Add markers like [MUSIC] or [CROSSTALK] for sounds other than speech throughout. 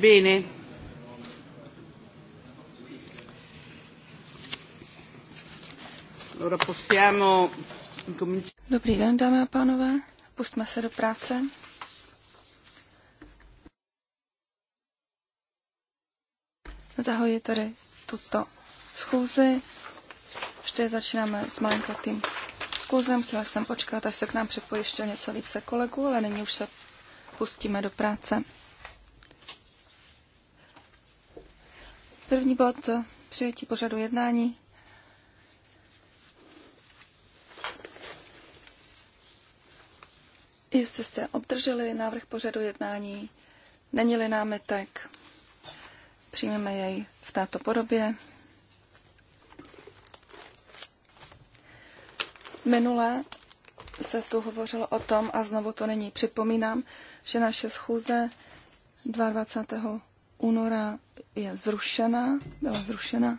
Bene. Allora possiamo Dobrý den, dámy a pánové. Pustme se do práce. Zahoji tady tuto schůzi. Ještě začínáme s malinkatým schůzem. Chtěla jsem počkat, až se k nám připojí ještě něco více kolegů, ale nyní už se pustíme do práce. První bod přijetí pořadu jednání. Jestli jste obdrželi návrh pořadu jednání, není-li námitek, přijmeme jej v této podobě. Minule se tu hovořilo o tom, a znovu to nyní připomínám, že naše schůze 22 února je zrušena, byla zrušena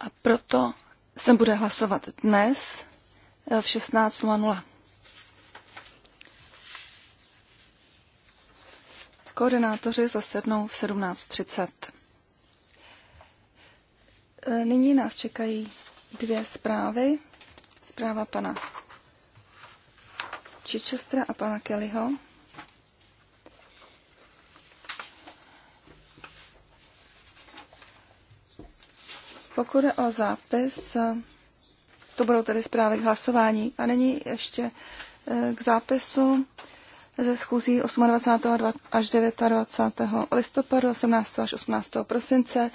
a proto se bude hlasovat dnes eh, v 16.00. Koordinátoři zasednou v 17.30. Eh, nyní nás čekají dvě zprávy. Zpráva pana Čičestra a pana Kellyho. Pokud je o zápis, to budou tedy zprávy k hlasování. A nyní ještě eh, k zápisu ze schůzí 28. až 29. listopadu, 18. až 18. prosince.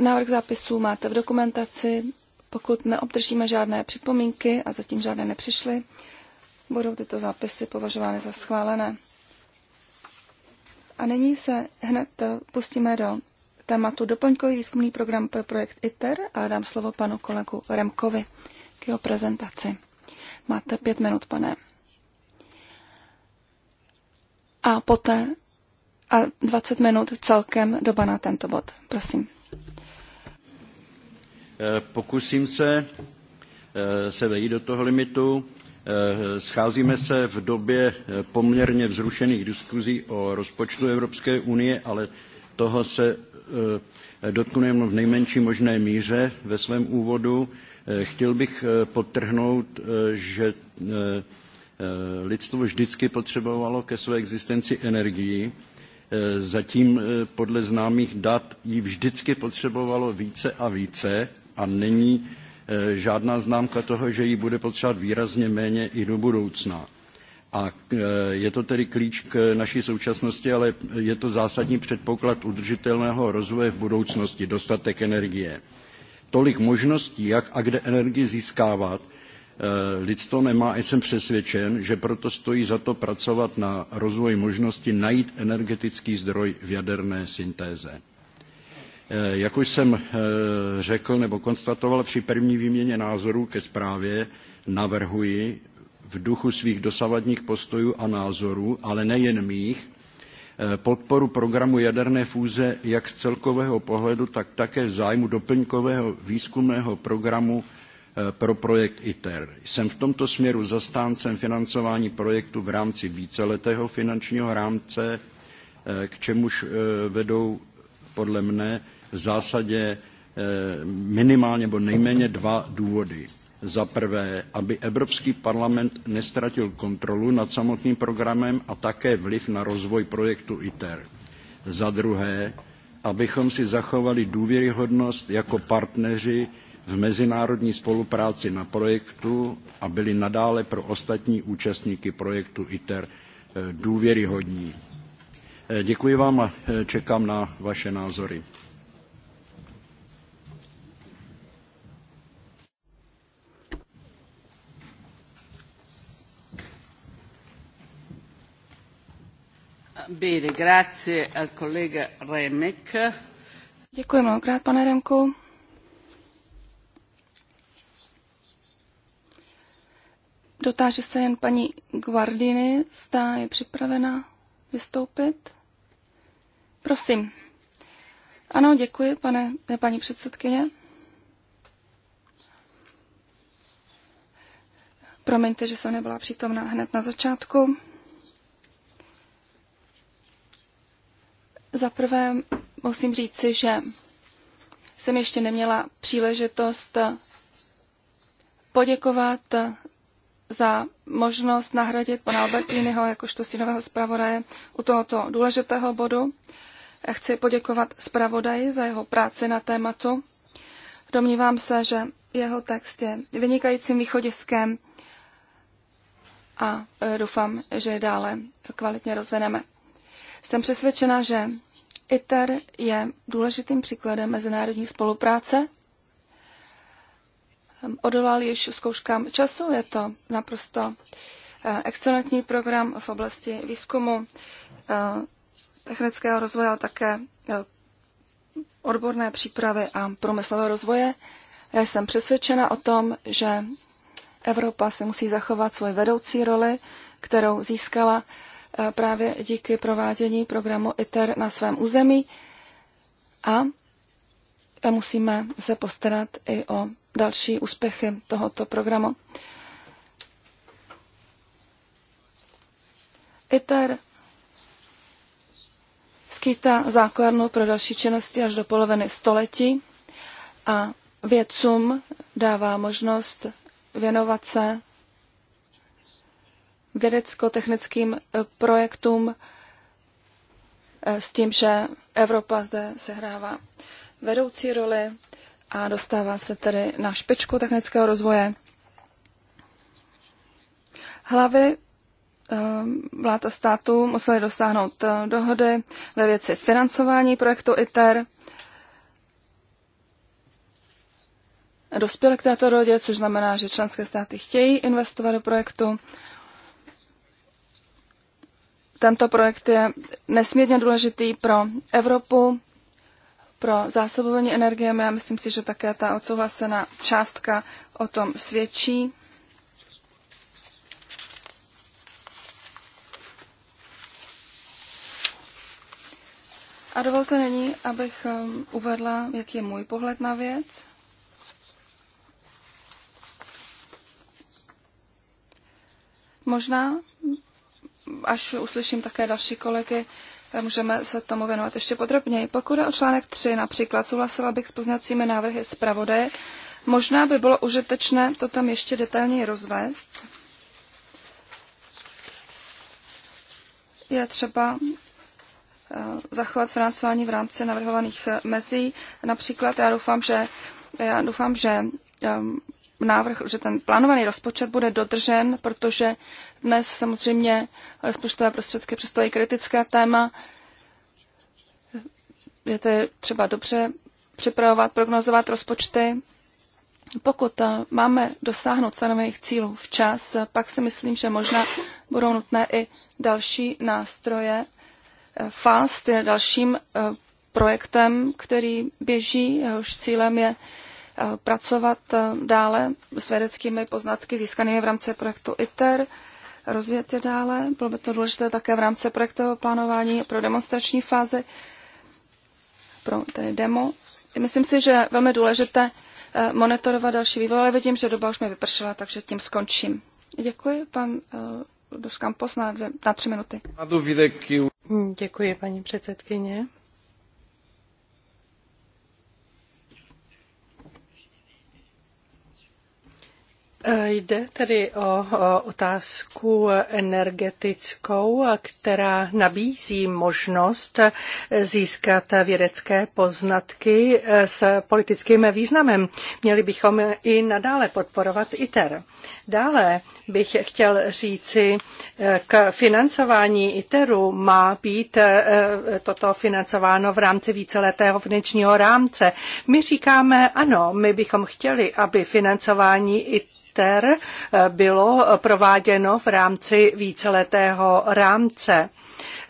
Návrh zápisů máte v dokumentaci. Pokud neobdržíme žádné připomínky a zatím žádné nepřišly, budou tyto zápisy považovány za schválené. A nyní se hned pustíme do tématu doplňkový výzkumný program pro projekt ITER a dám slovo panu kolegu Remkovi k jeho prezentaci. Máte pět minut, pane. A poté a 20 minut celkem doba na tento bod. Prosím. Eh, pokusím se eh, se vejít do toho limitu. Eh, scházíme se v době poměrně vzrušených diskuzí o rozpočtu Evropské unie, ale toho se Eh, dotknu jenom v nejmenší možné míře ve svém úvodu. Eh, chtěl bych eh, podtrhnout, že lidstvo vždycky potřebovalo ke své existenci energii, zatím podle známých dat ji vždycky potřebovalo více a více a není žádná známka toho, že ji bude potřebovat výrazně méně i do budoucna. A e, je to tedy klíč k naší současnosti, ale je to zásadní předpoklad udržitelného rozvoje v budoucnosti, dostatek energie. Tolik možností, jak a kde energii získávat, e, lidstvo nemá a jsem přesvědčen, že proto stojí za to pracovat na rozvoji možnosti najít energetický zdroj v jaderné syntéze. E, jak už jsem řekl nebo konstatoval při první výměně názorů ke zprávě, navrhuji v duchu svých dosavadních postojů a názorů, ale nejen mých, eh, podporu programu jaderné fúze jak z celkového pohledu, tak také v zájmu doplňkového výzkumného programu eh, pro projekt ITER. Jsem v tomto směru zastáncem financování projektu v rámci víceletého finančního rámce, eh, k čemuž vedou podle mne v zásadě minimálně nebo nejméně dva důvody. Za prvé, aby Evropský parlament nestratil kontrolu nad samotným programem a také vliv na rozvoj projektu ITER. Za druhé, abychom si zachovali důvěryhodnost jako partneři v mezinárodní spolupráci na projektu a byli nadále pro ostatní účastníky projektu ITER eh, důvěryhodní. Eh, děkuji vám a eh, čekám na vaše názory. Bene, grazie al collega Remek. Děkuji mnohokrát, pane Remku. Dotáže se jen paní Guardiny, zda je připravena vystoupit. Prosím. Ano, děkuji, pane, paní předsedkyně. Promiňte, že jsem nebyla přítomná hned na začátku. Zaprvé musím říci, že jsem ještě neměla příležitost poděkovat za možnost nahradit pana Albertiniho jakožto synového zpravodaje u tohoto důležitého bodu. Chci poděkovat zpravodaji za jeho práci na tématu. Domnívám se, že jeho text je vynikajícím východiskem a e, doufám, že je dále kvalitně rozvineme. Jsem přesvědčena, že ITER je důležitým příkladem mezinárodní spolupráce. Odolal již zkouškám času, je to naprosto eh, excelentní program v oblasti výzkumu, eh, technického rozvoje, ale také eh, odborné přípravy a průmyslového rozvoje. Já jsem přesvědčena o tom, že Evropa si musí zachovat svoji vedoucí roli, kterou získala Eh, právě díky provádění programu ITER na svém území a eh, musíme se postarat i o další úspěchy tohoto programu. ITER skýtá základnu pro další činnosti až do poloviny století a vědcům dává možnost věnovat se vědecko-technickým eh, projektům eh, s tím, že Evropa zde sehrává vedoucí roli a dostává se tedy na špičku technického rozvoje. Hlavy eh, vláda států museli dosáhnout dohody ve věci financování projektu ITER. Dospěli k této rodě, což znamená, že členské státy chtějí investovat do projektu tento projekt je nesmírně důležitý pro Evropu, pro zásobování energiemi a myslím si, že také ta odsouhlasená částka o tom svědčí. A dovolte nyní, abych um, uvedla, jaký je můj pohled na věc. Možná až uslyším také další kolegy, můžeme se tomu věnovat ještě podrobněji. Pokud je o článek 3 například, souhlasila bych s pozněcími návrhy zpravodaje, možná by bylo užitečné to tam ještě detailněji rozvést. Je třeba eh, zachovat financování v rámci navrhovaných eh, mezí. Například já doufám, že já doufám, že ehm, návrh, že ten plánovaný rozpočet bude dodržen, protože dnes samozřejmě rozpočtové prostředky představují kritické téma. Je to třeba dobře připravovat, prognozovat rozpočty. Pokud eh, máme dosáhnout stanovených cílů včas, eh, pak si myslím, že možná budou nutné i další nástroje. Eh, FAST je dalším projektem, který běží, jehož cílem je Eh, pracovat eh, dále s vědeckými poznatky získanými v rámci projektu ITER, rozvíjet je dále. Bylo by to důležité také v rámci projektového plánování pro demonstrační fázi, pro tedy demo. Myslím si, že je velmi důležité eh, monitorovat další vývoj, ale vidím, že doba už mi vypršela, takže tím skončím. Děkuji, pan Duskampos, na, dvě, na tři minuty. Děkuji, paní předsedkyně. E, jde tedy o otázku energetickou, která nabízí možnost získat vědecké poznatky s politickým významem. Měli bychom i nadále podporovat ITER. Dále bych chtěl říci, e, k financování ITERu má být e, toto financováno v rámci víceletého finančního rámce. My říkáme ano, my bychom chtěli, aby financování ITERu ITER eh, bylo prováděno v rámci víceletého rámce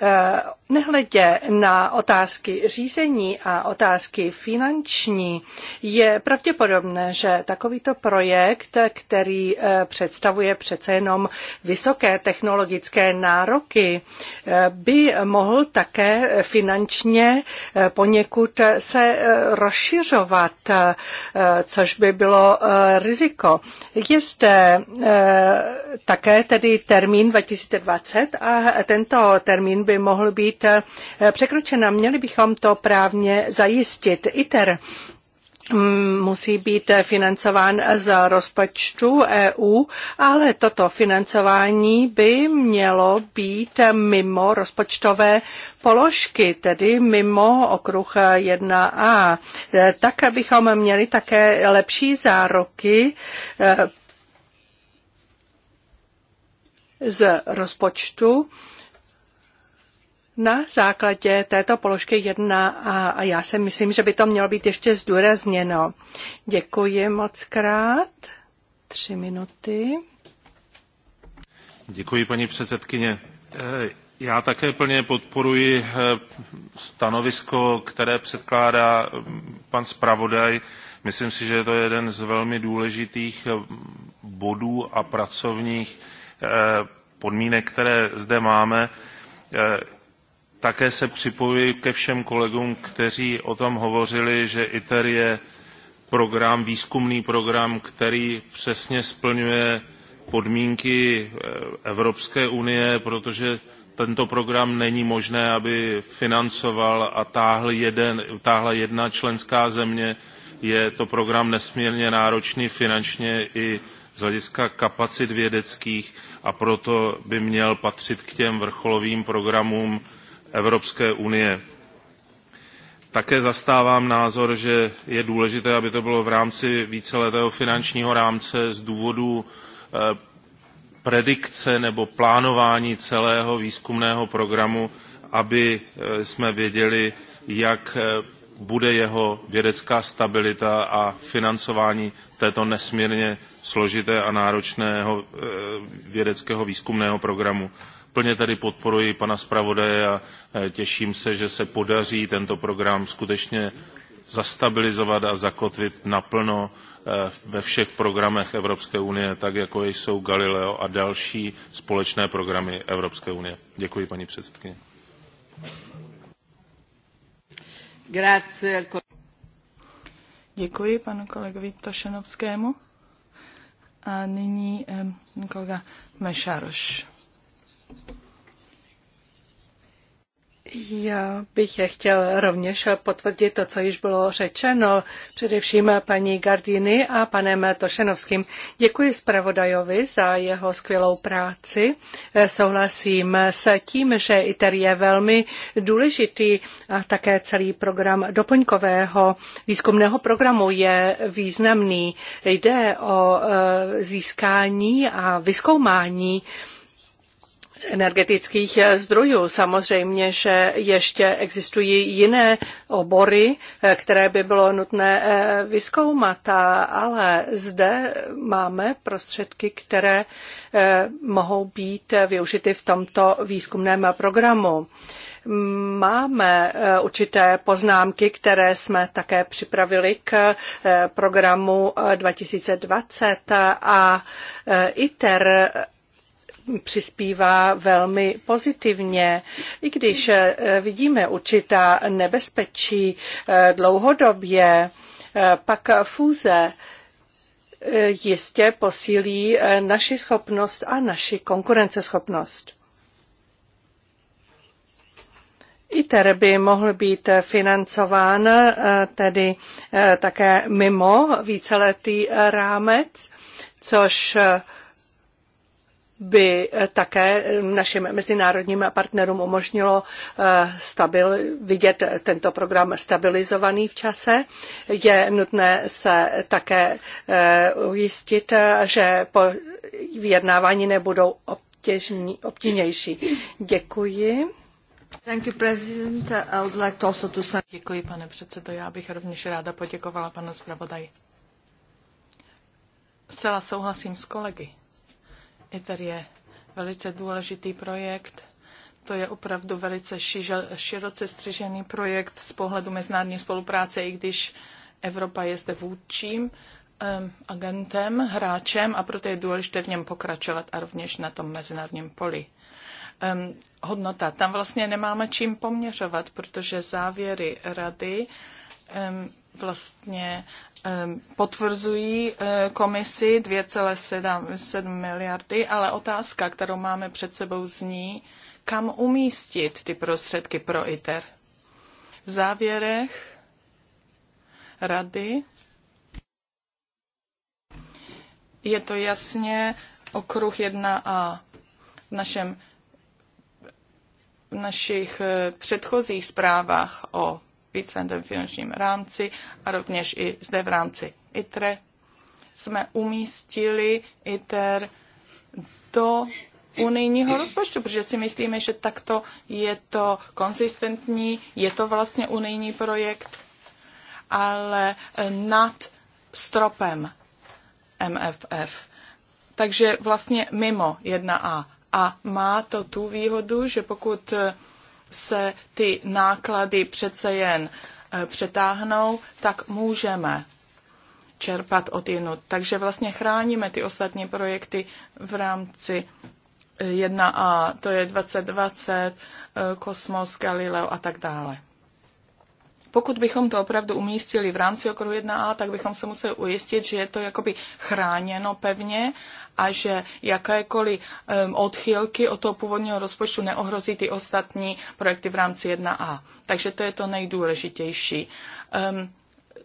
eh, Nehledě na otázky řízení a otázky finanční, je pravděpodobné, že takovýto projekt, který eh, představuje přece jenom vysoké technologické nároky, eh, by mohl také finančně eh, poněkud se rozšiřovat, což by bylo riziko. Je zde také tedy termín 2020 a tento termín by mohl být být eh, překročena. Měli bychom to právně zajistit. ITER mm, musí být financován z rozpočtu EU, ale toto financování by mělo být mimo rozpočtové položky, tedy mimo okruh 1a. Eh, tak, abychom měli také lepší zároky eh, z rozpočtu na základě této položky 1 a, a já si myslím, že by to mělo být ještě zdůrazněno. Děkuji moc krát. Tři minuty. Děkuji, paní předsedkyně. Eh, já také plně podporuji eh, stanovisko, které předkládá mm, pan zpravodaj. Myslím si, že to je jeden z velmi důležitých eh, bodů a pracovních podmínek, které zde máme také se připojuji ke všem kolegům, kteří o tom hovořili, že ITER je program, výzkumný program, který přesně splňuje podmínky eh, Evropské unie, protože tento program není možné, aby financoval a táhl jeden, táhla jedna členská země. Je to program nesmírně náročný finančně i z hlediska kapacit vědeckých a proto by měl patřit k těm vrcholovým programům Evropské unie. Také zastávám názor, že je důležité, aby to bylo v rámci víceletého finančního rámce z důvodu eh, predikce nebo plánování celého výzkumného programu, aby eh, jsme věděli, jak eh, bude jeho vědecká stabilita a financování této nesmírně složité a náročného vědeckého výzkumného programu Plně tedy podporuji pana zpravodaje a e, těším se, že se podaří tento program skutečně zastabilizovat a zakotvit naplno e, ve všech programech Evropské unie, tak jako jsou Galileo a další společné programy Evropské unie. Děkuji, paní předsedkyně. Děkuji panu kolegovi Tošenovskému. A nyní kolega Mešároš. Já bych je chtěl rovněž potvrdit to, co již bylo řečeno, především paní Gardiny a panem Tošenovským. Děkuji zpravodajovi za jeho skvělou práci. Souhlasím s tím, že ITER je velmi důležitý a také celý program doplňkového výzkumného programu je významný. Jde o e, získání a vyskoumání energetických eh, zdrojů. Samozřejmě, že ještě existují jiné obory, eh, které by bylo nutné eh, vyskoumat, ale zde máme prostředky, které mohou být využity v tomto výzkumném programu máme určité poznámky, které jsme také připravili k programu 2020 a ITER přispívá velmi pozitivně. I když eh, vidíme určitá nebezpečí eh, dlouhodobě, eh, pak fúze jistě posílí naši schopnost a naši konkurenceschopnost. ITER by mohl být financován tedy také mimo víceletý rámec, což by eh, také eh, našim mezinárodním partnerům umožnilo eh, stabil, vidět tento program stabilizovaný v čase. Je nutné se také ujistit, že po vyjednávání nebudou obtěžní, obtížnější. Děkuji. You, like to... Děkuji, pane předsedo. Já bych rovněž ráda poděkovala panu zpravodaji. Zcela souhlasím s kolegy ITER je velice důležitý projekt. To je opravdu velice široce střežený projekt z pohledu mezinárodní spolupráce, i když Evropa je zde vůdčím ehm, agentem, hráčem a proto je důležité v něm pokračovat a rovněž na tom mezinárodním poli. Um, hodnota. Tam vlastně nemáme čím poměřovat, protože závěry rady um, vlastně Ehm, potvrzují eh, komisi 2,7 miliardy, ale otázka, kterou máme před sebou, zní, kam umístit ty prostředky pro ITER. V závěrech rady je to jasně okruh 1a. V, našem, v našich eh, předchozích zprávách o víceletém finančním rámci a rovněž i zde v rámci ITRE jsme umístili ITER do unijního rozpočtu, protože si myslíme, že takto je to konzistentní, je to vlastně unijní projekt, ale nad stropem MFF. Takže vlastně mimo 1A. A má to tu výhodu, že pokud se ty náklady přece jen e, přetáhnou, tak můžeme čerpat od jinut. Takže vlastně chráníme ty ostatní projekty v rámci 1A, e, to je 2020, e, Kosmos, Galileo a tak dále. Pokud bychom to opravdu umístili v rámci okruhu 1A, tak bychom se museli ujistit, že je to jakoby chráněno pevně a že jakékoliv um, odchylky od toho původního rozpočtu neohrozí ty ostatní projekty v rámci 1A. Takže to je to nejdůležitější. Um,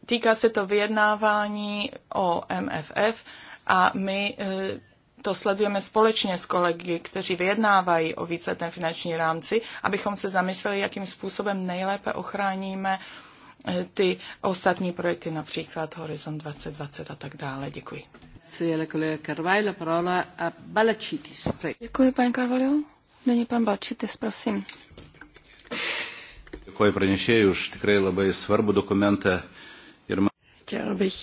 týká se to vyjednávání o MFF a my uh, to sledujeme společně s kolegy, kteří vyjednávají o víceletém finanční rámci, abychom se zamysleli, jakým způsobem nejlépe ochráníme eh, ty ostatní projekty, například Horizon 2020 a tak dále. Děkuji. Děkuji, paní Carvalho. Není pan Balčitis, prosím. Děkuji pranešėjui už tikrai labai svarbų dokumentą. Chtěl bych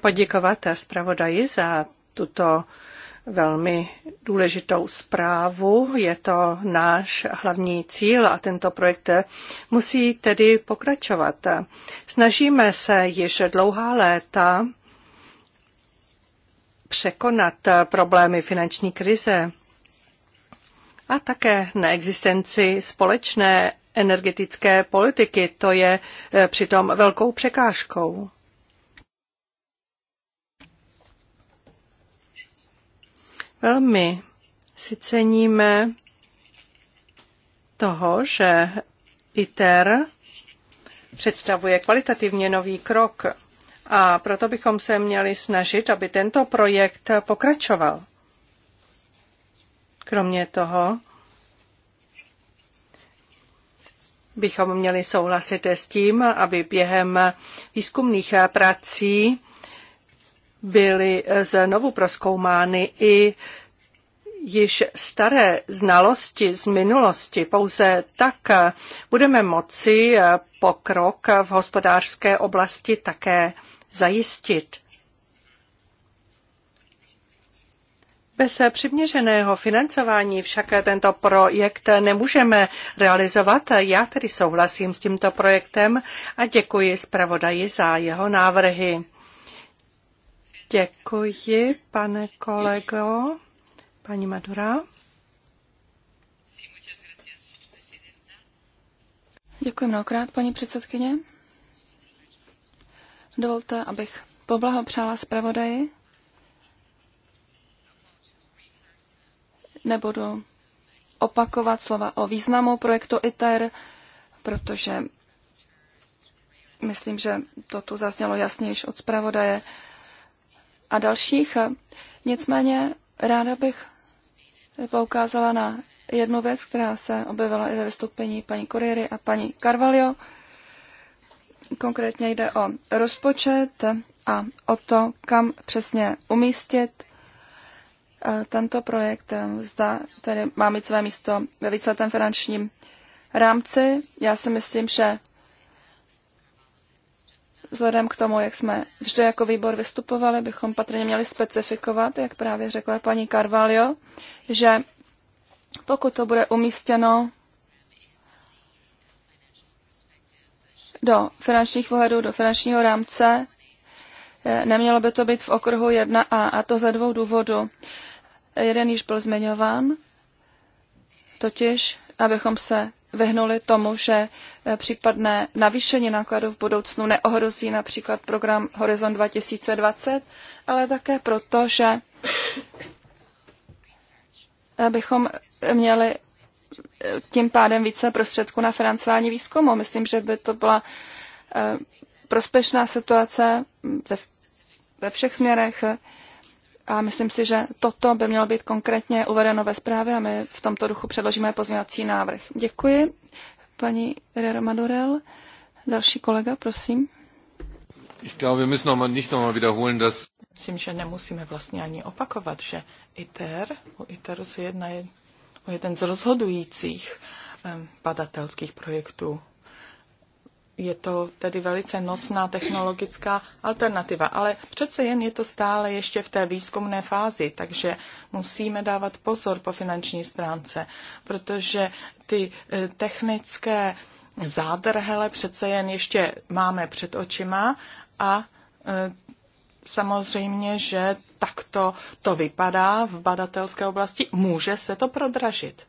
poděkovat zpravodaji za tuto velmi důležitou zprávu. Je to náš hlavní cíl a tento projekt musí tedy pokračovat. Snažíme se již dlouhá léta překonat problémy finanční krize a také neexistenci společné energetické politiky. To je přitom velkou překážkou. Velmi si ceníme toho, že ITER představuje kvalitativně nový krok a proto bychom se měli snažit, aby tento projekt pokračoval. Kromě toho bychom měli souhlasit s tím, aby během výzkumných prací byly eh, znovu proskoumány i již staré znalosti z minulosti. Pouze tak eh, budeme moci eh, pokrok v hospodářské oblasti také zajistit. Bez přiměřeného financování však tento projekt nemůžeme realizovat. Já tedy souhlasím s tímto projektem a děkuji zpravodaji za jeho návrhy. Děkuji, pane kolego. Paní Madura. Děkuji mnohokrát, paní předsedkyně. Dovolte, abych poblahopřála zpravodaji. Nebudu opakovat slova o významu projektu ITER, protože myslím, že to tu zaznělo jasně již od zpravodaje a dalších. Nicméně ráda bych poukázala na jednu věc, která se objevila i ve vystoupení paní Koriery a paní Carvalho. Konkrétně jde o rozpočet a o to, kam přesně umístit eh, tento projekt. Zda tedy má mít své místo ve víceletém finančním rámci. Já si myslím, že Vzhledem k tomu, jak jsme vždy jako výbor vystupovali, bychom patrně měli specifikovat, jak právě řekla paní Carvalho, že pokud to bude umístěno do finančních vhledů, do finančního rámce, eh, nemělo by to být v okruhu 1a, a to ze dvou důvodů. Jeden již byl zmiňován, totiž abychom se vyhnuli tomu, že eh, případné navýšení nákladů v budoucnu neohrozí například program Horizon 2020, ale také proto, že eh, bychom měli eh, tím pádem více prostředků na financování výzkumu. Myslím, že by to byla prospešná situace hm, ve všech směrech. A myslím si, že toto by mělo být konkrétně uvedeno ve zprávě a my v tomto duchu předložíme pozměňovací návrh. Děkuji, paní Rero Madurel. Další kolega, prosím. Myslím, že nemusíme vlastně ani opakovat, že ITER, u ITERu se jedná o jeden z rozhodujících badatelských projektů je to tedy velice nosná technologická alternativa, ale přece jen je to stále ještě v té výzkumné fázi, takže musíme dávat pozor po finanční stránce, protože ty eh, technické zádrhele přece jen ještě máme před očima a eh, samozřejmě, že takto to vypadá v badatelské oblasti, může se to prodražit.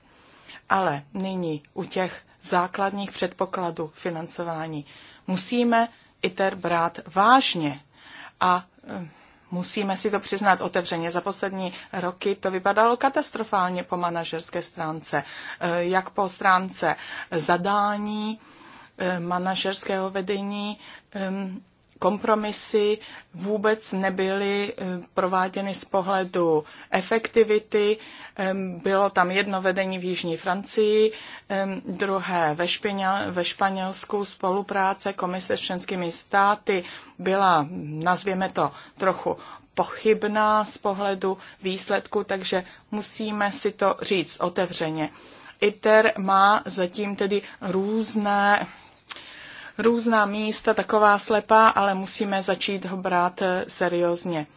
Ale nyní u těch základních předpokladů financování. Musíme ITER brát vážně a eh, musíme si to přiznat otevřeně. Za poslední roky to vypadalo katastrofálně po manažerské stránce, eh, jak po stránce zadání, eh, manažerského vedení, kompromisy vůbec nebyly eh, prováděny z pohledu efektivity. Bylo tam jedno vedení v Jižní Francii, druhé ve, Špěňa, ve Španělsku. Spolupráce komise s členskými státy byla, nazvěme to, trochu pochybná z pohledu výsledku, takže musíme si to říct otevřeně. ITER má zatím tedy různé různá místa taková slepá, ale musíme začít ho brát eh, seriózně.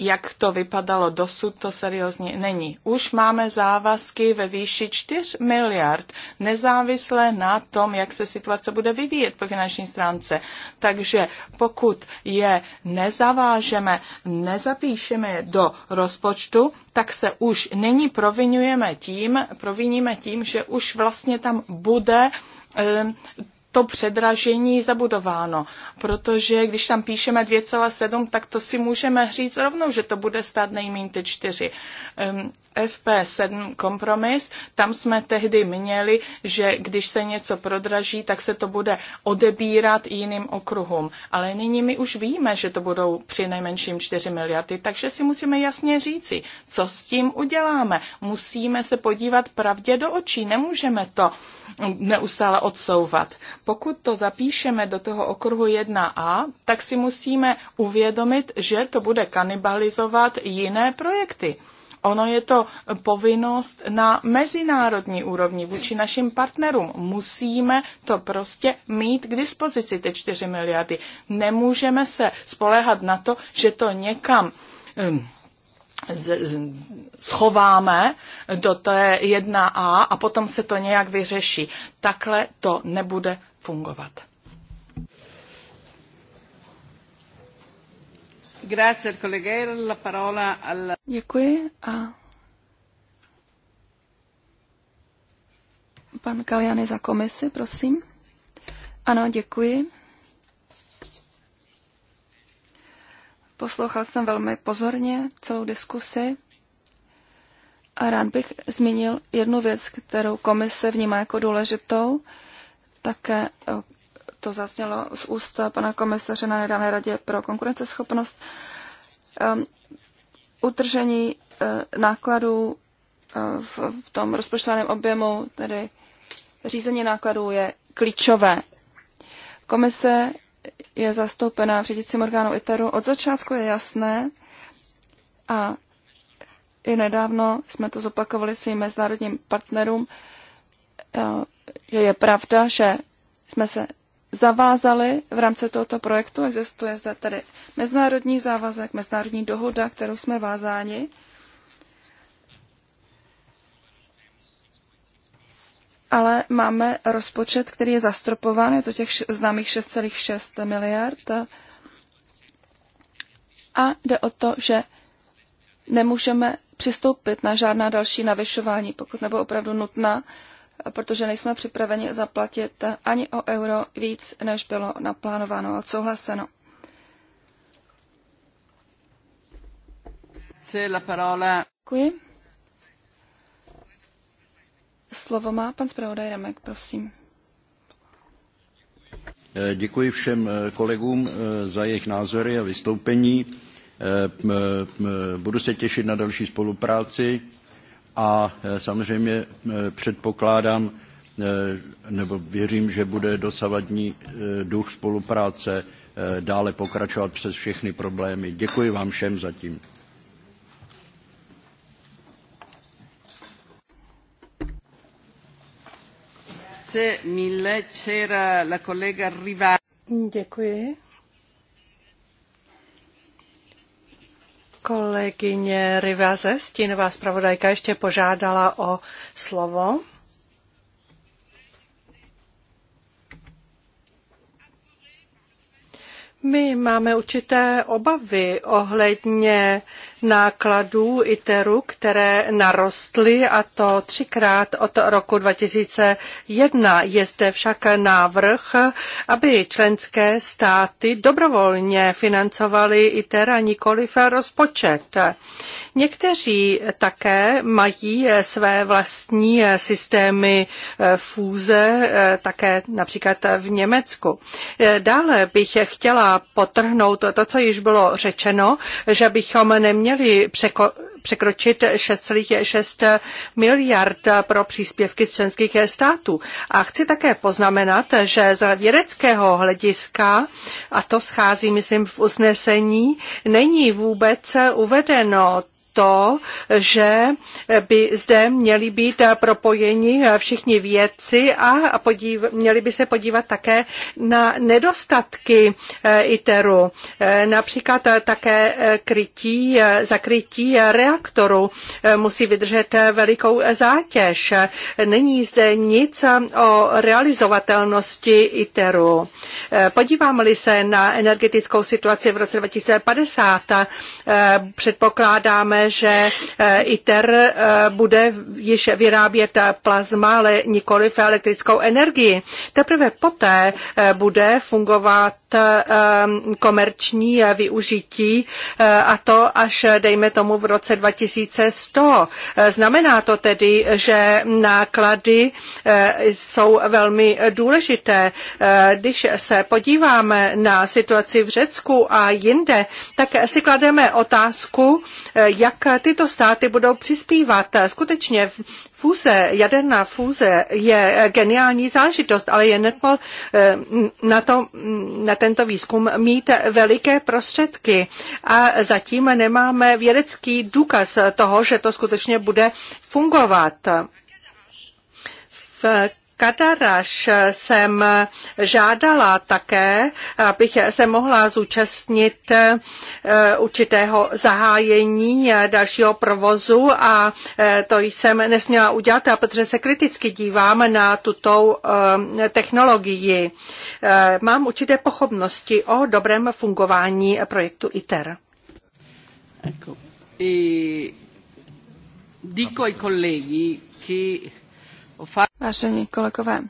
Jak to vypadalo dosud, to seriózně není. Už máme závazky ve výši 4 miliard, nezávisle na tom, jak se situace bude vyvíjet po finanční stránce. Takže pokud je nezavážeme, nezapíšeme je do rozpočtu, tak se už nyní provinujeme tím, proviníme tím, že už vlastně tam bude eh, to předražení zabudováno, protože když tam píšeme 2,7, tak to si můžeme říct rovnou, že to bude stát nejméně ty čtyři. FP7 kompromis, tam jsme tehdy měli, že když se něco prodraží, tak se to bude odebírat jiným okruhům. Ale nyní my už víme, že to budou při nejmenším 4 miliardy, takže si musíme jasně říci, co s tím uděláme. Musíme se podívat pravdě do očí, nemůžeme to neustále odsouvat. Pokud to zapíšeme do toho okruhu 1a, tak si musíme uvědomit, že to bude kanibalizovat jiné projekty. Ono je to povinnost na mezinárodní úrovni vůči našim partnerům. Musíme to prostě mít k dispozici, ty 4 miliardy. Nemůžeme se spolehat na to, že to někam hm, schováme do té 1A a potom se to nějak vyřeší. Takhle to nebude fungovat. Děkuji a pan Kaliany za komisi, prosím. Ano, děkuji. Poslouchal jsem velmi pozorně celou diskusi a rád bych zmínil jednu věc, kterou komise vnímá jako důležitou, také eh, to zaznělo z úst pana komisaře na nedávné radě pro konkurenceschopnost. Ehm, utržení eh, nákladů eh, v tom rozpočtovaném objemu, tedy řízení nákladů, je klíčové. Komise je zastoupena v řídicím orgánu ITERu. Od začátku je jasné a i nedávno jsme to zopakovali svým mezinárodním partnerům, že eh, je pravda, že jsme se zavázali v rámci tohoto projektu. Existuje zde tedy mezinárodní závazek, mezinárodní dohoda, kterou jsme vázáni. Ale máme rozpočet, který je zastropován, je to těch známých 6,6 miliard. A jde o to, že nemůžeme přistoupit na žádná další navyšování, pokud nebo opravdu nutná protože nejsme připraveni zaplatit ani o euro víc, než bylo naplánováno a odsouhlaseno. Děkuji. Slovo má pan zpravodaj Remek, prosím. Eh, děkuji všem eh, kolegům eh, za jejich názory a vystoupení. Budu se těšit na další spolupráci a e, samozřejmě e, předpokládám, e, nebo věřím, že bude dosavadní duch spolupráce dále pokračovat přes všechny problémy. Děkuji vám všem zatím. Děkuji. Kolegyně Rivaze, stínová zpravodajka, ještě požádala o slovo. My máme určité obavy ohledně nákladů ITERu, které narostly a to třikrát od roku 2001. Je zde však návrh, aby členské státy dobrovolně financovaly ITER a nikoliv rozpočet. Někteří také mají své vlastní systémy fúze, také například v Německu. Dále bych chtěla potrhnout to, co již bylo řečeno, že bychom neměli měli překo, překročit 6,6 miliard pro příspěvky z členských států. A chci také poznamenat, že z vědeckého hlediska, a to schází, myslím, v usnesení, není vůbec uvedeno to, že by zde měli být propojeni všichni vědci a podív, měli by se podívat také na nedostatky eh, ITERu, eh, například také eh, krytí, zakrytí reaktoru musí vydržet velikou zátěž. Není zde nic o realizovatelnosti ITERu. Podíváme-li se na energetickou situaci v roce 2050, předpokládáme, že e, ITER e, bude již vyrábět plazma, ale nikoli v elektrickou energii. Teprve poté e, bude fungovat komerční využití a to až, dejme tomu, v roce 2100. Znamená to tedy, že náklady jsou velmi důležité. Když se podíváme na situaci v Řecku a jinde, tak si klademe otázku, jak jak tyto státy budou přispívat. Skutečně fúze, jaderná fúze je geniální zážitost, ale je netmo eh, na, to, na tento výzkum mít veliké prostředky. A zatím nemáme vědecký důkaz toho, že to skutečně bude fungovat. V Kadaraš jsem žádala také, abych se mohla zúčastnit eh, určitého zahájení dalšího provozu a eh, to jsem nesměla udělat, protože se kriticky dívám na tuto eh, technologii. Mám určité pochopnosti o dobrém fungování projektu ITER. Ecco. E... Dico ai colleghi Vážení kolegové,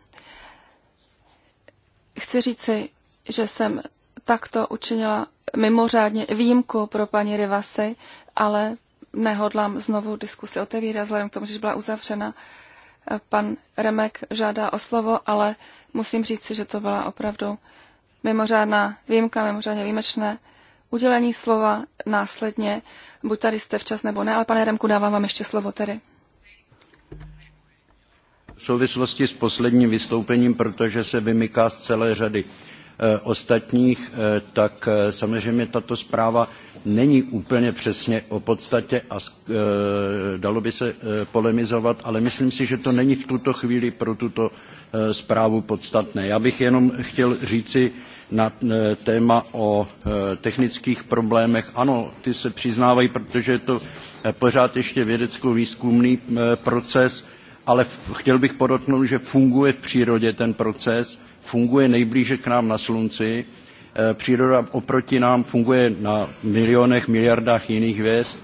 chci říci, že jsem takto učinila mimořádně výjimku pro paní Rivasy, ale nehodlám znovu diskusi otevírat, vzhledem k tomu, že byla uzavřena. Pan Remek žádá o slovo, ale musím říci, že to byla opravdu mimořádná výjimka, mimořádně výjimečné udělení slova následně, buď tady jste včas nebo ne, ale pane Remku, dávám vám ještě slovo tedy v souvislosti s posledním vystoupením, protože se vymyká z celé řady eh, ostatních, eh, tak eh, samozřejmě tato zpráva není úplně přesně o podstatě a dalo by se polemizovat, ale myslím si, že to není v tuto chvíli pro tuto zprávu podstatné. Já bych jenom chtěl říci na téma o technických problémech. Ano, ty se přiznávají, protože je to pořád ještě vědecko-výzkumný proces, ale chtěl bych podotknout, že funguje v přírodě ten proces, funguje nejblíže k nám na Slunci, e, příroda oproti nám funguje na milionech, miliardách jiných hvězd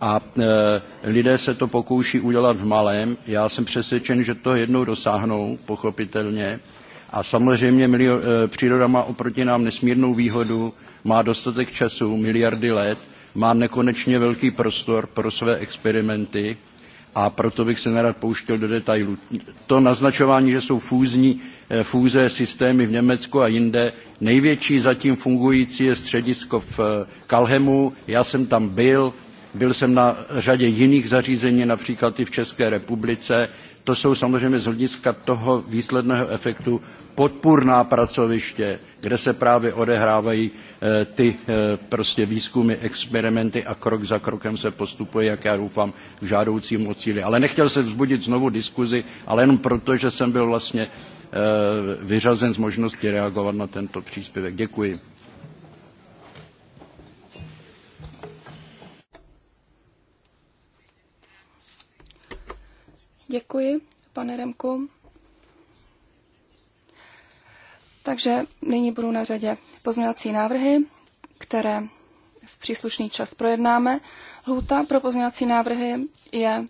a e, lidé se to pokouší udělat v malém. Já jsem přesvědčen, že to jednou dosáhnou, pochopitelně. A samozřejmě e, příroda má oproti nám nesmírnou výhodu, má dostatek času, miliardy let, má nekonečně velký prostor pro své experimenty a proto bych se nerad pouštěl do detailů. To naznačování, že jsou fůzní, eh, fúze systémy v Německu a jinde, největší zatím fungující je středisko v eh, Kalhemu, já jsem tam byl, byl jsem na řadě jiných zařízení, například i v České republice. To jsou samozřejmě z hlediska toho výsledného efektu podpůrná pracoviště, kde se právě odehrávají eh, ty eh, prostě výzkumy, experimenty a krok za krokem se postupuje, jak já doufám, k žádoucímu cíli. Ale nechtěl jsem vzbudit znovu diskuzi, ale jenom proto, že jsem byl vlastně eh, vyřazen z možnosti reagovat na tento příspěvek. Děkuji. Děkuji, pane Remku. Takže nyní budou na řadě pozměňovací návrhy, které v příslušný čas projednáme. Lhůta pro pozměňovací návrhy je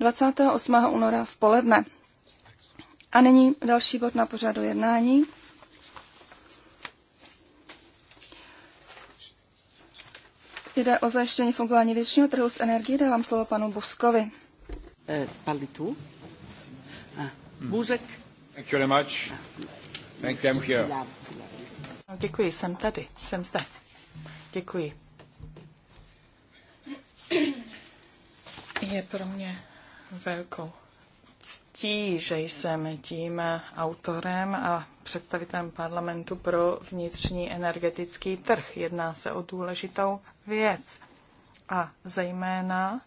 28. února v poledne. A nyní další bod na pořadu jednání. Jde o zajištění fungování vnitřního trhu s energií. Dávám slovo panu Buskovi. Eh, Palitu? Hmm. Ah. Hmm. Buzek? Thank you very much. Ah, Thank you, I'm here. No, děkuji, jsem tady, jsem zde. Děkuji. Je pro mě velkou ctí, že jsem tím autorem a představitelem parlamentu pro vnitřní energetický trh. Jedná se o důležitou věc. A zejména,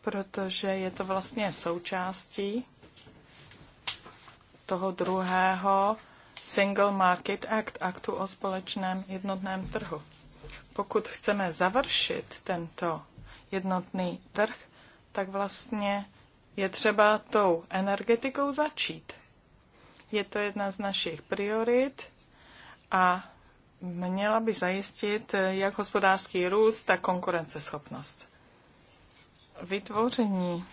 protože je to vlastně součástí toho druhého Single Market Act, aktu o společném jednotném trhu. Pokud chceme završit tento jednotný trh, tak vlastně je třeba tou energetikou začít. Je to jedna z našich priorit a měla by zajistit jak hospodářský růst, tak konkurenceschopnost. Vytvoření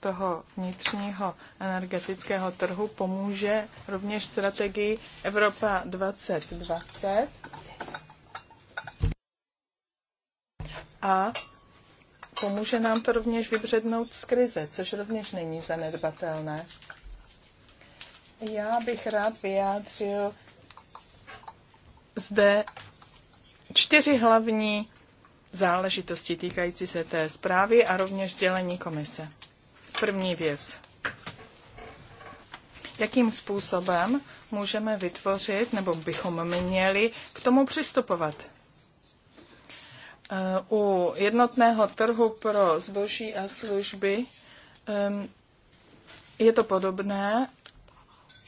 toho vnitřního energetického trhu pomůže rovněž strategii Evropa 2020 a pomůže nám to rovněž vybřednout z krize, což rovněž není zanedbatelné. Já bych rád vyjádřil zde čtyři hlavní záležitosti týkající se té zprávy a rovněž dělení komise. První věc. Jakým způsobem můžeme vytvořit, nebo bychom měli k tomu přistupovat? Eh, u jednotného trhu pro zboží a služby ehm, je to podobné.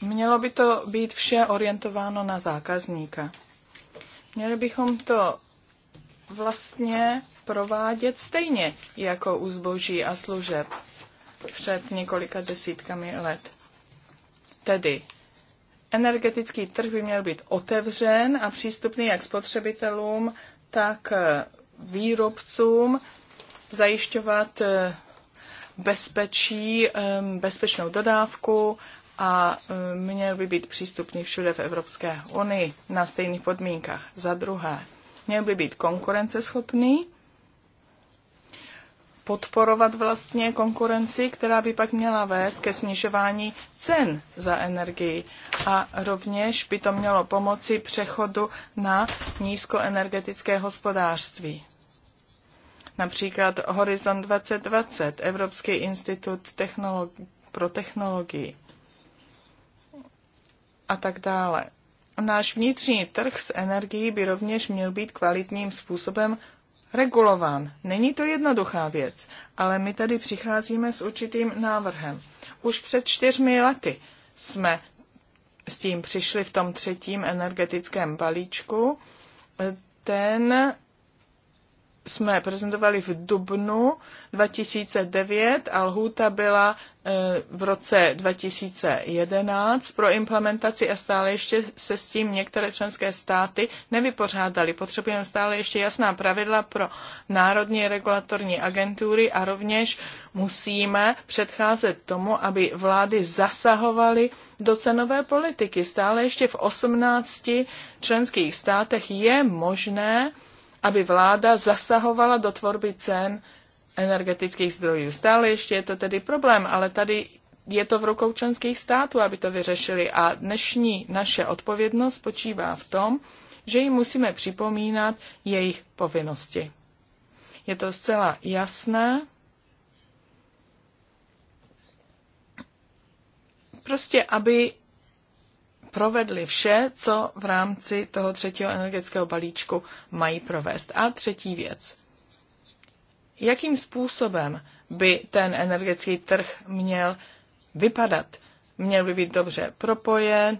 Mělo by to být vše orientováno na zákazníka. Měli bychom to vlastně provádět stejně jako u zboží a služeb před několika desítkami let. Tedy energetický trh by měl být otevřen a přístupný jak spotřebitelům, tak eh, výrobcům, zajišťovat eh, bezpečí, ehm, bezpečnou dodávku a ehm, měl by být přístupný všude v Evropské unii na stejných podmínkách. Za druhé, měl by být konkurenceschopný podporovat vlastně konkurenci, která by pak měla vést ke snižování cen za energii. A rovněž by to mělo pomoci přechodu na nízkoenergetické hospodářství. Například Horizon 2020, Evropský institut technologi- pro technologii a tak dále. Náš vnitřní trh s energií by rovněž měl být kvalitním způsobem regulován. Není to jednoduchá věc, ale my tady přicházíme s určitým návrhem. Už před čtyřmi lety jsme s tím přišli v tom třetím energetickém balíčku. Ten jsme prezentovali v dubnu 2009 a lhůta byla e, v roce 2011 pro implementaci a stále ještě se s tím některé členské státy nevypořádali. Potřebujeme stále ještě jasná pravidla pro národní regulatorní agentury a rovněž musíme předcházet tomu, aby vlády zasahovaly do cenové politiky. Stále ještě v 18 členských státech je možné aby vláda zasahovala do tvorby cen energetických zdrojů. Stále ještě je to tedy problém, ale tady je to v rukou členských států, aby to vyřešili. A dnešní naše odpovědnost spočívá v tom, že jim musíme připomínat jejich povinnosti. Je to zcela jasné. Prostě, aby provedli vše, co v rámci toho třetího energetického balíčku mají provést. A třetí věc. Jakým způsobem by ten energetický trh měl vypadat? Měl by být dobře propojen,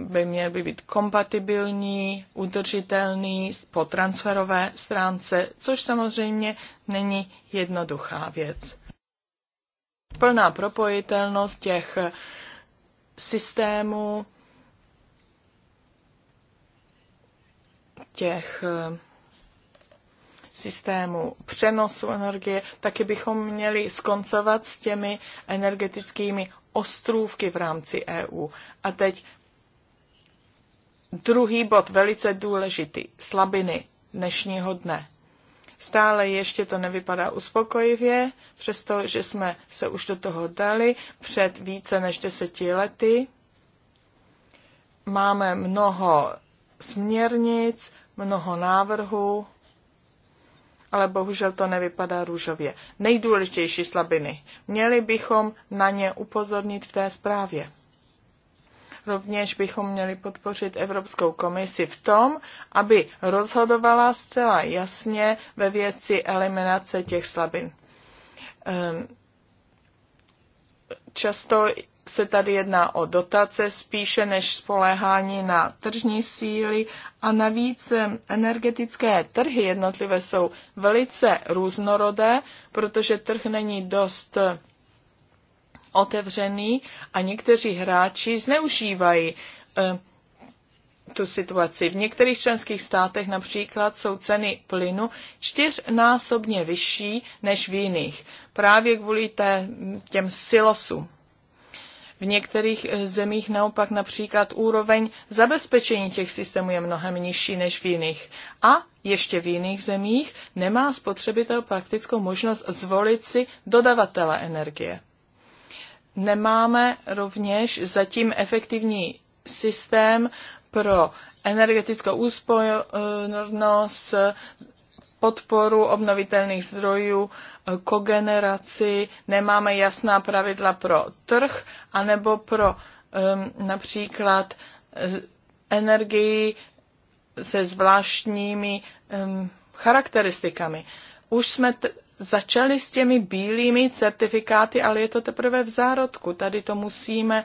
by měl by být kompatibilní, udržitelný po transferové stránce, což samozřejmě není jednoduchá věc. Plná propojitelnost těch systémů těch eh, systému přenosu energie, taky bychom měli skoncovat s těmi energetickými ostrůvky v rámci EU. A teď druhý bod, velice důležitý, slabiny dnešního dne. Stále ještě to nevypadá uspokojivě, přestože jsme se už do toho dali před více než deseti lety. Máme mnoho směrnic, mnoho návrhů, ale bohužel to nevypadá růžově. Nejdůležitější slabiny. Měli bychom na ně upozornit v té zprávě. Rovněž bychom měli podpořit Evropskou komisi v tom, aby rozhodovala zcela jasně ve věci eliminace těch slabin. Ehm, často se tady jedná o dotace spíše než spoléhání na tržní síly a navíc eh, energetické trhy jednotlivé jsou velice různorodé, protože trh není dost eh, otevřený a někteří hráči zneužívají eh, tu situaci. V některých členských státech například jsou ceny plynu čtyřnásobně vyšší než v jiných. Právě kvůli té, těm silosům. V některých eh, zemích naopak například úroveň zabezpečení těch systémů je mnohem nižší než v jiných. A ještě v jiných zemích nemá spotřebitel praktickou možnost zvolit si dodavatele energie. Nemáme rovněž zatím efektivní systém pro energetickou úspornost, podporu obnovitelných zdrojů, kogeneraci, nemáme jasná pravidla pro trh, anebo pro um, například energii se zvláštními um, charakteristikami. Už jsme t- začali s těmi bílými certifikáty, ale je to teprve v zárodku. Tady to musíme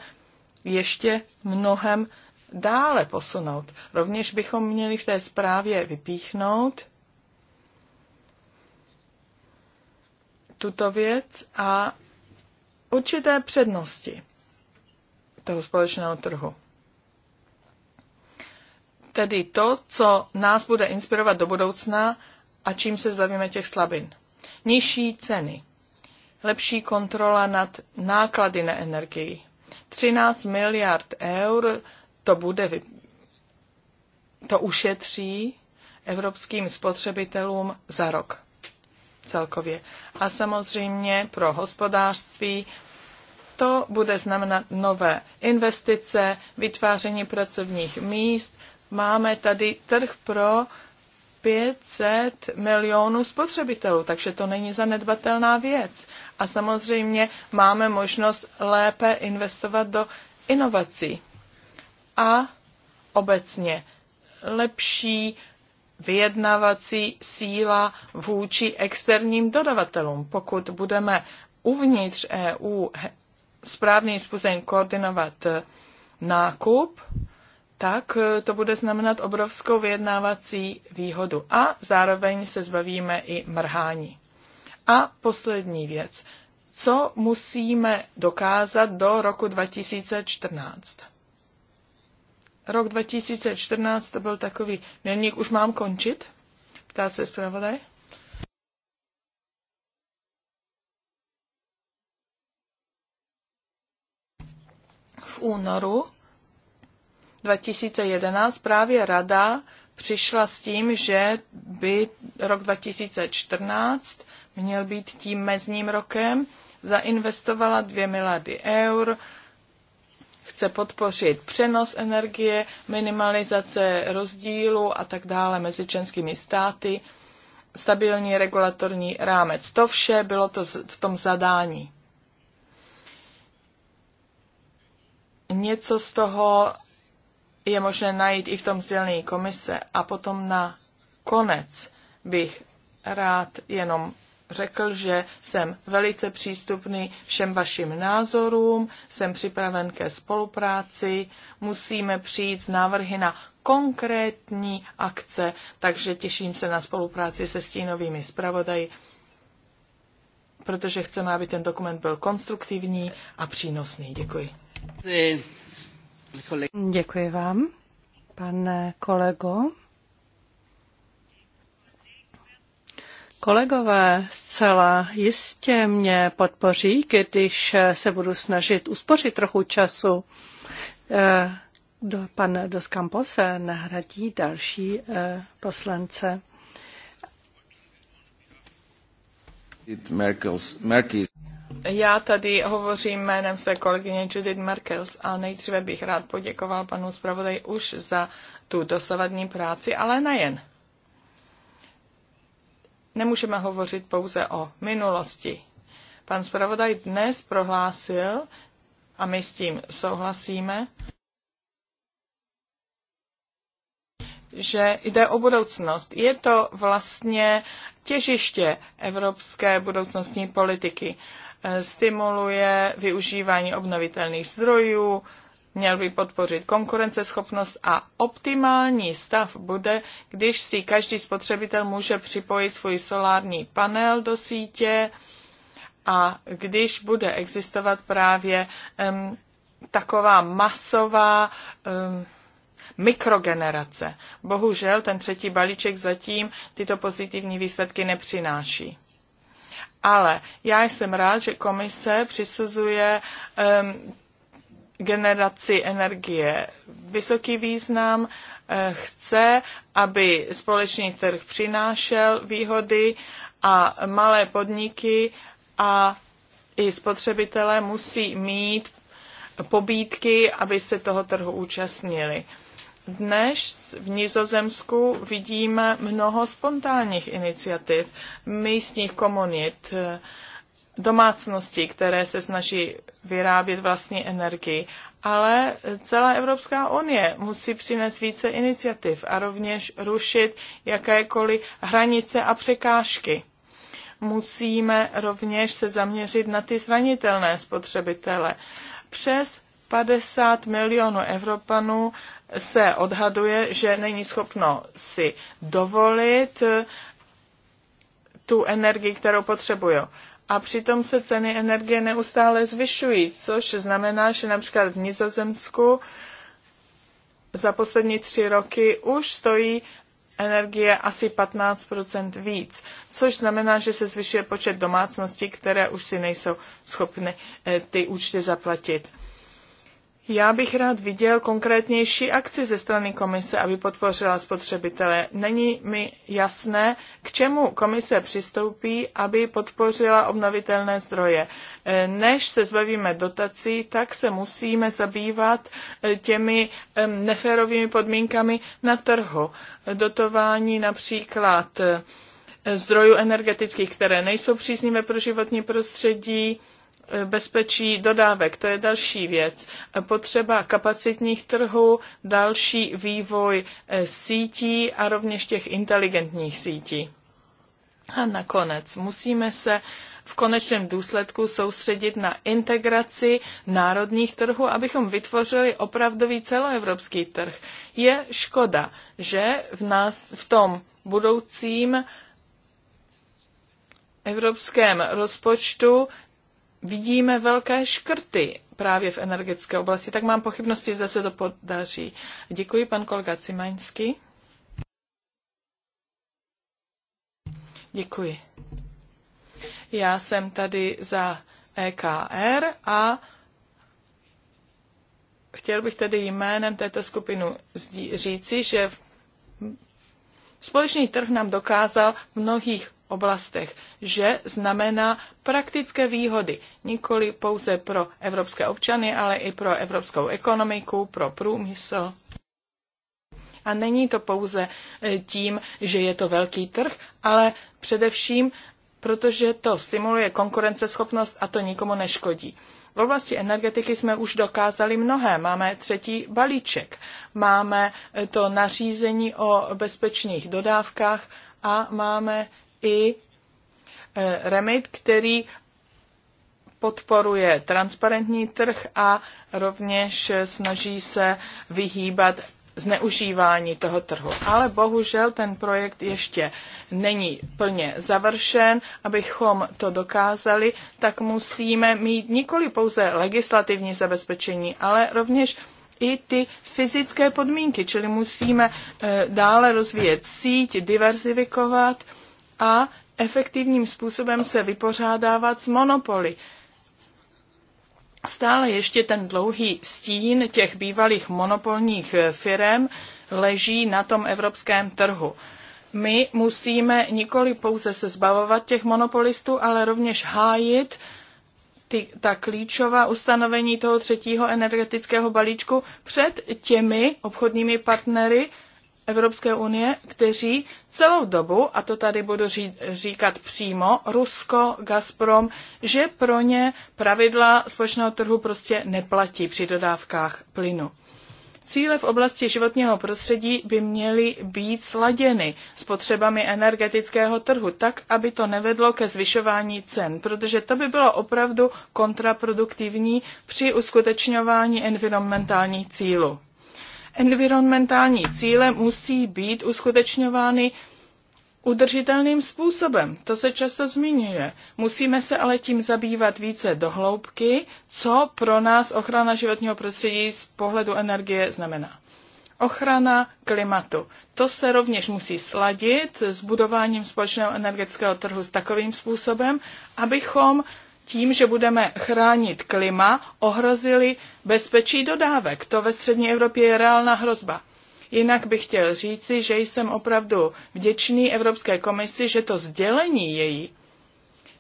ještě mnohem dále posunout. Rovněž bychom měli v té zprávě vypíchnout, tuto věc a určité přednosti toho společného trhu. Tedy to, co nás bude inspirovat do budoucna a čím se zbavíme těch slabin. Nižší ceny, lepší kontrola nad náklady na energii. 13 miliard eur to bude, to ušetří evropským spotřebitelům za rok celkově. A samozřejmě pro hospodářství to bude znamenat nové investice, vytváření pracovních míst. Máme tady trh pro 500 milionů spotřebitelů, takže to není zanedbatelná věc. A samozřejmě máme možnost lépe investovat do inovací a obecně lepší vyjednavací síla vůči externím dodavatelům. Pokud budeme uvnitř EU správným způsobem koordinovat eh, nákup, tak eh, to bude znamenat obrovskou vyjednávací výhodu a zároveň se zbavíme i mrhání. A poslední věc. Co musíme dokázat do roku 2014? Rok 2014 to byl takový měrník. Už mám končit? Ptá se zpravodaj. V únoru 2011 právě rada přišla s tím, že by rok 2014 měl být tím mezním rokem, zainvestovala 2 miliardy eur, chce podpořit přenos energie, minimalizace rozdílu a tak dále mezi členskými státy, stabilní regulatorní rámec. To vše bylo to v tom zadání. Něco z toho je možné najít i v tom sdělení komise. A potom na konec bych rád jenom řekl, že jsem velice přístupný všem vašim názorům, jsem připraven ke spolupráci, musíme přijít s návrhy na konkrétní akce, takže těším se na spolupráci se stínovými zpravodaji, protože chceme, aby ten dokument byl konstruktivní a přínosný. Děkuji. Děkuji vám, pane kolego. Kolegové zcela jistě mě podpoří, když se budu snažit uspořit trochu času. Eh, pan Dos Campos nahradí další eh, poslance. Já tady hovořím jménem své kolegyně Judith Merkels a nejdříve bych rád poděkoval panu zpravodaji už za tu dosavadní práci, ale nejen. Nemůžeme hovořit pouze o minulosti. Pan zpravodaj dnes prohlásil, a my s tím souhlasíme, že jde o budoucnost. Je to vlastně těžiště evropské budoucnostní politiky. Stimuluje využívání obnovitelných zdrojů, Měl by podpořit konkurenceschopnost a optimální stav bude, když si každý spotřebitel může připojit svůj solární panel do sítě a když bude existovat právě um, taková masová um, mikrogenerace. Bohužel ten třetí balíček zatím tyto pozitivní výsledky nepřináší. Ale já jsem rád, že komise přisuzuje um, generaci energie vysoký význam, eh, chce, aby společný trh přinášel výhody a malé podniky a i spotřebitelé musí mít pobídky, aby se toho trhu účastnili. Dnes v Nizozemsku vidíme mnoho spontánních iniciativ místních komunit, domácnosti, které se snaží vyrábět vlastní energii. Ale celá Evropská unie musí přinést více iniciativ a rovněž rušit jakékoliv hranice a překážky. Musíme rovněž se zaměřit na ty zranitelné spotřebitele. Přes 50 milionů Evropanů se odhaduje, že není schopno si dovolit tu energii, kterou potřebují. A přitom se ceny energie neustále zvyšují, což znamená, že například v Nizozemsku za poslední tři roky už stojí energie asi 15 víc, což znamená, že se zvyšuje počet domácností, které už si nejsou schopny eh, ty účty zaplatit. Já bych rád viděl konkrétnější akci ze strany komise, aby podpořila spotřebitele. Není mi jasné, k čemu komise přistoupí, aby podpořila obnovitelné zdroje. E, než se zbavíme dotací, tak se musíme zabývat e, těmi neférovými podmínkami na trhu. Dotování například e, zdrojů energetických, které nejsou příznivé pro životní prostředí, bezpečí dodávek, to je další věc. Potřeba kapacitních trhů, další vývoj eh, sítí a rovněž těch inteligentních sítí. A nakonec musíme se v konečném důsledku soustředit na integraci národních trhů, abychom vytvořili opravdový celoevropský trh. Je škoda, že v, nás, v tom budoucím evropském rozpočtu vidíme velké škrty právě v energetické oblasti, tak mám pochybnosti, zda se to podaří. Děkuji, pan kolega Cimaňský. Děkuji. Já jsem tady za EKR a chtěl bych tedy jménem této skupinu říci, že společný trh nám dokázal v mnohých oblastech, že znamená praktické výhody, nikoli pouze pro evropské občany, ale i pro evropskou ekonomiku, pro průmysl. A není to pouze e, tím, že je to velký trh, ale především, protože to stimuluje konkurenceschopnost a to nikomu neškodí. V oblasti energetiky jsme už dokázali mnohé. Máme třetí balíček, máme e, to nařízení o bezpečných dodávkách a máme i e, remit, který podporuje transparentní trh a rovněž snaží se vyhýbat zneužívání toho trhu. Ale bohužel ten projekt ještě není plně završen. Abychom to dokázali, tak musíme mít nikoli pouze legislativní zabezpečení, ale rovněž i ty fyzické podmínky, čili musíme e, dále rozvíjet síť, diverzifikovat a efektivním způsobem se vypořádávat s monopoly. Stále ještě ten dlouhý stín těch bývalých monopolních firm leží na tom evropském trhu. My musíme nikoli pouze se zbavovat těch monopolistů, ale rovněž hájit ty, ta klíčová ustanovení toho třetího energetického balíčku před těmi obchodními partnery, Evropské unie, kteří celou dobu, a to tady budu ří, říkat přímo, Rusko, Gazprom, že pro ně pravidla společného trhu prostě neplatí při dodávkách plynu. Cíle v oblasti životního prostředí by měly být sladěny s potřebami energetického trhu tak, aby to nevedlo ke zvyšování cen, protože to by bylo opravdu kontraproduktivní při uskutečňování environmentálních cílů environmentální cíle musí být uskutečňovány udržitelným způsobem. To se často zmiňuje. Musíme se ale tím zabývat více dohloubky, co pro nás ochrana životního prostředí z pohledu energie znamená. Ochrana klimatu. To se rovněž musí sladit s budováním společného energetického trhu s takovým způsobem, abychom tím, že budeme chránit klima, ohrozili bezpečí dodávek. To ve střední Evropě je reálná hrozba. Jinak bych chtěl říci, že jsem opravdu vděčný Evropské komisi, že to sdělení její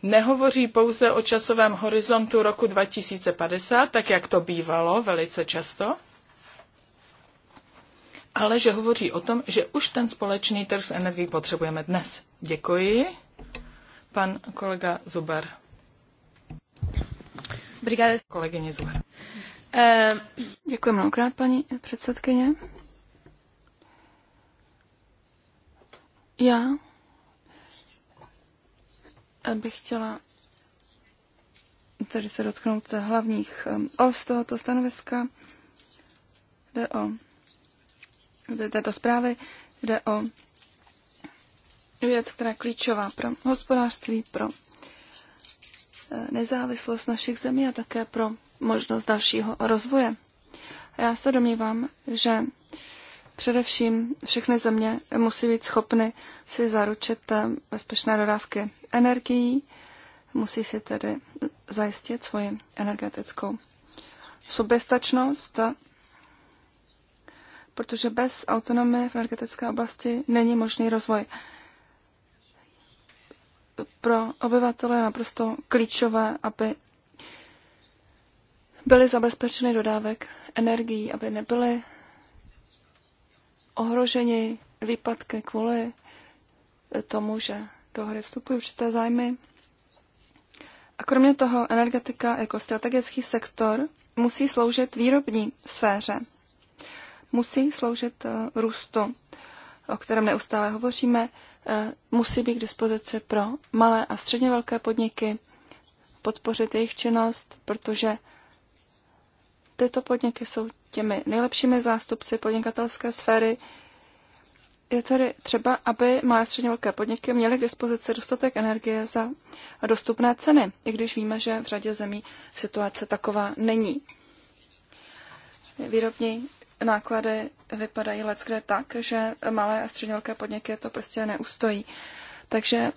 nehovoří pouze o časovém horizontu roku 2050, tak jak to bývalo velice často, ale že hovoří o tom, že už ten společný trh s energií potřebujeme dnes. Děkuji. Pan kolega Zuber kolegyně Zuhar. Eh, děkuji mnohokrát, paní předsedkyně. Já bych chtěla tedy se dotknout hlavních ehm, os tohoto stanoviska. Jde o této zprávy, jde o věc, která je klíčová pro hospodářství, pro nezávislost našich zemí a také pro možnost dalšího rozvoje. Já se domnívám, že především všechny země musí být schopny si zaručit eh, bezpečné dodávky energií, musí si tedy zajistit svoji energetickou soběstačnost, protože bez autonomie v energetické oblasti není možný rozvoj pro obyvatele je naprosto klíčové, aby byly zabezpečeny dodávek energií, aby nebyly ohroženi výpadky kvůli tomu, že do hry vstupují určité zájmy. A kromě toho energetika jako strategický sektor musí sloužit výrobní sféře. Musí sloužit eh, růstu, o kterém neustále hovoříme, Eh, musí být k dispozici pro malé a středně velké podniky, podpořit jejich činnost, protože tyto podniky jsou těmi nejlepšími zástupci podnikatelské sféry. Je tedy třeba, aby malé a středně velké podniky měly k dispozici dostatek energie za dostupné ceny, i když víme, že v řadě zemí situace taková není. Výrobní náklady vypadají leckde tak, že malé a středně velké podniky to prostě neustojí. Takže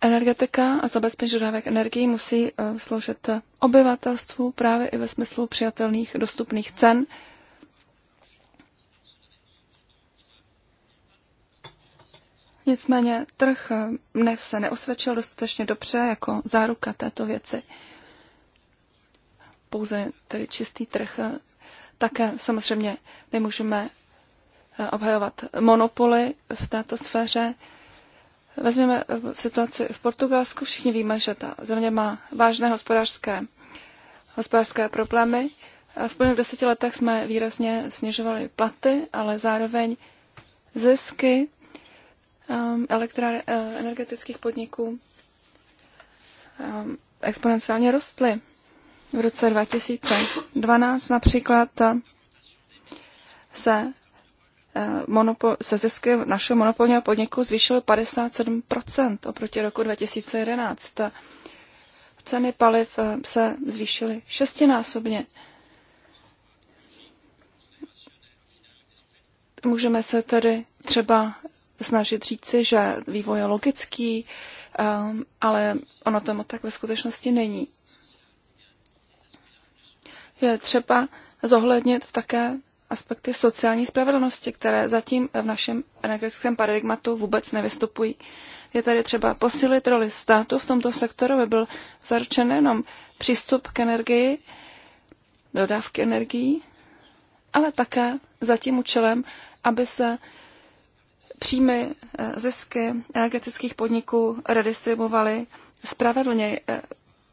energetika a zabezpečení dodávek energii musí eh, sloužit obyvatelstvu právě i ve smyslu přijatelných dostupných cen. Nicméně trh eh, se neosvědčil dostatečně dobře jako záruka této věci pouze tedy čistý trh. Také samozřejmě nemůžeme eh, obhajovat monopoly v této sféře. Vezměme eh, situaci v Portugalsku. Všichni víme, že ta země má vážné hospodářské, hospodářské problémy. V plných deseti letech jsme výrazně snižovali platy, ale zároveň zisky ehm, elektrár, eh, energetických podniků ehm, exponenciálně rostly. V roce 2012 například eh, se, eh, monopo- se zisky našeho monopolního podniku zvýšily 57% oproti roku 2011. Ceny paliv eh, se zvýšily šestinásobně. Můžeme se tedy třeba snažit říci, že vývoj je logický, ale ono tomu tak ve skutečnosti není je třeba zohlednit také aspekty sociální spravedlnosti, které zatím v našem energetickém paradigmatu vůbec nevystupují. Je tady třeba posilit roli státu v tomto sektoru, aby byl zaručen jenom přístup k energii, dodávky energií, ale také za tím účelem, aby se příjmy, eh, zisky energetických podniků redistribuovaly spravedlně. Eh,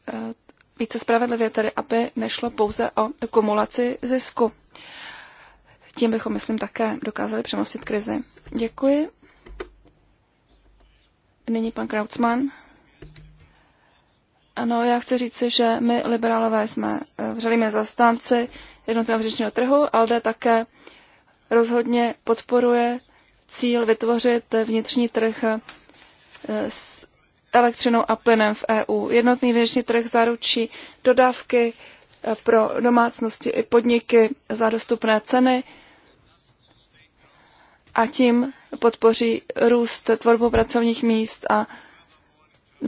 eh, více spravedlivě tedy, aby nešlo pouze o kumulaci zisku. Tím bychom, myslím, také dokázali přemostit krizi. Děkuji. Nyní pan Krautsman. Ano, já chci říci, že my liberálové jsme eh, vřelými zastánci jednotného vřečního trhu, ale také rozhodně podporuje cíl vytvořit vnitřní trh eh, s elektřinou a plynem v EU. Jednotný vnitřní trh zaručí dodávky e, pro domácnosti i podniky za dostupné ceny a tím podpoří růst tvorbu pracovních míst a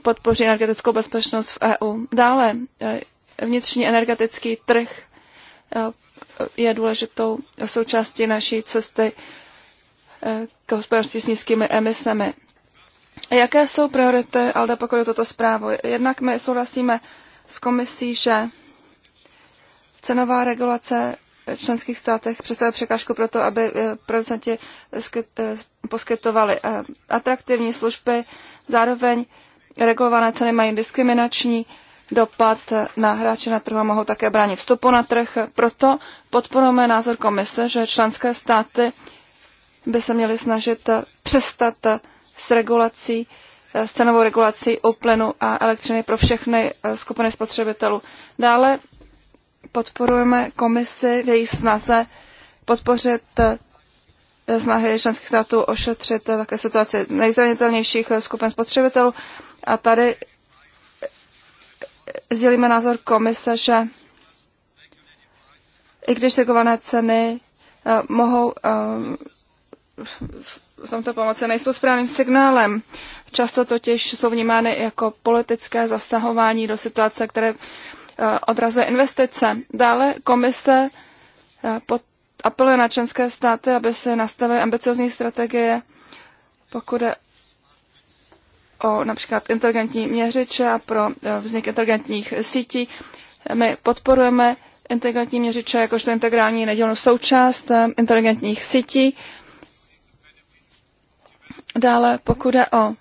podpoří energetickou bezpečnost v EU. Dále e, vnitřní energetický trh e, je důležitou součástí naší cesty k hospodářství s nízkými emisemi. Jaké jsou priority Alda pokud toto zprávu? Jednak my souhlasíme s komisí, že cenová regulace v členských státech představuje překážku pro to, aby eh, producenti eh, poskytovali eh, atraktivní služby. Zároveň regulované ceny mají diskriminační dopad na hráče na trhu a mohou také bránit vstupu na trh. Proto podporujeme názor komise, že členské státy by se měly snažit přestat s regulací, eh, s cenovou regulací u plynu a elektřiny pro všechny eh, skupiny spotřebitelů. Dále podporujeme komisi v její snaze podpořit eh, snahy členských států ošetřit také situaci nejzranitelnějších skupin spotřebitelů. A tady sdělíme názor komise, že i když regulované ceny mohou v tomto pomoci nejsou správným signálem. Často totiž jsou vnímány jako politické zasahování do situace, které eh, odrazuje investice. Dále komise eh, pod apeluje na členské státy, aby se nastavily ambiciozní strategie, pokud je o například inteligentní měřiče a pro eh, vznik inteligentních sítí. My podporujeme inteligentní měřiče jakožto integrální nedělnou součást inteligentních sítí. Dále, pokud je o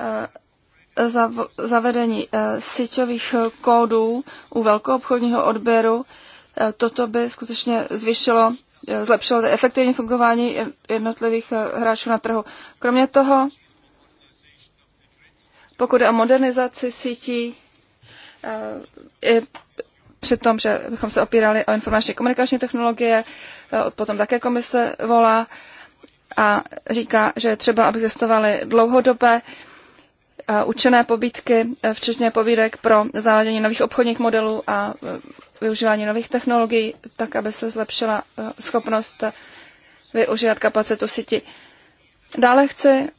eh, zav zavedení eh, síťových kódů u obchodního odběru, eh, toto by skutečně zvýšilo, zlepšilo efektivní fungování jednotlivých hráčů na trhu. Kromě toho, pokud je o modernizaci sítí, i při tom, že bychom se opírali o informační komunikační technologie, potom také komise volá, a říká, že třeba existovaly dlouhodobé učené e, pobídky, e, včetně pobídek pro zavádění nových obchodních modelů a e, využívání nových technologií, tak aby se zlepšila schopnost využívat kapacitu síti. Dále chci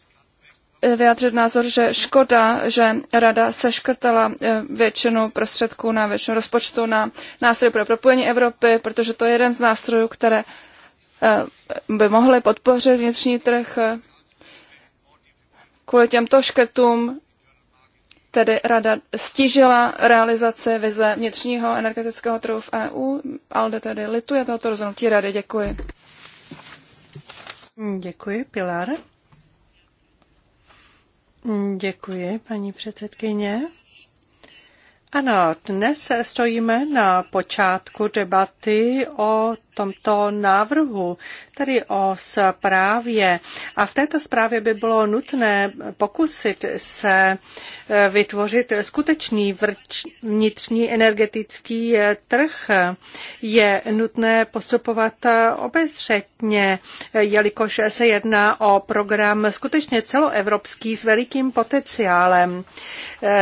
vyjádřit názor, že škoda, že rada seškrtala většinu prostředků na většinu rozpočtu na nástroj pro propojení Evropy, protože to je jeden z nástrojů, které by mohly podpořit vnitřní trh kvůli těmto škrtům tedy rada stížila realizaci vize vnitřního energetického trhu v EU. Alde tedy lituje tohoto rozhodnutí rady. Děkuji. Děkuji, Pilar. Děkuji, paní předsedkyně. Ano, dnes stojíme na počátku debaty o tomto návrhu, tedy o zprávě. A v této zprávě by bylo nutné pokusit se eh, vytvořit skutečný vnitřní energetický eh, trh. Je nutné postupovat eh, obezřetně, jelikož se jedná o program skutečně celoevropský s velikým potenciálem.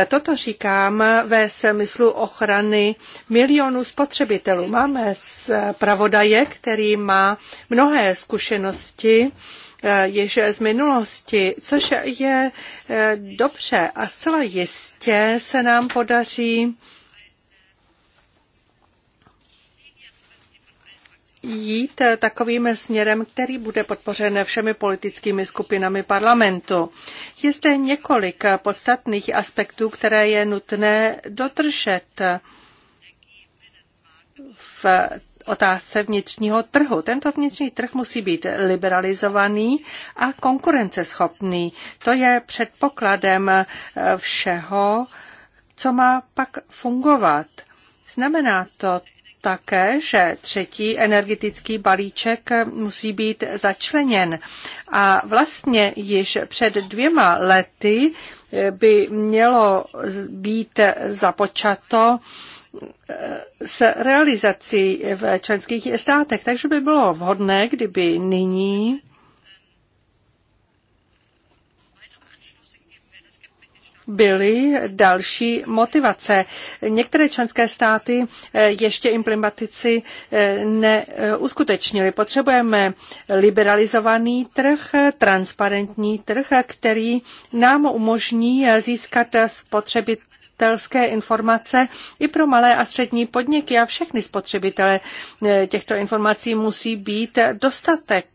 Toto říkám ve smyslu ochrany milionů spotřebitelů. Máme zpravodaj je který má mnohé zkušenosti eh, již z minulosti, což je eh, dobře a zcela jistě se nám podaří jít takovým směrem, který bude podpořen všemi politickými skupinami parlamentu. Je zde několik podstatných aspektů, které je nutné dotržet v otázce vnitřního trhu. Tento vnitřní trh musí být liberalizovaný a konkurenceschopný. To je předpokladem eh, všeho, co má pak fungovat. Znamená to také, že třetí energetický balíček musí být začleněn. A vlastně již před dvěma lety eh, by mělo být započato s realizací v členských státech. Takže by bylo vhodné, kdyby nyní byly další motivace. Některé členské státy eh, ještě implementaci eh, neuskutečnily. Potřebujeme liberalizovaný trh, transparentní trh, který nám umožní eh, získat spotřebit spotřebitelské informace i pro malé a střední podniky a všechny spotřebitele eh, těchto informací musí být dostatek,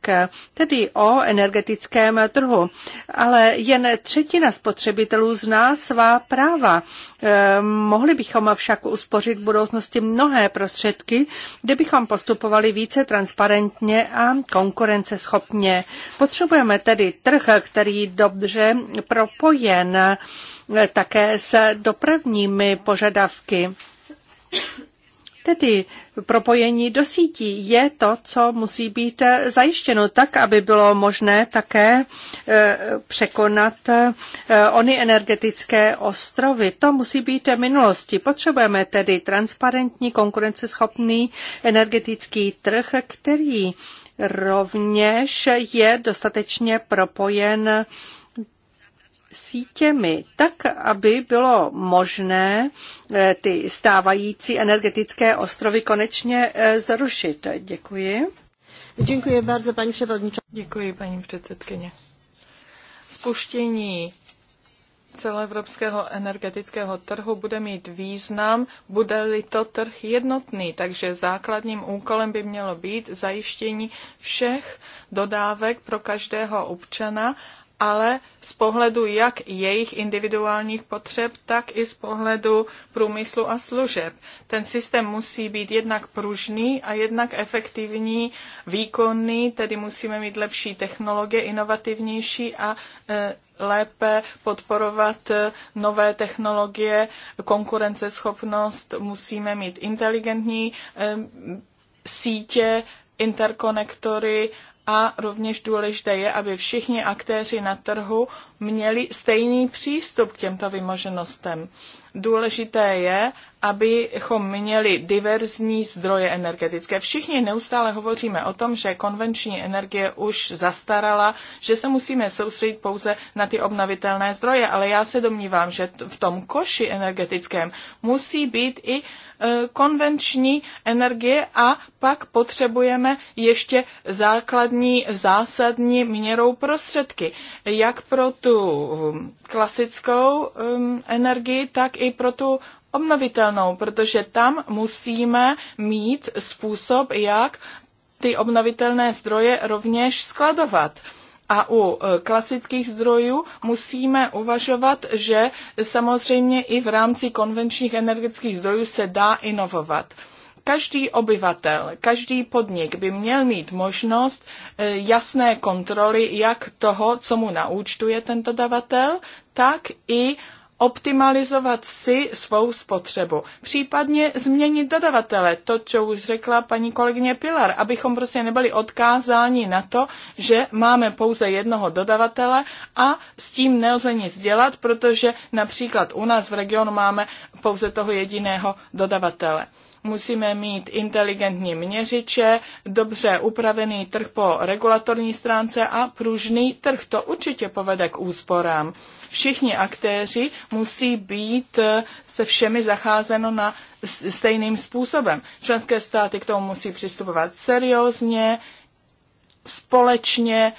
tedy o energetickém trhu. Ale jen třetina spotřebitelů zná svá práva. Ehm, mohli bychom však uspořit v budoucnosti mnohé prostředky, kde bychom postupovali více transparentně a konkurenceschopně. Potřebujeme tedy trh, který dobře propojen také s dopravními požadavky. Tedy propojení do sítí je to, co musí být zajištěno tak, aby bylo možné také e, překonat e, ony energetické ostrovy. To musí být minulosti. Potřebujeme tedy transparentní, konkurenceschopný energetický trh, který rovněž je dostatečně propojen sítěmi, tak aby bylo možné eh, ty stávající energetické ostrovy konečně eh, zrušit. Děkuji. Děkuji bardzo, paní předsedkyně. Děkuji, paní předsedkyně. Spuštění celoevropského energetického trhu bude mít význam, bude-li to trh jednotný. Takže základním úkolem by mělo být zajištění všech dodávek pro každého občana ale z pohledu jak jejich individuálních potřeb, tak i z pohledu průmyslu a služeb. Ten systém musí být jednak pružný a jednak efektivní, výkonný, tedy musíme mít lepší technologie, inovativnější a e, lépe podporovat e, nové technologie, konkurenceschopnost, musíme mít inteligentní e, sítě, interkonektory, a rovněž důležité je, aby všichni aktéři na trhu měli stejný přístup k těmto vymoženostem. Důležité je, abychom měli diverzní zdroje energetické. Všichni neustále hovoříme o tom, že konvenční energie už zastarala, že se musíme soustředit pouze na ty obnovitelné zdroje, ale já se domnívám, že v tom koši energetickém musí být i e, konvenční energie a pak potřebujeme ještě základní, zásadní měrou prostředky, jak pro tu um, klasickou um, energii, tak i pro tu obnovitelnou, protože tam musíme mít způsob, jak ty obnovitelné zdroje rovněž skladovat. A u e, klasických zdrojů musíme uvažovat, že samozřejmě i v rámci konvenčních energetických zdrojů se dá inovovat. Každý obyvatel, každý podnik by měl mít možnost e, jasné kontroly jak toho, co mu naúčtuje tento dodavatel, tak i optimalizovat si svou spotřebu. Případně změnit dodavatele, to, co už řekla paní kolegyně Pilar, abychom prostě nebyli odkázáni na to, že máme pouze jednoho dodavatele a s tím nelze nic dělat, protože například u nás v regionu máme pouze toho jediného dodavatele musíme mít inteligentní měřiče, dobře upravený trh po regulatorní stránce a pružný trh. To určitě povede k úsporám všichni aktéři musí být eh, se všemi zacházeno na stejným způsobem. Členské státy k tomu musí přistupovat seriózně, společně,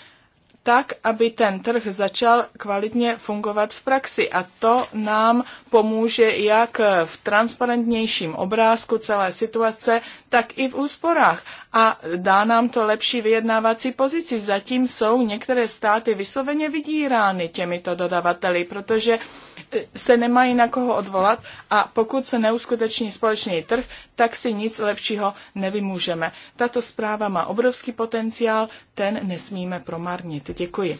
tak, aby ten trh začal kvalitně fungovat v praxi. A to nám pomůže jak v transparentnějším obrázku celé situace, tak i v úsporách. A dá nám to lepší vyjednávací pozici. Zatím jsou některé státy vysloveně vydírány těmito dodavateli, protože e, se nemají na koho odvolat a pokud se neuskuteční společný trh, tak si nic lepšího nevymůžeme. Tato zpráva má obrovský potenciál, ten nesmíme promarnit. Děkuji.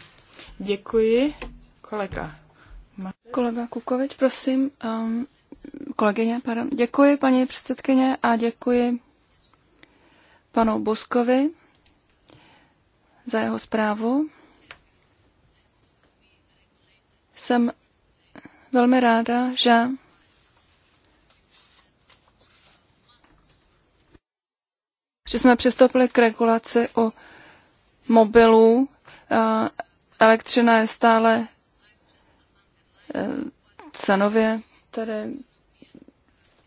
Děkuji. Kolega. Kolega Kukovič, prosím. Um, kolegyně, pardon. Děkuji, paní předsedkyně, a děkuji panu Buskovi za jeho zprávu. Jsem velmi ráda, že že jsme přistoupili k regulaci u mobilů. Eh, elektřina je stále eh, cenově tedy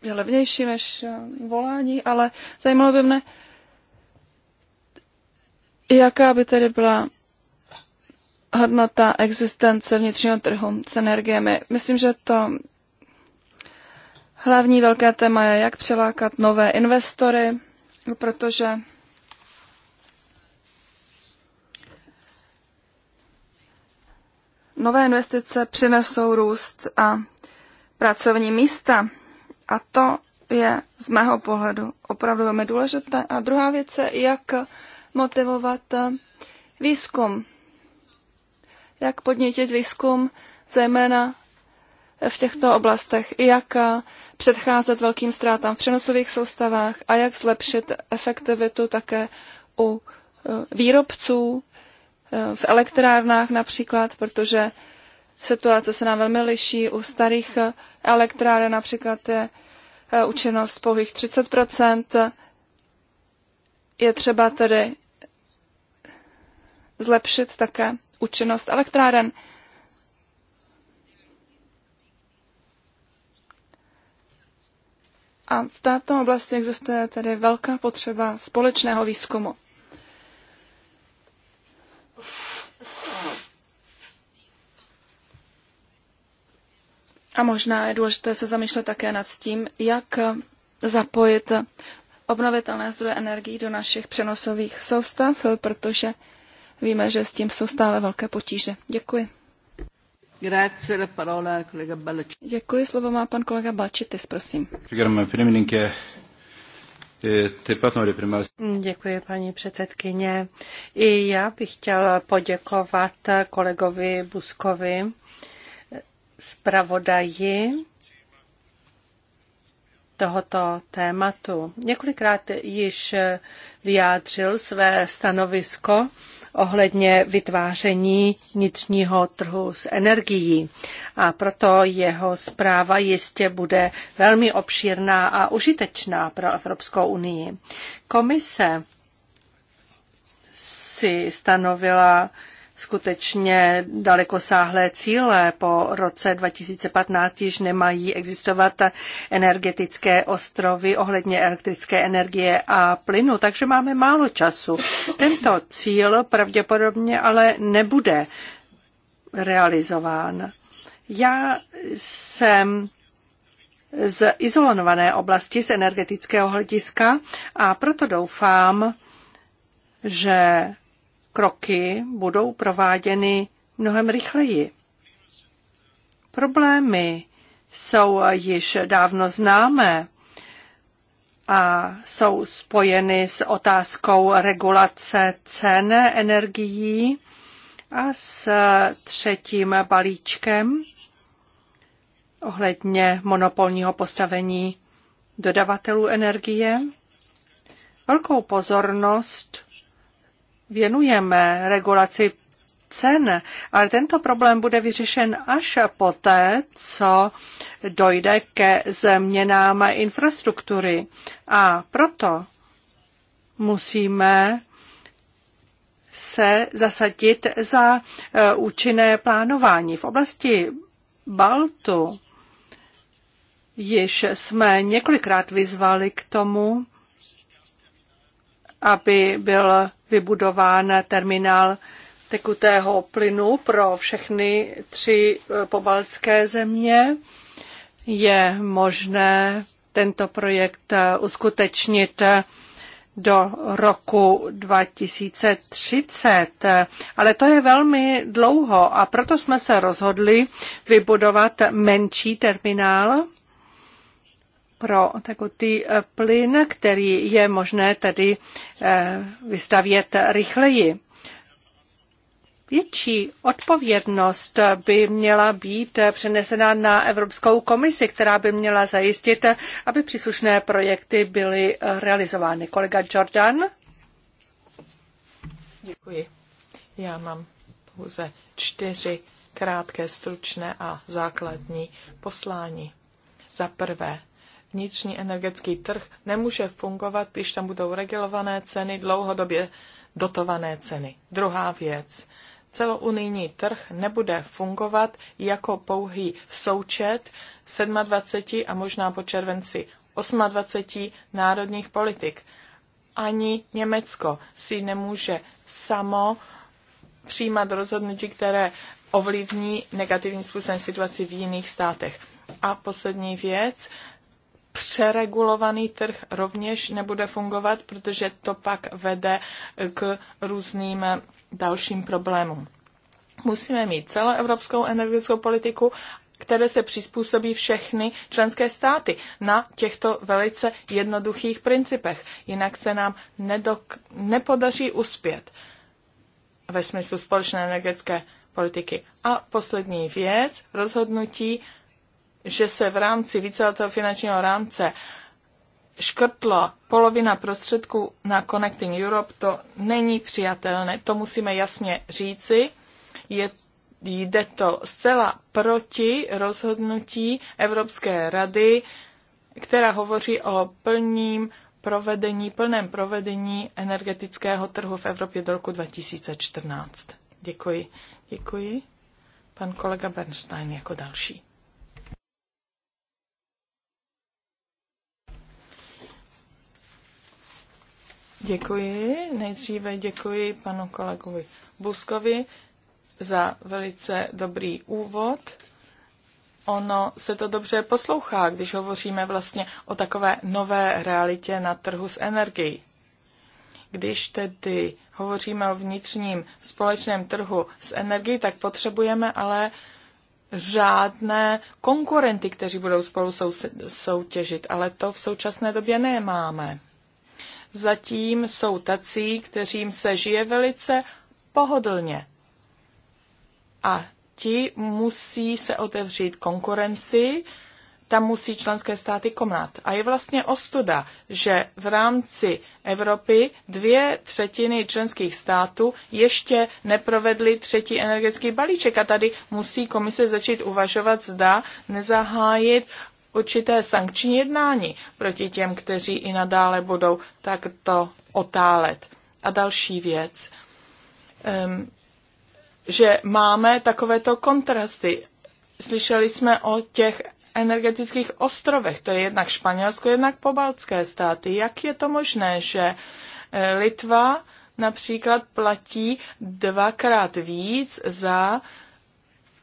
je levnější než eh, volání, ale zajímalo by mne, Jaká by tedy byla hodnota existence vnitřního trhu s energiemi? Myslím, že to hlavní velké téma je, jak přilákat nové investory, protože nové investice přinesou růst a pracovní místa. A to je z mého pohledu opravdu velmi důležité. A druhá věc je, jak motivovat eh, výzkum. Jak podnítit výzkum, zejména eh, v těchto oblastech, jak eh, předcházet velkým ztrátám v přenosových soustavách a jak zlepšit efektivitu také u výrobců v elektrárnách například, protože situace se nám velmi liší. U starých elektráren například je účinnost pouhých 30 Je třeba tedy zlepšit také účinnost elektráren. A v této oblasti existuje tedy velká potřeba společného výzkumu. A možná je důležité se zamýšlet také nad tím, jak zapojit obnovitelné zdroje energií do našich přenosových soustav, protože víme, že s tím jsou stále velké potíže. Děkuji. Děkuji, slovo má pan kolega Balčitis, prosím. Eh, Děkuji, paní předsedkyně. I já bych chtěla poděkovat kolegovi Buskovi, zpravodaji tohoto tématu. Několikrát již vyjádřil své stanovisko ohledně vytváření vnitřního trhu s energií. A proto jeho zpráva jistě bude velmi obšírná a užitečná pro Evropskou unii. Komise si stanovila skutečně dalekosáhlé cíle. Po roce 2015 již nemají existovat energetické ostrovy ohledně elektrické energie a plynu, takže máme málo času. Tento cíl pravděpodobně ale nebude realizován. Já jsem z izolované oblasti z energetického hlediska a proto doufám, že kroky budou prováděny mnohem rychleji. Problémy jsou již dávno známé a jsou spojeny s otázkou regulace cen energií a s třetím balíčkem ohledně monopolního postavení dodavatelů energie. Velkou pozornost věnujeme regulaci cen, ale tento problém bude vyřešen až poté, co dojde ke změnám infrastruktury. A proto musíme se zasadit za e, účinné plánování. V oblasti Baltu již jsme několikrát vyzvali k tomu, aby byl vybudován terminál tekutého plynu pro všechny tři eh, pobaltské země. Je možné tento projekt eh, uskutečnit eh, do roku 2030. Ale to je velmi dlouho a proto jsme se rozhodli vybudovat menší terminál pro takový eh, plyn, který je možné tedy eh, vystavět rychleji. Větší odpovědnost by měla být přenesena na Evropskou komisi, která by měla zajistit, aby příslušné projekty byly eh, realizovány. Kolega Jordan? Děkuji. Já mám pouze čtyři krátké, stručné a základní poslání. Za prvé, vnitřní energetický trh nemůže fungovat, když tam budou regulované ceny, dlouhodobě dotované ceny. Druhá věc. Celounijní trh nebude fungovat jako pouhý součet 27 a možná po červenci 28 národních politik. Ani Německo si nemůže samo přijímat rozhodnutí, které ovlivní negativním způsobem situaci v jiných státech. A poslední věc, přeregulovaný trh rovněž nebude fungovat, protože to pak vede k různým eh, dalším problémům. Musíme mít celoevropskou energetickou politiku, které se přizpůsobí všechny členské státy na těchto velice jednoduchých principech. Jinak se nám nedok- nepodaří uspět ve smyslu společné energetické politiky. A poslední věc, rozhodnutí že se v rámci víceletého finančního rámce škrtlo polovina prostředků na Connecting Europe, to není přijatelné. To musíme jasně říci. Je, jde to zcela proti rozhodnutí Evropské rady, která hovoří o plním provedení, plném provedení energetického trhu v Evropě do roku 2014. Děkuji. Děkuji. Pan kolega Bernstein jako další. Děkuji. Nejdříve děkuji panu kolegovi Buskovi za velice dobrý úvod. Ono se to dobře poslouchá, když hovoříme vlastně o takové nové realitě na trhu s energií. Když tedy hovoříme o vnitřním společném trhu s energií, tak potřebujeme ale řádné konkurenty, kteří budou spolu soutěžit, ale to v současné době nemáme zatím jsou tací, kteřím se žije velice pohodlně. A ti musí se otevřít konkurenci, tam musí členské státy konat. A je vlastně ostuda, že v rámci Evropy dvě třetiny členských států ještě neprovedly třetí energetický balíček a tady musí komise začít uvažovat, zda nezahájit určité sankční jednání proti těm, kteří i nadále budou takto otálet. A další věc, že máme takovéto kontrasty. Slyšeli jsme o těch energetických ostrovech, to je jednak Španělsko, jednak pobaltské státy. Jak je to možné, že eh, Litva například platí dvakrát víc za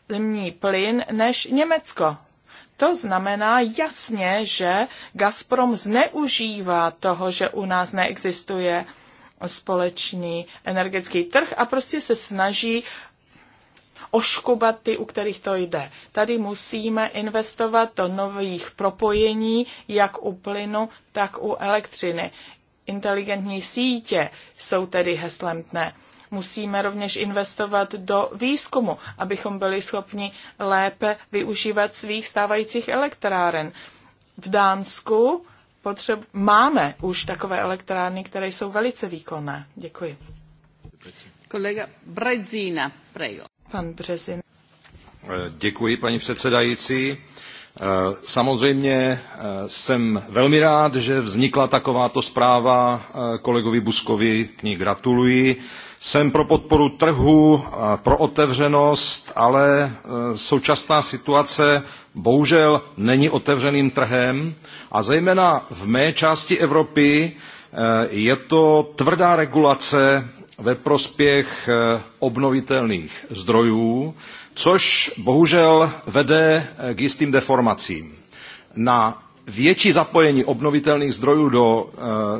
zemní plyn než Německo? To znamená jasně, že Gazprom zneužívá toho, že u nás neexistuje společný energetický trh a prostě se snaží oškubat ty, u kterých to jde. Tady musíme investovat do nových propojení, jak u plynu, tak u elektřiny. Inteligentní sítě jsou tedy heslem dne. Musíme rovněž investovat do výzkumu, abychom byli schopni lépe využívat svých stávajících elektráren. V Dánsku potřeb... máme už takové elektrárny, které jsou velice výkonné. Děkuji. Kolega Brezina, prego. Pan Březin. Eh, děkuji, paní předsedající. Eh, samozřejmě eh, jsem velmi rád, že vznikla takováto zpráva kolegovi Buskovi, k ní gratuluji jsem pro podporu trhu, pro otevřenost, ale e, současná situace bohužel není otevřeným trhem a zejména v mé části Evropy e, je to tvrdá regulace ve prospěch e, obnovitelných zdrojů, což bohužel vede k jistým deformacím. Na větší zapojení obnovitelných zdrojů do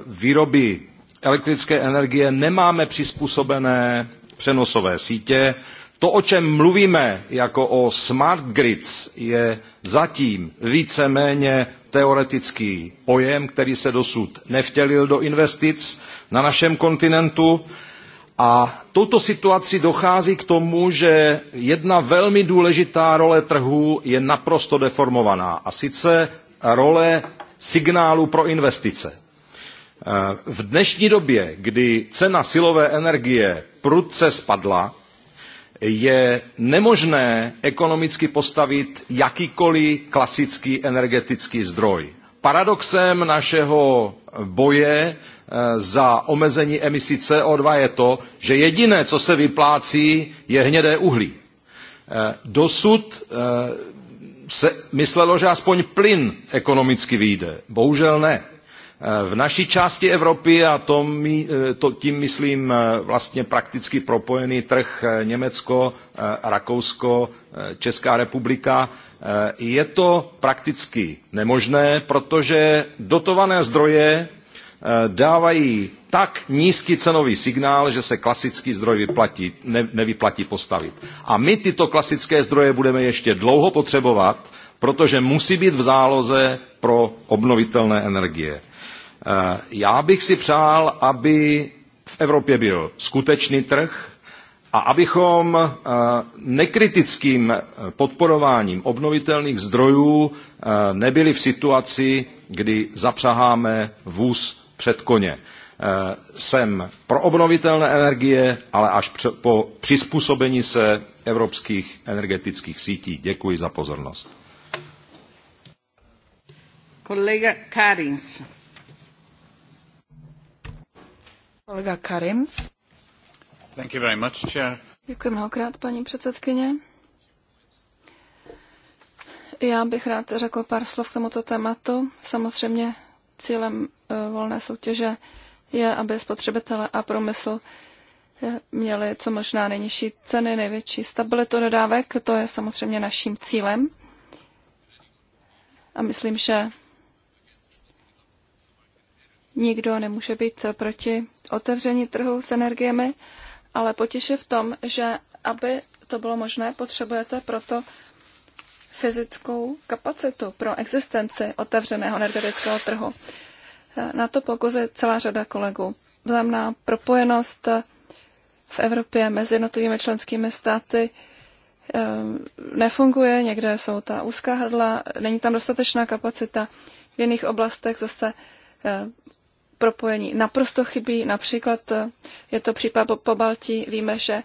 výroby elektrické energie nemáme přizpůsobené přenosové sítě. To, o čem mluvíme jako o smart grids, je zatím víceméně teoretický pojem, který se dosud nevtělil do investic na našem kontinentu. A touto situací dochází k tomu, že jedna velmi důležitá role trhu je naprosto deformovaná, a sice role signálu pro investice. V dnešní době, kdy cena silové energie prudce spadla, je nemožné ekonomicky postavit jakýkoliv klasický energetický zdroj. Paradoxem našeho boje eh, za omezení emisí CO2 je to, že jediné, co se vyplácí, je hnědé uhlí. Eh, dosud eh, se myslelo, že aspoň plyn ekonomicky vyjde. Bohužel ne. Eh, v naší části Evropy, a to, my, eh, to tím myslím eh, vlastně prakticky propojený trh Německo, Rakousko, Česká republika, je to prakticky nemožné, protože dotované zdroje dávají tak nízký cenový signál, že se klasický zdroj vyplatí, ne, nevyplatí postavit. A my tyto klasické zdroje budeme ještě dlouho potřebovat, protože musí být v záloze pro obnovitelné energie. Eh, já bych si přál, aby v Evropě byl skutečný trh a abychom eh, nekritickým eh, podporováním obnovitelných zdrojů nebyli v situaci, kdy zapřaháme vůz před koně. Jsem pro obnovitelné energie, ale až po přizpůsobení se evropských energetických sítí. Děkuji za pozornost. Kolega Karins. Kolega Karims. Thank you very much, chair. Děkuji mnohokrát, paní předsedkyně. Já bych rád řekl pár slov k tomuto tématu. Samozřejmě cílem eh, volné soutěže je, aby spotřebitele a průmysl eh, měli co možná nejnižší ceny, největší stabilitu dodávek. To je samozřejmě naším cílem. A myslím, že nikdo nemůže být eh, proti otevření trhu s energiemi, ale potěš je v tom, že aby to bylo možné, potřebujete proto fyzickou kapacitu pro existenci otevřeného energetického trhu. Na to pokozuje celá řada kolegů. Vzájemná propojenost v Evropě mezi jednotlivými členskými státy ehm, nefunguje, někde jsou ta úzká hrdla, není tam dostatečná kapacita, v jiných oblastech zase ehm, propojení naprosto chybí. Například eh, je to případ po, po Baltí. Víme, že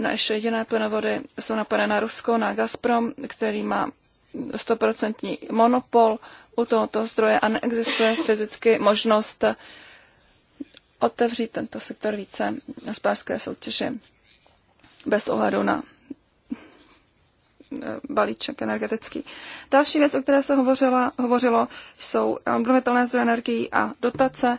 naše jediné plynovody jsou napadené na Rusko, na Gazprom, který má stoprocentní monopol u tohoto zdroje a neexistuje fyzicky možnost eh, otevřít tento sektor více hospodářské soutěži bez ohledu na E, balíček energetický. Další věc, o které se hovořila, hovořilo, jsou obnovitelné zdroje energií a dotace.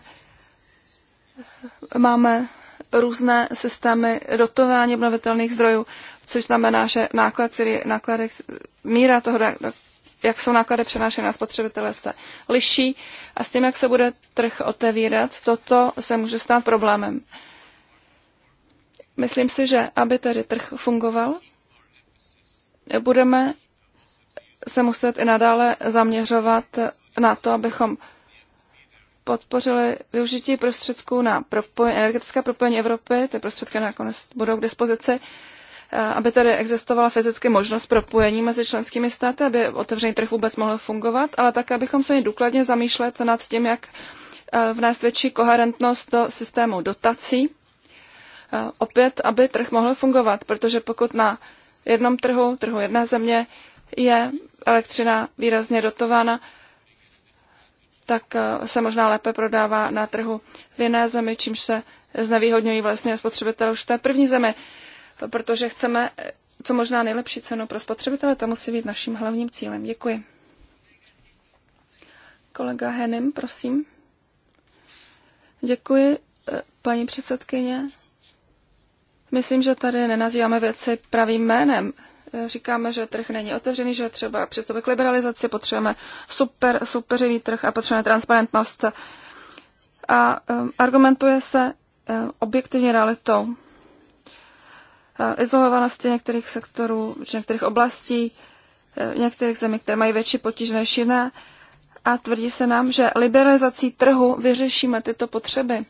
Máme různé systémy dotování obnovitelných zdrojů, což znamená, že náklad, který, náklady, míra toho, jak jsou náklady přenášeny na spotřebitele, se liší a s tím, jak se bude trh otevírat, toto se může stát problémem. Myslím si, že aby tedy trh fungoval, budeme se muset i nadále zaměřovat na to, abychom podpořili využití prostředků na propoj- energetické propojení Evropy, ty prostředky nakonec budou k dispozici, eh, aby tady existovala fyzicky možnost propojení mezi členskými státy, aby otevřený trh vůbec mohl fungovat, ale také, abychom se důkladně zamýšlet nad tím, jak eh, vnést větší koherentnost do systému dotací, eh, opět, aby trh mohl fungovat, protože pokud na jednom trhu, trhu jedné země, je elektřina výrazně dotována, tak eh, se možná lépe prodává na trhu v jiné zemi, čímž se znevýhodňují vlastně spotřebitel už v té první zemi, protože chceme eh, co možná nejlepší cenu pro spotřebitele, to musí být naším hlavním cílem. Děkuji. Kolega Henim, prosím. Děkuji, eh, paní předsedkyně. Myslím, že tady nenazýváme věci pravým jménem. Říkáme, že trh není otevřený, že třeba přistoupit k liberalizaci, potřebujeme super, superivý trh a potřebujeme transparentnost. A um, argumentuje se um, objektivní realitou. Um, izolovanosti některých sektorů, či některých oblastí, um, některých zemí, které mají větší potíž než jiné. A tvrdí se nám, že liberalizací trhu vyřešíme tyto potřeby.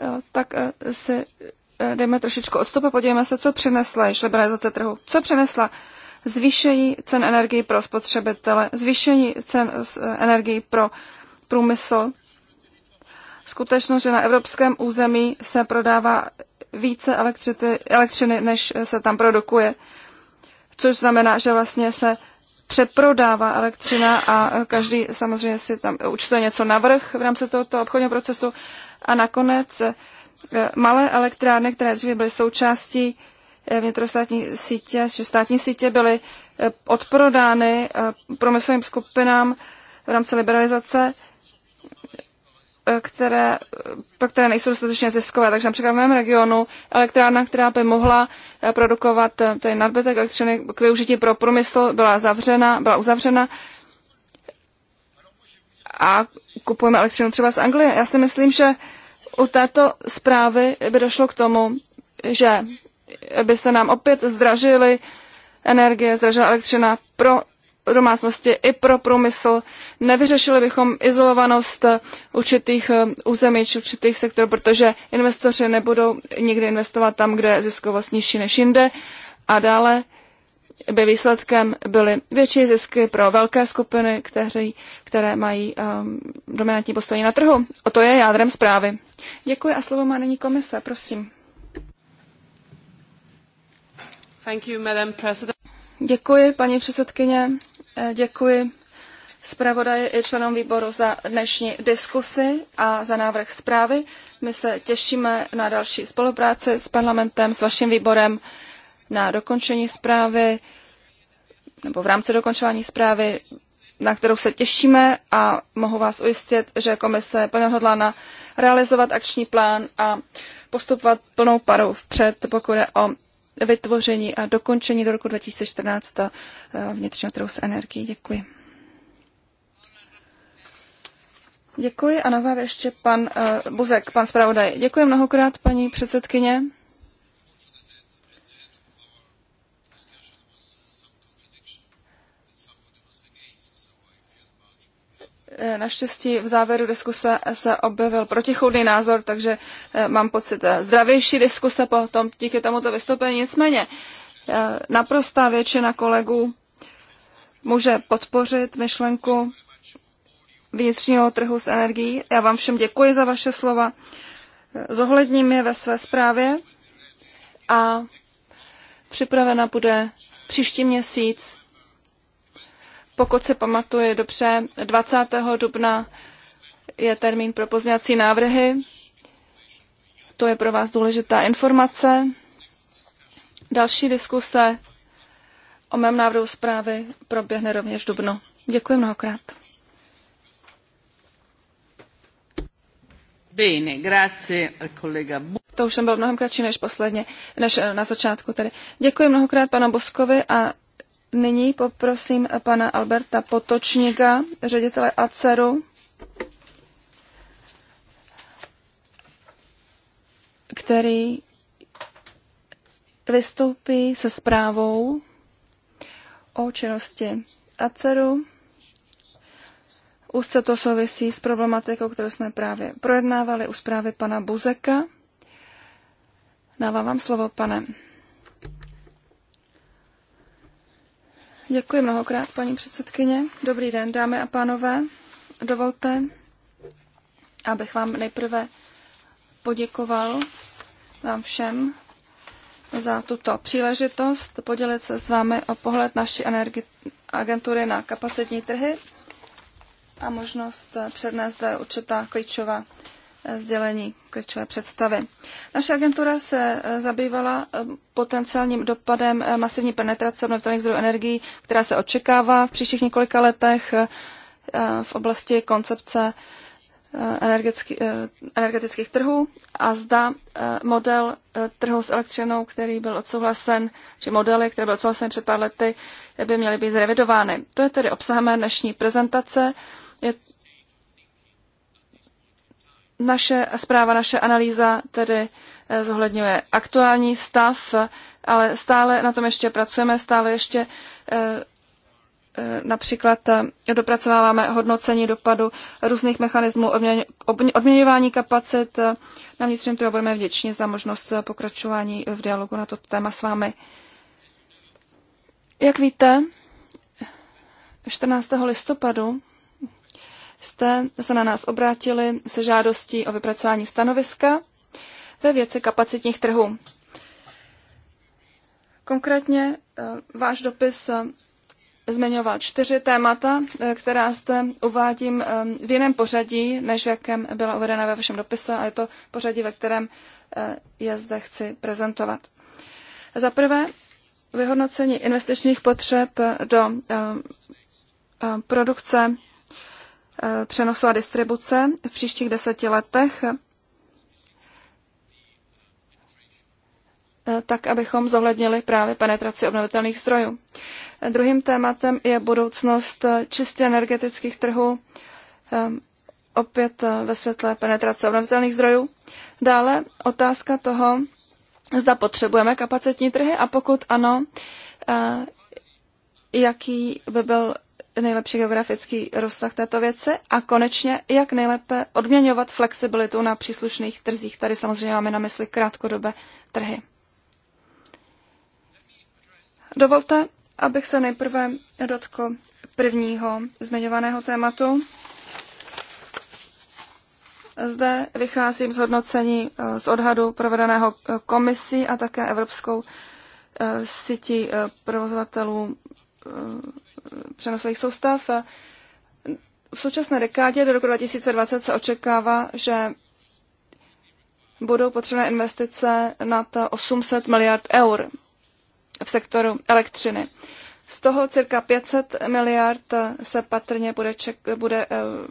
Eh, tak eh, se eh, dejme trošičku odstup a podívejme se, co přinesla již liberalizace trhu. Co přinesla? Zvýšení cen energii pro spotřebitele, zvýšení cen energii pro průmysl. Skutečnost, že na evropském území se prodává více elektřity, elektřiny, než se tam produkuje, což znamená, že vlastně se přeprodává elektřina a každý samozřejmě si tam účtuje něco navrh v rámci tohoto obchodního procesu. A nakonec eh, malé elektrárny, které dříve byly součástí eh, vnitrostátní sítě, státní sítě byly eh, odprodány promyslovým skupinám v rámci liberalizace, které, pro které nejsou dostatečně ziskové. Takže například v mém regionu elektrárna, která by mohla produkovat ten nadbytek elektřiny k využití pro průmysl, byla zavřena, byla uzavřena a kupujeme elektřinu třeba z Anglie. Já si myslím, že u této zprávy by došlo k tomu, že by se nám opět zdražily energie, zdražila elektřina pro domácnosti i pro průmysl. Nevyřešili bychom izolovanost určitých eh, území či určitých sektorů, protože investoři nebudou nikdy investovat tam, kde je ziskovost nižší než jinde. A dále by výsledkem byly větší zisky pro velké skupiny, které, které mají um, dominantní postavení na trhu. O to je jádrem zprávy. Děkuji a slovo má nyní komise, prosím. Thank you, Madam President. Děkuji, paní předsedkyně. Eh, děkuji zpravodaji i členům výboru za dnešní diskusy a za návrh zprávy. My se těšíme na další spolupráci s parlamentem, s vaším výborem na dokončení zprávy nebo v rámci dokončování zprávy, na kterou se těšíme a mohu vás ujistit, že komise je plně hodlána realizovat akční plán a postupovat plnou parou vpřed, pokud je o vytvoření a dokončení do roku 2014 eh, vnitřního trhu s energií. Děkuji. Děkuji a na závěr ještě pan uh, Buzek, pan zpravodaj. Děkuji mnohokrát, paní předsedkyně. Eh, naštěstí v závěru diskuse se objevil protichůdný názor, takže eh, mám pocit eh, zdravější diskuse po tom, díky tomuto vystoupení. Nicméně naprostá většina kolegů může podpořit myšlenku vnitřního trhu s energií. Já vám všem děkuji za vaše slova. Zohledním je ve své zprávě a připravena bude příští měsíc pokud si pamatuje dobře, 20. dubna je termín pro pozněcí návrhy. To je pro vás důležitá informace. Další diskuse o mém návrhu zprávy proběhne rovněž v dubnu. Děkuji mnohokrát. Bene, grazie al collega To už jsem byl mnohem kratší než posledně, než eh, na začátku tedy. Děkuji mnohokrát panu Boskovi a Nyní poprosím pana Alberta Potočníka, ředitele ACERu, který vystoupí se zprávou o činnosti ACERu. Už se to souvisí s problematikou, kterou jsme právě projednávali u zprávy pana Buzeka. Dávám vám slovo, pane. Děkuji mnohokrát, paní předsedkyně. Dobrý den, dámy a pánové. Dovolte, abych vám nejprve poděkoval vám všem za tuto příležitost podělit se s vámi o pohled naší energi- agentury na kapacitní trhy a možnost přednést zde určitá klíčová sdělení klíčové představy. Naše agentura se eh, zabývala eh, potenciálním dopadem eh, masivní penetrace obnovitelných zdrojů energií, která se očekává v příštích několika letech v oblasti koncepce energetických trhů a zda model trhu s elektřinou, který byl odsouhlasen, či modely, které byly odsouhlaseny před pár lety, by měly být zrevidovány. To je tedy obsahem dnešní prezentace. Je naše zpráva, naše analýza tedy eh, zohledňuje aktuální stav, ale stále na tom ještě pracujeme, stále ještě eh, eh, například dopracováváme hodnocení dopadu různých mechanismů odměňování kapacit. Na vnitřním trhu budeme vděční za možnost pokračování v dialogu na toto téma s vámi. Jak víte, 14. listopadu jste se na nás obrátili se žádostí o vypracování stanoviska ve věci kapacitních trhů. Konkrétně eh, váš dopis eh, zmiňoval čtyři témata, eh, která zde uvádím v jiném pořadí, než v jakém byla uvedena ve vašem dopise a je to pořadí, ve kterém je zde chci prezentovat. Za prvé, vyhodnocení investičních potřeb do produkce přenosu a distribuce v příštích deseti letech, tak abychom zohlednili právě penetraci obnovitelných zdrojů. Druhým tématem je budoucnost čistě energetických trhů, ehm, opět ve světle penetrace obnovitelných zdrojů. Dále otázka toho, zda potřebujeme kapacitní trhy a pokud ano, eh, jaký by byl nejlepší geografický rozsah této věci a konečně, jak nejlépe odměňovat flexibilitu na příslušných trzích. Tady samozřejmě máme na mysli krátkodobé trhy. Dovolte, abych se nejprve dotkl prvního zmiňovaného tématu. Zde vycházím z hodnocení eh, z odhadu provedeného eh, komisí a také Evropskou eh, sítí provozovatelů přenosových soustav. V současné dekádě do roku 2020 se očekává, že budou potřebné investice nad 800 miliard eur v sektoru elektřiny. Z toho cirka 500 miliard se patrně bude, ček, bude,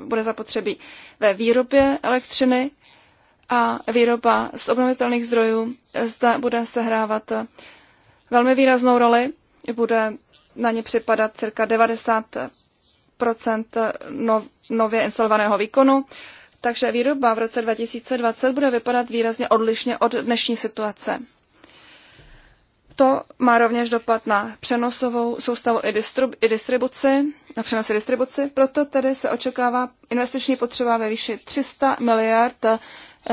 bude zapotřebí ve výrobě elektřiny a výroba z obnovitelných zdrojů zde bude sehrávat velmi výraznou roli, bude na ně připadá cirka 90 nově instalovaného výkonu, takže výroba v roce 2020 bude vypadat výrazně odlišně od dnešní situace. To má rovněž dopad na přenosovou soustavu i, distrib- i distribuci, na přenosy distribuci, proto tedy se očekává investiční potřeba ve výši 300 miliard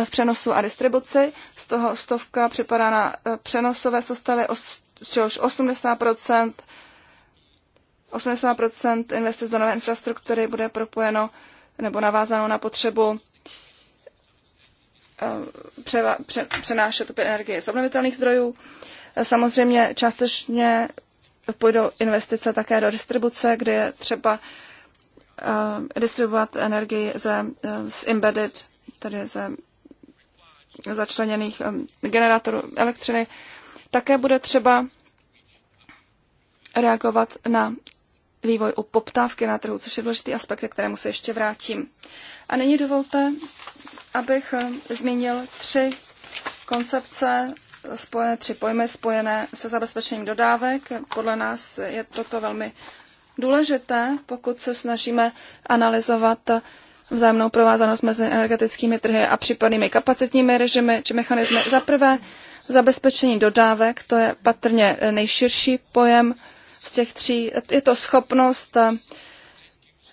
v přenosu a distribuci, z toho stovka připadá na přenosové soustavy, z čehož 80 80 investic do nové infrastruktury bude propojeno nebo navázáno na potřebu eh, převa, pře, přenášet opět energie z obnovitelných zdrojů. Eh, samozřejmě částečně půjdou investice také do distribuce, kde je třeba eh, distribuovat energii ze, z embedded, tedy ze začleněných generátorů elektřiny. Také bude třeba reagovat na vývoj u poptávky na trhu, což je důležitý aspekt, ke kterému se ještě vrátím. A nyní dovolte, abych eh, zmínil tři koncepce, eh, spojené, tři pojmy spojené se zabezpečením dodávek. Podle nás je toto velmi důležité, pokud se snažíme analyzovat eh, vzájemnou provázanost mezi energetickými trhy a případnými kapacitními režimy či mechanizmy. Za prvé, zabezpečení dodávek, to je patrně nejširší pojem, těch tří. Je to schopnost eh,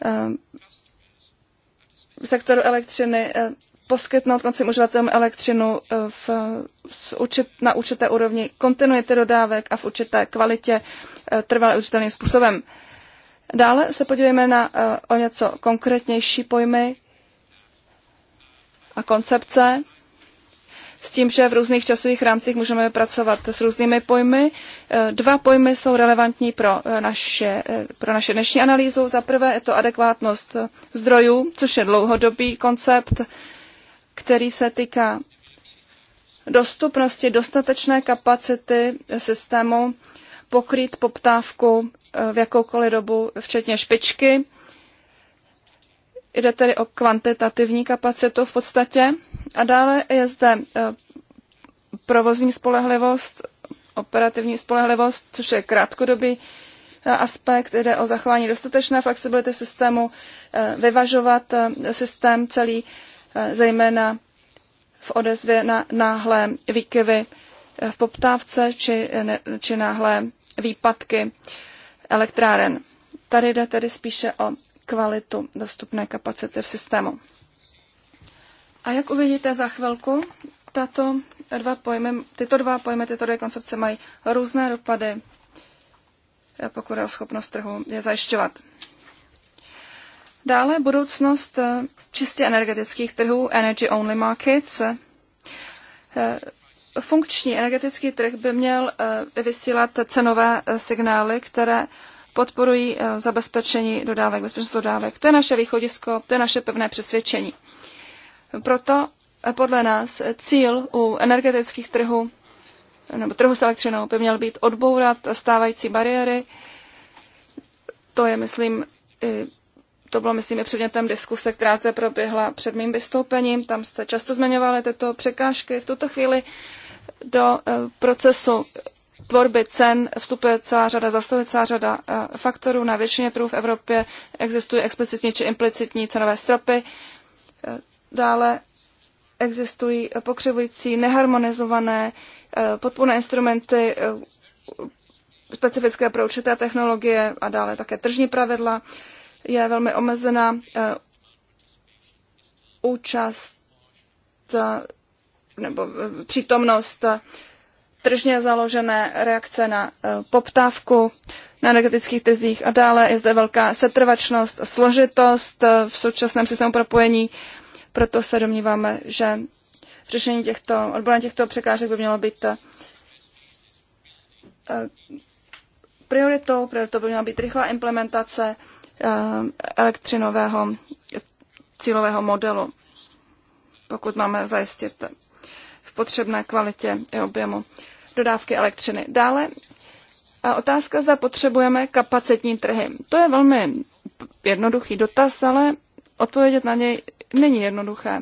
eh, sektoru elektřiny eh, poskytnout koncem uživatelům elektřinu v, v, na určité úrovni kontinuity dodávek a v určité kvalitě trvalé určitelným způsobem. Dále se podívejme na o něco konkrétnější pojmy a koncepce s tím, že v různých časových rámcích můžeme pracovat s různými pojmy. E, dva pojmy jsou relevantní pro e, naše, e, pro naše dnešní analýzu. Za prvé je to adekvátnost zdrojů, což je dlouhodobý koncept, který se týká dostupnosti dostatečné kapacity systému pokrýt poptávku v jakoukoliv dobu, včetně špičky Jde tedy o kvantitativní kapacitu v podstatě. A dále je zde e, provozní spolehlivost, operativní spolehlivost, což je krátkodobý e, aspekt, jde o zachování dostatečné flexibility systému, e, vyvažovat systém celý, zejména v odezvě na náhlé výkyvy v poptávce či, či náhlé výpadky elektráren. Tady jde tedy spíše o kvalitu dostupné kapacity v systému. A jak uvidíte za chvilku, tato dva pojmy, tyto dva pojmy, tyto dvě koncepce mají různé dopady, eh, pokud je o schopnost trhu je zajišťovat. Dále budoucnost eh, čistě energetických trhů, energy only markets. Eh, funkční energetický trh by měl vysílat cenové signály, které podporují eh, zabezpečení dodávek, bezpečnost dodávek. To je naše východisko, to je naše pevné přesvědčení. Proto eh, podle nás cíl u energetických trhů nebo trhu s elektřinou by měl být odbourat stávající bariéry. To je, myslím, to bylo, myslím, i předmětem diskuse, která se proběhla před mým vystoupením. Tam jste často zmiňovali tyto překážky. V tuto chvíli do eh, procesu tvorby cen vstupuje celá řada, zastupuje celá řada eh, faktorů. Na většině trhů v Evropě existují explicitní či implicitní cenové stropy. Eh, dále existují pokřivující, neharmonizované eh, podpůrné instrumenty, specifické pro určité technologie a dále také tržní pravidla. Je velmi omezená účast nebo přítomnost tržně založené reakce na eh, poptávku na energetických trzích a dále je zde velká setrvačnost a složitost eh, v současném systému propojení, proto se domníváme, že řešení těchto, odborné těchto překážek by mělo být eh, prioritou, Proto by měla být rychlá implementace elektřinového cílového modelu, pokud máme zajistit v potřebné kvalitě i objemu dodávky elektřiny. Dále a otázka, zda potřebujeme kapacitní trhy. To je velmi jednoduchý dotaz, ale odpovědět na něj není jednoduché.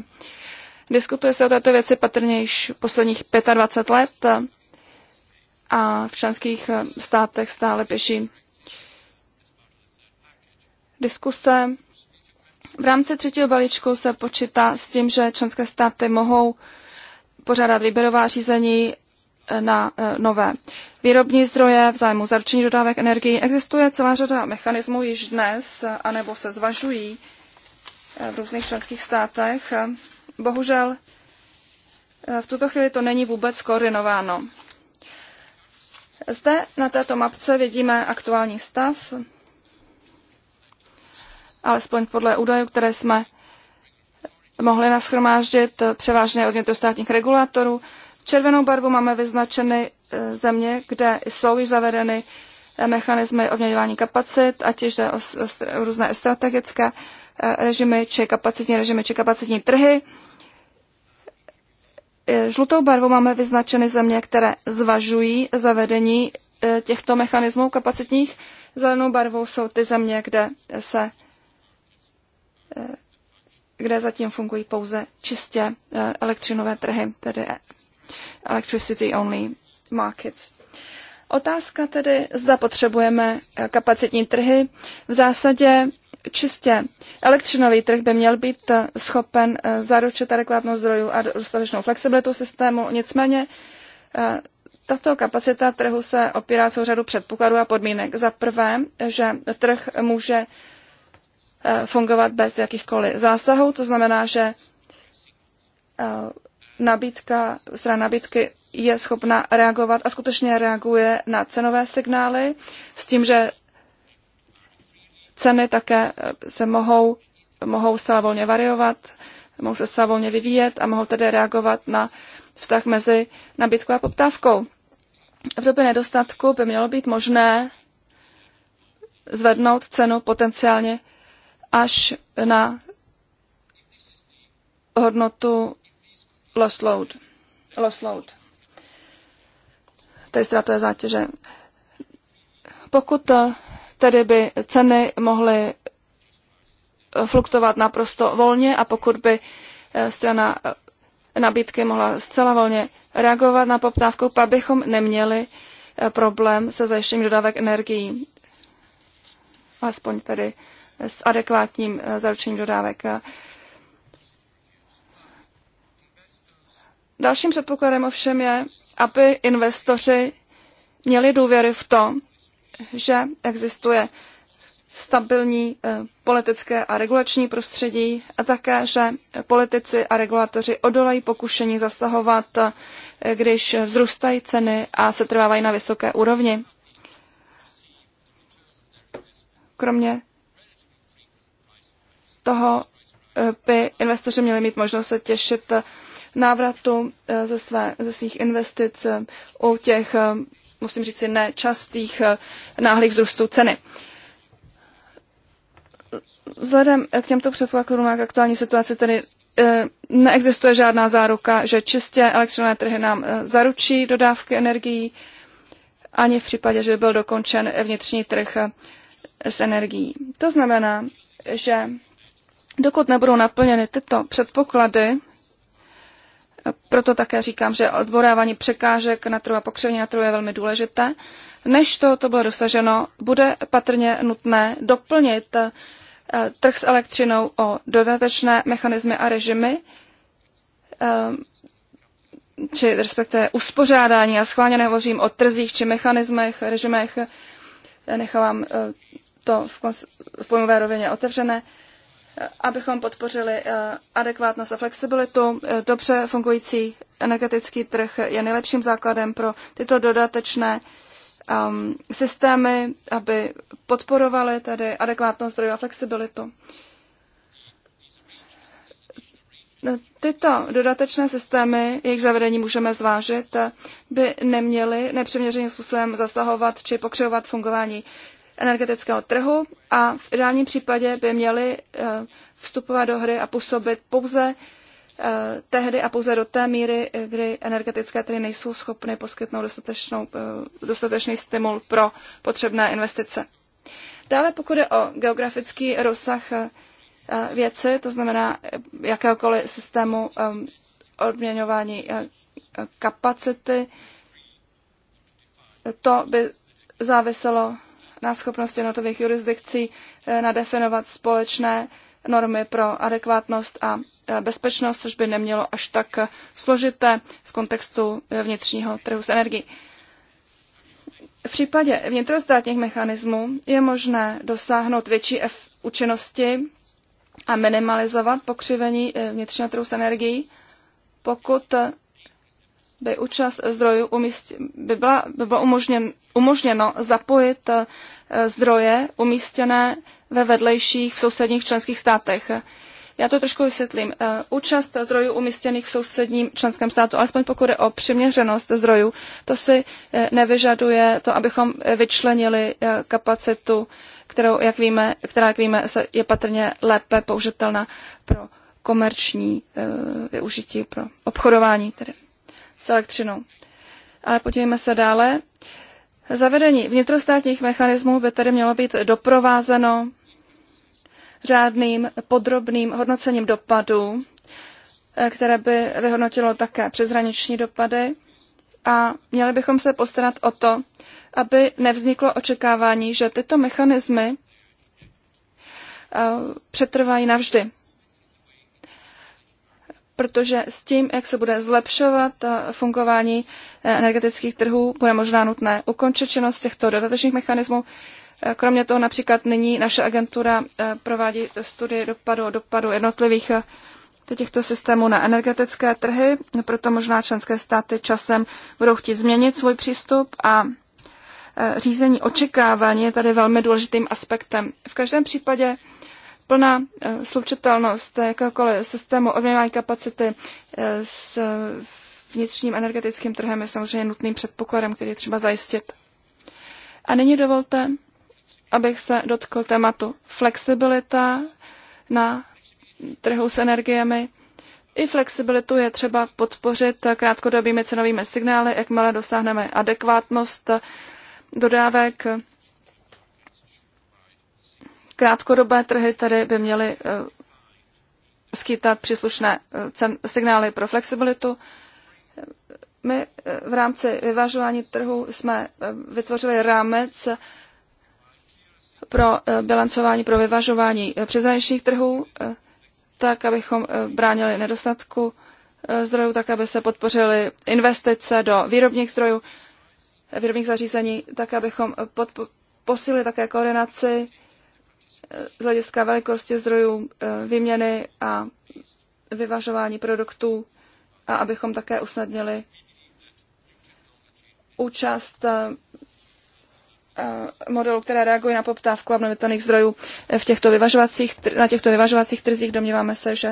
Diskutuje se o této věci patrně již posledních 25 let a v členských státech stále pěší diskuse. V rámci třetího balíčku se počítá s tím, že členské státy mohou pořádat výběrová řízení na eh, nové výrobní zdroje v zájmu zaručení dodávek energii. Existuje celá řada mechanismů již dnes, eh, anebo se zvažují eh, v různých členských státech. Bohužel v tuto chvíli to není vůbec koordinováno. Zde na této mapce vidíme aktuální stav, alespoň podle údajů, které jsme mohli nashromáždit převážně od vnitrostátních regulatorů. Červenou barvu máme vyznačeny e, země, kde jsou již zavedeny e, mechanismy odměňování kapacit, ať již jde o různé strategické e, režimy, či kapacitní režimy, či kapacitní trhy. Žlutou barvou máme vyznačeny země, které zvažují zavedení těchto mechanismů kapacitních. Zelenou barvou jsou ty země, kde se kde zatím fungují pouze čistě elektřinové trhy, tedy electricity only markets. Otázka tedy, zda potřebujeme eh, kapacitní trhy. V zásadě čistě elektřinový trh by měl být eh, schopen eh, zaručit adekvátnou zdrojů a dostatečnou flexibilitu systému. Nicméně tato kapacita trhu se opírá celou řadu předpokladů a podmínek. Za prvé, že trh může fungovat bez jakýchkoliv zásahů, to znamená, že nabídka, strana nabídky je schopna reagovat a skutečně reaguje na cenové signály s tím, že ceny také eh, se mohou, mohou zcela volně variovat, mohou se zcela volně vyvíjet a mohou tedy reagovat na vztah mezi nabídkou a poptávkou. V době nedostatku by mělo být možné zvednout cenu potenciálně až na hodnotu lost load. Lost load. je ztrátové zátěže. Pokud tedy by ceny mohly eh, fluktovat naprosto volně a pokud by eh, strana eh, nabídky mohla zcela volně reagovat na poptávku, pak bychom neměli problém se zajištěním dodávek energií. Alespoň tedy s adekvátním zaručením dodávek. Dalším předpokladem ovšem je, aby investoři měli důvěry v to, že existuje stabilní eh, politické a regulační prostředí a také, že politici a regulatoři odolají pokušení zasahovat, eh, když vzrůstají ceny a se trvávají na vysoké úrovni. Kromě toho eh, by investoři měli mít možnost se těšit návratu eh, ze, své, ze svých investic eh, u těch, eh, musím říct, nečastých náhlých vzrůstů ceny. Vzhledem k těmto předpokladům a k aktuální situaci tedy neexistuje žádná záruka, že čistě elektřinové trhy nám zaručí dodávky energií, ani v případě, že by byl dokončen vnitřní trh s energií. To znamená, že dokud nebudou naplněny tyto předpoklady, proto také říkám, že odborávání překážek na trhu a pokřivení na trhu je velmi důležité. Než to, to bylo dosaženo, bude patrně nutné doplnit eh, trh s elektřinou o dodatečné mechanismy a režimy, eh, či respektive uspořádání. Já schválně nehovořím o trzích či mechanismech, režimech, eh, nechávám to v, v pojmové rovině otevřené abychom podpořili eh, adekvátnost a flexibilitu. Eh, dobře fungující energetický trh je nejlepším základem pro tyto dodatečné um, systémy, aby podporovaly tedy adekvátnost zdrojů a flexibilitu. Eh, tyto dodatečné systémy, jejich zavedení můžeme zvážit, by neměly nepřiměřeným způsobem zasahovat či pokřivovat fungování energetického trhu a v ideálním případě by měly eh, vstupovat do hry a působit pouze eh, tehdy a pouze do té míry, kdy energetické trhy nejsou schopny poskytnout dostatečnou, eh, dostatečný stimul pro potřebné investice. Dále pokud je o geografický rozsah věci, to znamená jakéhokoliv systému odměňování kapacity, to by záviselo na schopnost jednotlivých jurisdikcí eh, nadefinovat společné normy pro adekvátnost a eh, bezpečnost, což by nemělo až tak eh, složité v kontextu vnitřního trhu s energií. V případě vnitrostátních mechanismů je možné dosáhnout větší F účinnosti a minimalizovat pokřivení vnitřního trhu s energií, pokud by účast zdrojů umístě, by, byla, by bylo umožněn, umožněno zapojit eh, zdroje umístěné ve vedlejších v sousedních členských státech. Já to trošku vysvětlím. Eh, účast zdrojů umístěných v sousedním členském státu, alespoň pokud je o přiměřenost zdrojů, to si eh, nevyžaduje to, abychom vyčlenili kapacitu, kterou, jak víme, která, jak víme, je patrně lépe použitelná pro komerční využití, pro obchodování tedy s elektřinou. Ale podívejme se dále. Zavedení vnitrostátních mechanismů by tedy mělo být doprovázeno řádným podrobným hodnocením dopadů, eh, které by vyhodnotilo také přeshraniční dopady a měli bychom se postarat o to, aby nevzniklo očekávání, že tyto mechanismy eh, přetrvají navždy. Protože s tím, jak se bude zlepšovat eh, fungování Eh, energetických trhů bude možná nutné ukončit činnost těchto dodatečných mechanismů. Eh, kromě toho například nyní naše agentura eh, provádí studii dopadu, dopadu jednotlivých těchto systémů na energetické trhy, proto možná členské státy časem budou chtít změnit svůj přístup a řízení očekávání je tady velmi důležitým aspektem. V každém případě plná slučitelnost jakéhokoliv systému odměňování kapacity s vnitřním energetickým trhem je samozřejmě nutným předpokladem, který je třeba zajistit. A nyní dovolte, abych se dotkl tématu flexibilita na trhu s energiemi. I flexibilitu je třeba podpořit krátkodobými cenovými signály, jakmile dosáhneme adekvátnost dodávek. Krátkodobé trhy tedy by měly eh, skýtat příslušné eh, signály pro flexibilitu my eh, v rámci vyvažování trhu jsme eh, vytvořili rámec eh, pro bilancování, pro vyvažování přeshraničních trhů, tak, abychom bránili nedostatku zdrojů, tak, aby se podpořily investice do výrobních zdrojů, výrobních zařízení, tak, abychom posílili také koordinaci z hlediska velikosti zdrojů výměny a vyvažování produktů a abychom také usnadnili účast eh, eh, modelů, které reagují na poptávku obnovitelných zdrojů v těchto vyvažovacích, na těchto vyvažovacích trzích. Domníváme se, že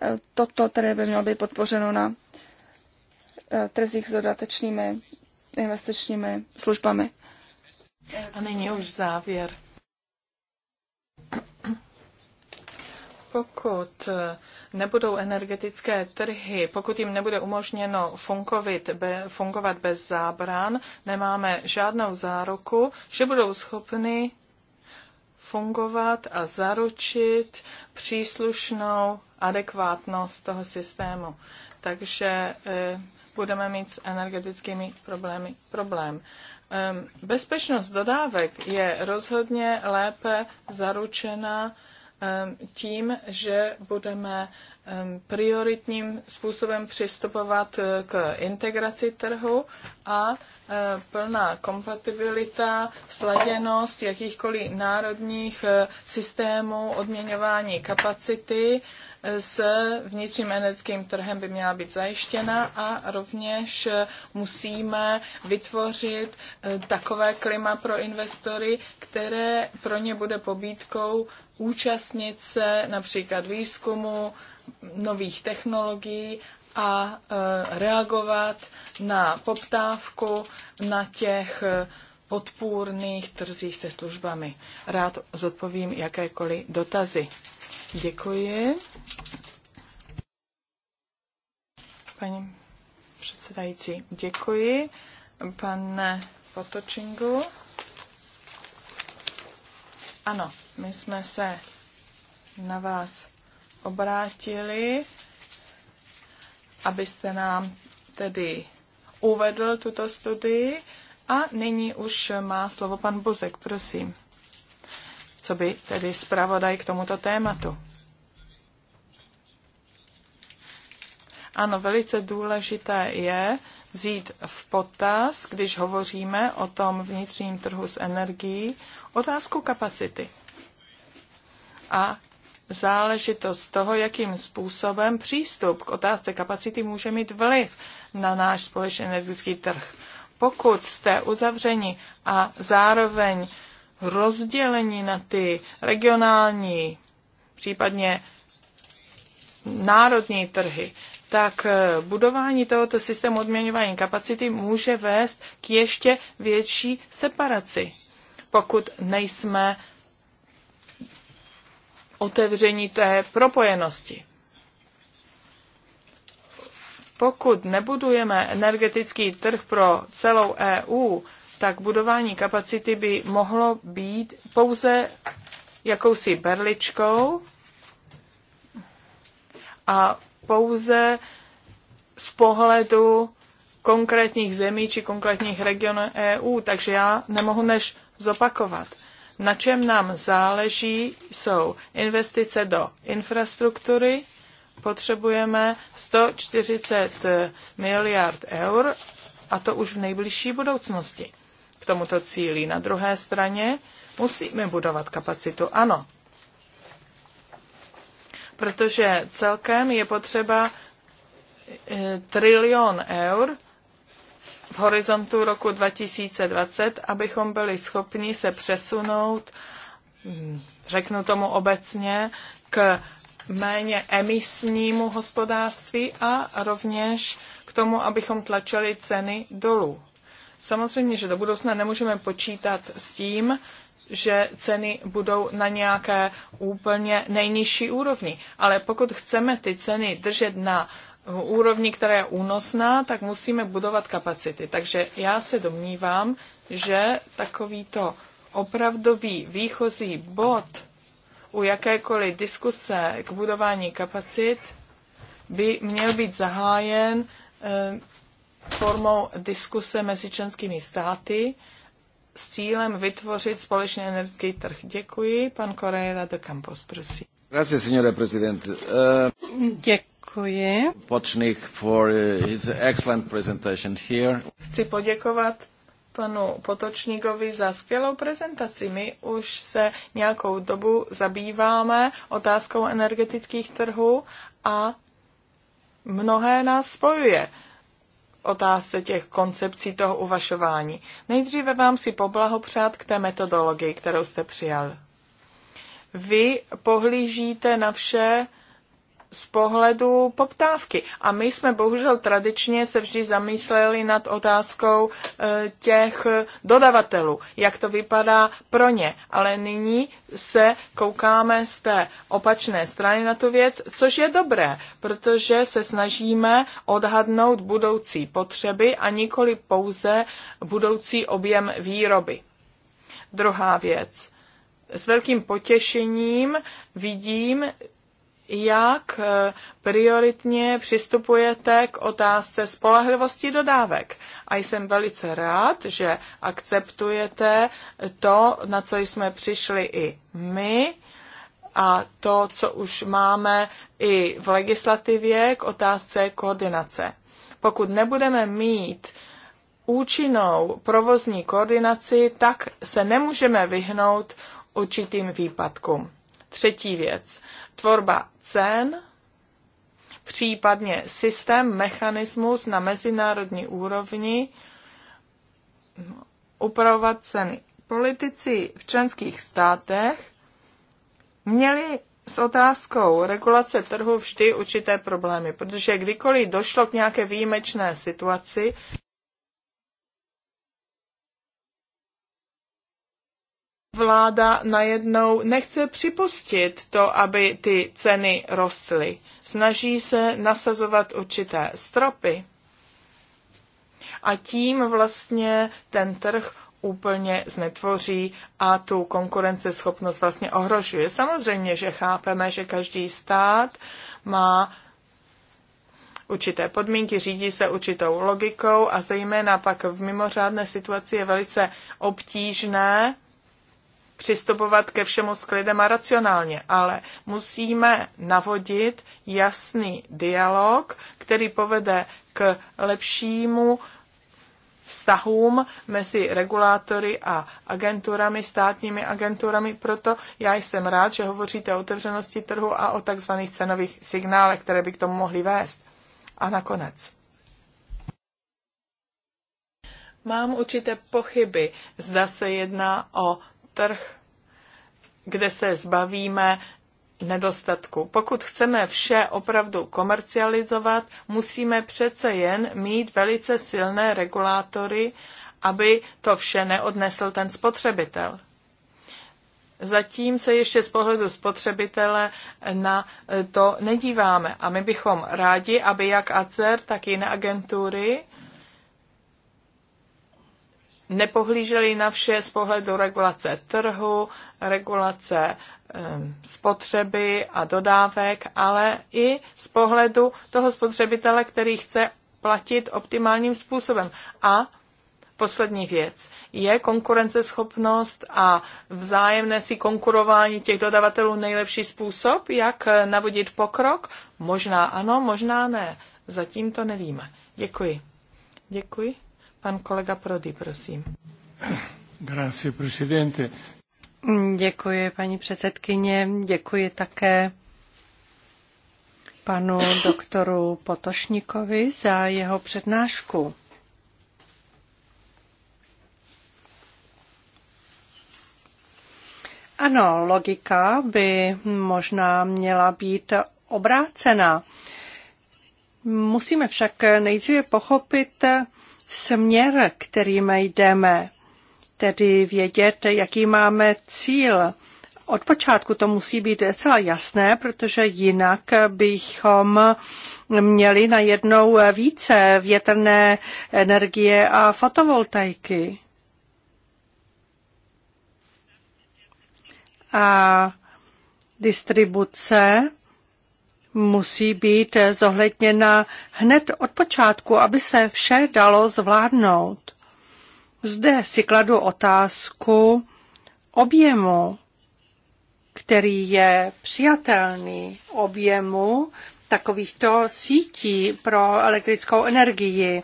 eh, toto tedy by mělo být podpořeno na trzích s dodatečnými investičními službami. A není už závěr. Pokud nebudou energetické trhy, pokud jim nebude umožněno fungovat bez zábran, nemáme žádnou záruku, že budou schopny fungovat a zaručit příslušnou adekvátnost toho systému. Takže eh, budeme mít s energetickými problémy problém. Ehm, bezpečnost dodávek je rozhodně lépe zaručena Ehm, tím, že budeme ehm, prioritním způsobem přistupovat eh, k integraci trhu a eh, plná kompatibilita, sladěnost jakýchkoliv národních eh, systémů odměňování kapacity s vnitřním energetickým trhem by měla být zajištěna a rovněž musíme vytvořit eh, takové klima pro investory, které pro ně bude pobídkou účastnit se například výzkumu nových technologií a eh, reagovat na poptávku na těch eh, podpůrných trzích se službami. Rád zodpovím jakékoliv dotazy. Děkuji. Paní předsedající, děkuji. Pane Potočingu. Ano, my jsme se na vás obrátili, abyste nám tedy uvedl tuto studii. A nyní už má slovo pan Bozek, prosím co by tedy zpravodaj k tomuto tématu. Ano, velice důležité je vzít v potaz, když hovoříme o tom vnitřním trhu s energií, otázku kapacity. A záležitost toho, jakým způsobem přístup k otázce kapacity může mít vliv na náš společný energetický trh. Pokud jste uzavřeni a zároveň Rozdělení na ty regionální, případně národní trhy, tak eh, budování tohoto systému odměňování kapacity může vést k ještě větší separaci, pokud nejsme otevření té propojenosti. Pokud nebudujeme energetický trh pro celou EU, tak budování kapacity by mohlo být pouze jakousi berličkou a pouze z pohledu konkrétních zemí či konkrétních regionů EU. Takže já nemohu než zopakovat. Na čem nám záleží, jsou investice do infrastruktury. Potřebujeme 140 miliard eur a to už v nejbližší budoucnosti tomuto cíli. Na druhé straně musíme budovat kapacitu, ano. Protože celkem je potřeba eh, trilion eur v horizontu roku 2020, abychom byli schopni se přesunout, hm, řeknu tomu obecně, k méně emisnímu hospodářství a rovněž k tomu, abychom tlačili ceny dolů. Samozřejmě, že do budoucna nemůžeme počítat s tím, že ceny budou na nějaké úplně nejnižší úrovni. Ale pokud chceme ty ceny držet na úrovni, která je únosná, tak musíme budovat kapacity. Takže já se domnívám, že takovýto opravdový výchozí bod u jakékoliv diskuse k budování kapacit by měl být zahájen eh, formou diskuse mezi členskými státy s cílem vytvořit společný energetický trh. Děkuji. Pan Correa de Campos, prosím. Gracias, señora presidente. Uh... Děkuji. Děkuji. Počnik for his excellent presentation here. Chci poděkovat panu Potočníkovi za skvělou prezentaci. My už se nějakou dobu zabýváme otázkou energetických trhů a mnohé nás spojuje otázce těch koncepcí toho uvažování. Nejdříve vám si poblahopřát k té metodologii, kterou jste přijal. Vy pohlížíte na vše z pohledu poptávky. A my jsme bohužel tradičně se vždy zamysleli nad otázkou eh, těch dodavatelů, jak to vypadá pro ně. Ale nyní se koukáme z té opačné strany na tu věc, což je dobré, protože se snažíme odhadnout budoucí potřeby a nikoli pouze budoucí objem výroby. Druhá věc. S velkým potěšením vidím, jak eh, prioritně přistupujete k otázce spolehlivosti dodávek. A jsem velice rád, že akceptujete to, na co jsme přišli i my, a to, co už máme i v legislativě k otázce koordinace. Pokud nebudeme mít účinnou provozní koordinaci, tak se nemůžeme vyhnout určitým výpadkům. Třetí věc tvorba cen, případně systém, mechanismus na mezinárodní úrovni, upravovat ceny. Politici v členských státech měli s otázkou regulace trhu vždy určité problémy, protože kdykoliv došlo k nějaké výjimečné situaci, vláda najednou nechce připustit to, aby ty ceny rostly. Snaží se nasazovat určité stropy. A tím vlastně ten trh úplně znetvoří a tu konkurenceschopnost vlastně ohrožuje. Samozřejmě, že chápeme, že každý stát má určité podmínky, řídí se určitou logikou a zejména pak v mimořádné situaci je velice obtížné přistupovat ke všemu s klidem a racionálně, ale musíme navodit jasný dialog, který povede k lepšímu vztahům mezi regulátory a agenturami, státními agenturami. Proto já jsem rád, že hovoříte o otevřenosti trhu a o takzvaných cenových signálech, které by k tomu mohly vést. A nakonec. Mám určité pochyby, zda se jedná o trh, kde se zbavíme nedostatku. Pokud chceme vše opravdu komercializovat, musíme přece jen mít velice silné regulátory, aby to vše neodnesl ten spotřebitel. Zatím se ještě z pohledu spotřebitele na to nedíváme a my bychom rádi, aby jak ACER, tak jiné agentury nepohlíželi na vše z pohledu regulace trhu, regulace spotřeby a dodávek, ale i z pohledu toho spotřebitele, který chce platit optimálním způsobem. A poslední věc je konkurenceschopnost a vzájemné si konkurování těch dodavatelů nejlepší způsob, jak navodit pokrok? Možná ano, možná ne. Zatím to nevíme. Děkuji. Děkuji. Pan kolega Prody, prosím. Grazie, presidente. Děkuji, paní předsedkyně. Děkuji také panu doktoru Potošníkovi za jeho přednášku. Ano, logika by možná měla být obrácena. Musíme však nejdříve pochopit, směr, kterým jdeme, tedy vědět, jaký máme cíl. Od počátku to musí být docela jasné, protože jinak bychom měli najednou více větrné energie a fotovoltaiky. A distribuce musí být zohledněna hned od počátku, aby se vše dalo zvládnout. Zde si kladu otázku objemu, který je přijatelný objemu, takovýchto sítí pro elektrickou energii.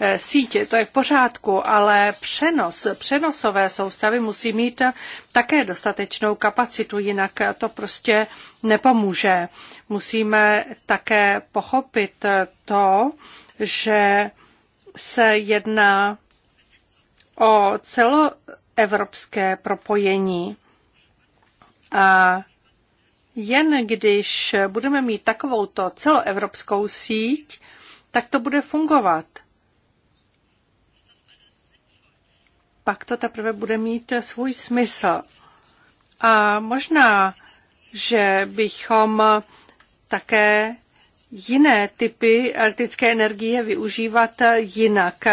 Eh, Sítě, to je v pořádku, ale přenos, přenosové soustavy musí mít také dostatečnou kapacitu, jinak to prostě nepomůže. Musíme také pochopit to, že se jedná o celoevropské propojení a jen když budeme mít takovouto celoevropskou síť, tak to bude fungovat. Pak to teprve bude mít svůj smysl. A možná, že bychom také jiné typy elektrické energie využívat jinak.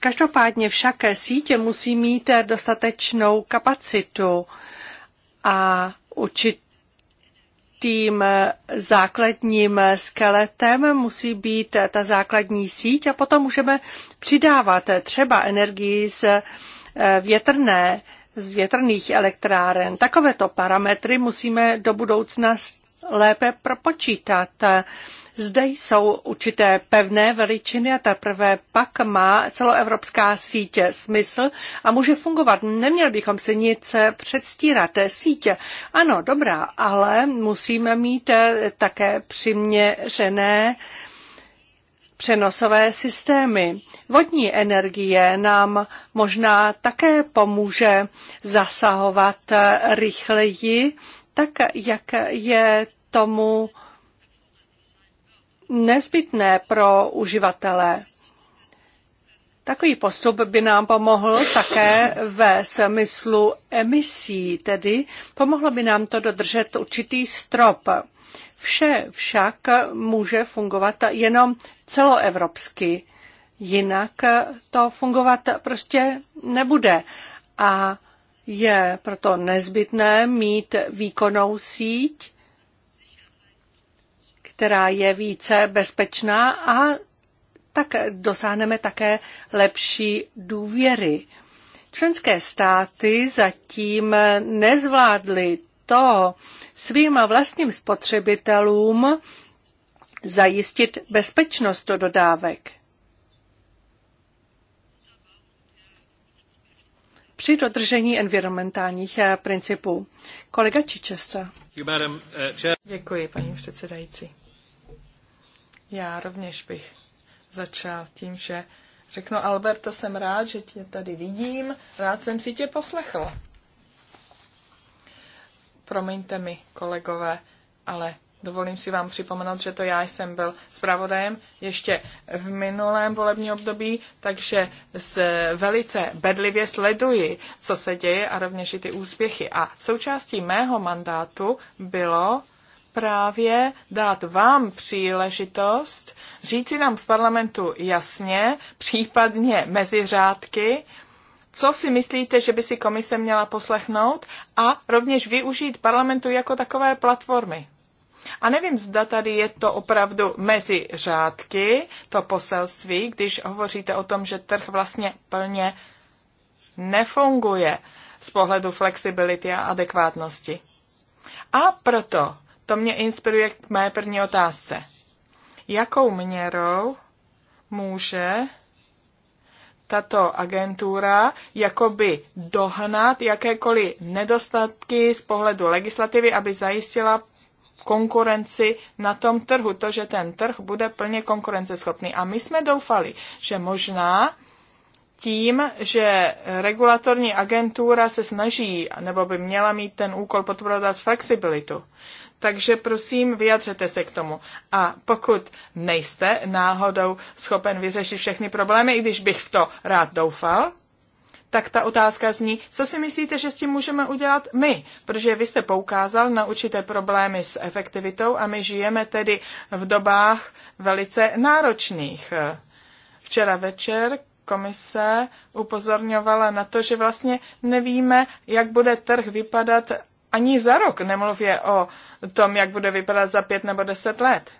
Každopádně však sítě musí mít dostatečnou kapacitu a určitě tím základním skeletem musí být ta základní síť a potom můžeme přidávat třeba energii z eh, větrné, z větrných elektráren. Takovéto parametry musíme do budoucna lépe propočítat zde jsou určité pevné veličiny a teprve pak má celoevropská síť smysl a může fungovat. Neměl bychom si nic předstírat. Sítě, ano, dobrá, ale musíme mít eh, také přiměřené přenosové systémy. Vodní energie nám možná také pomůže zasahovat eh, rychleji, tak jak je tomu nezbytné pro uživatele. Takový postup by nám pomohl také ve smyslu emisí, tedy pomohlo by nám to dodržet určitý strop. Vše však může fungovat jenom celoevropsky, jinak to fungovat prostě nebude. A je proto nezbytné mít výkonnou síť, která je více bezpečná a tak dosáhneme také lepší důvěry. Členské státy zatím nezvládly to svým vlastním spotřebitelům zajistit bezpečnost do dodávek. při dodržení environmentálních eh, principů. Kolega Čičesa. Eh, Děkuji, paní předsedající. Já rovněž bych začal tím, že řeknu Alberto, jsem rád, že tě tady vidím, rád jsem si tě poslechl. Promiňte mi, kolegové, ale dovolím si vám připomenout, že to já jsem byl zpravodajem ještě v minulém volební období, takže z, velice bedlivě sleduji, co se děje a rovněž i ty úspěchy. A součástí mého mandátu bylo právě dát vám příležitost říci nám v parlamentu jasně, případně mezi řádky, co si myslíte, že by si komise měla poslechnout a rovněž využít parlamentu jako takové platformy. A nevím, zda tady je to opravdu mezi řádky, to poselství, když hovoříte o tom, že trh vlastně plně nefunguje z pohledu flexibility a adekvátnosti. A proto to mě inspiruje k mé první otázce. Jakou měrou může tato agentura jakoby dohnat jakékoliv nedostatky z pohledu legislativy, aby zajistila konkurenci na tom trhu, to, že ten trh bude plně konkurenceschopný. A my jsme doufali, že možná tím, že regulatorní agentura se snaží, nebo by měla mít ten úkol podporovat flexibilitu, takže prosím, vyjadřete se k tomu. A pokud nejste náhodou schopen vyřešit všechny problémy, i když bych v to rád doufal, tak ta otázka zní, co si myslíte, že s tím můžeme udělat my? Protože vy jste poukázal na určité problémy s efektivitou a my žijeme tedy v dobách velice náročných. Včera večer komise upozorňovala na to, že vlastně nevíme, jak bude trh vypadat ani za rok, nemluvě o tom, jak bude vypadat za pět nebo deset let.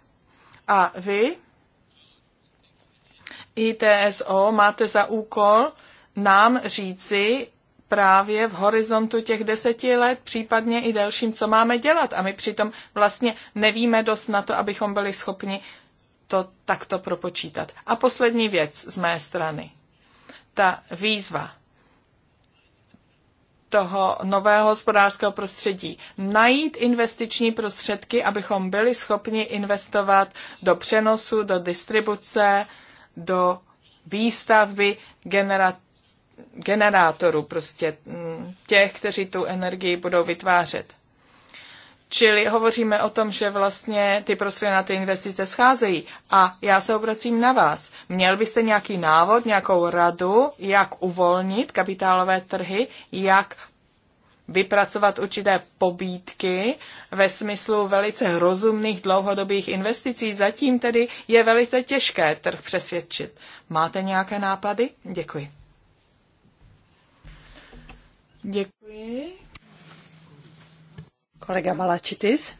A vy, ITSO, máte za úkol nám říci právě v horizontu těch deseti let, případně i delším, co máme dělat. A my přitom vlastně nevíme dost na to, abychom byli schopni to takto propočítat. A poslední věc z mé strany. Ta výzva toho nového hospodářského prostředí. Najít investiční prostředky, abychom byli schopni investovat do přenosu, do distribuce, do výstavby genera- generátorů, prostě mm, těch, kteří tu energii budou vytvářet. Čili hovoříme o tom, že vlastně ty prostředky na ty investice scházejí. A já se obracím na vás. Měl byste nějaký návod, nějakou radu, jak uvolnit kapitálové trhy, jak vypracovat určité pobídky ve smyslu velice rozumných dlouhodobých investicí. Zatím tedy je velice těžké trh přesvědčit. Máte nějaké nápady? Děkuji. Děkuji. Kolega Balačitis.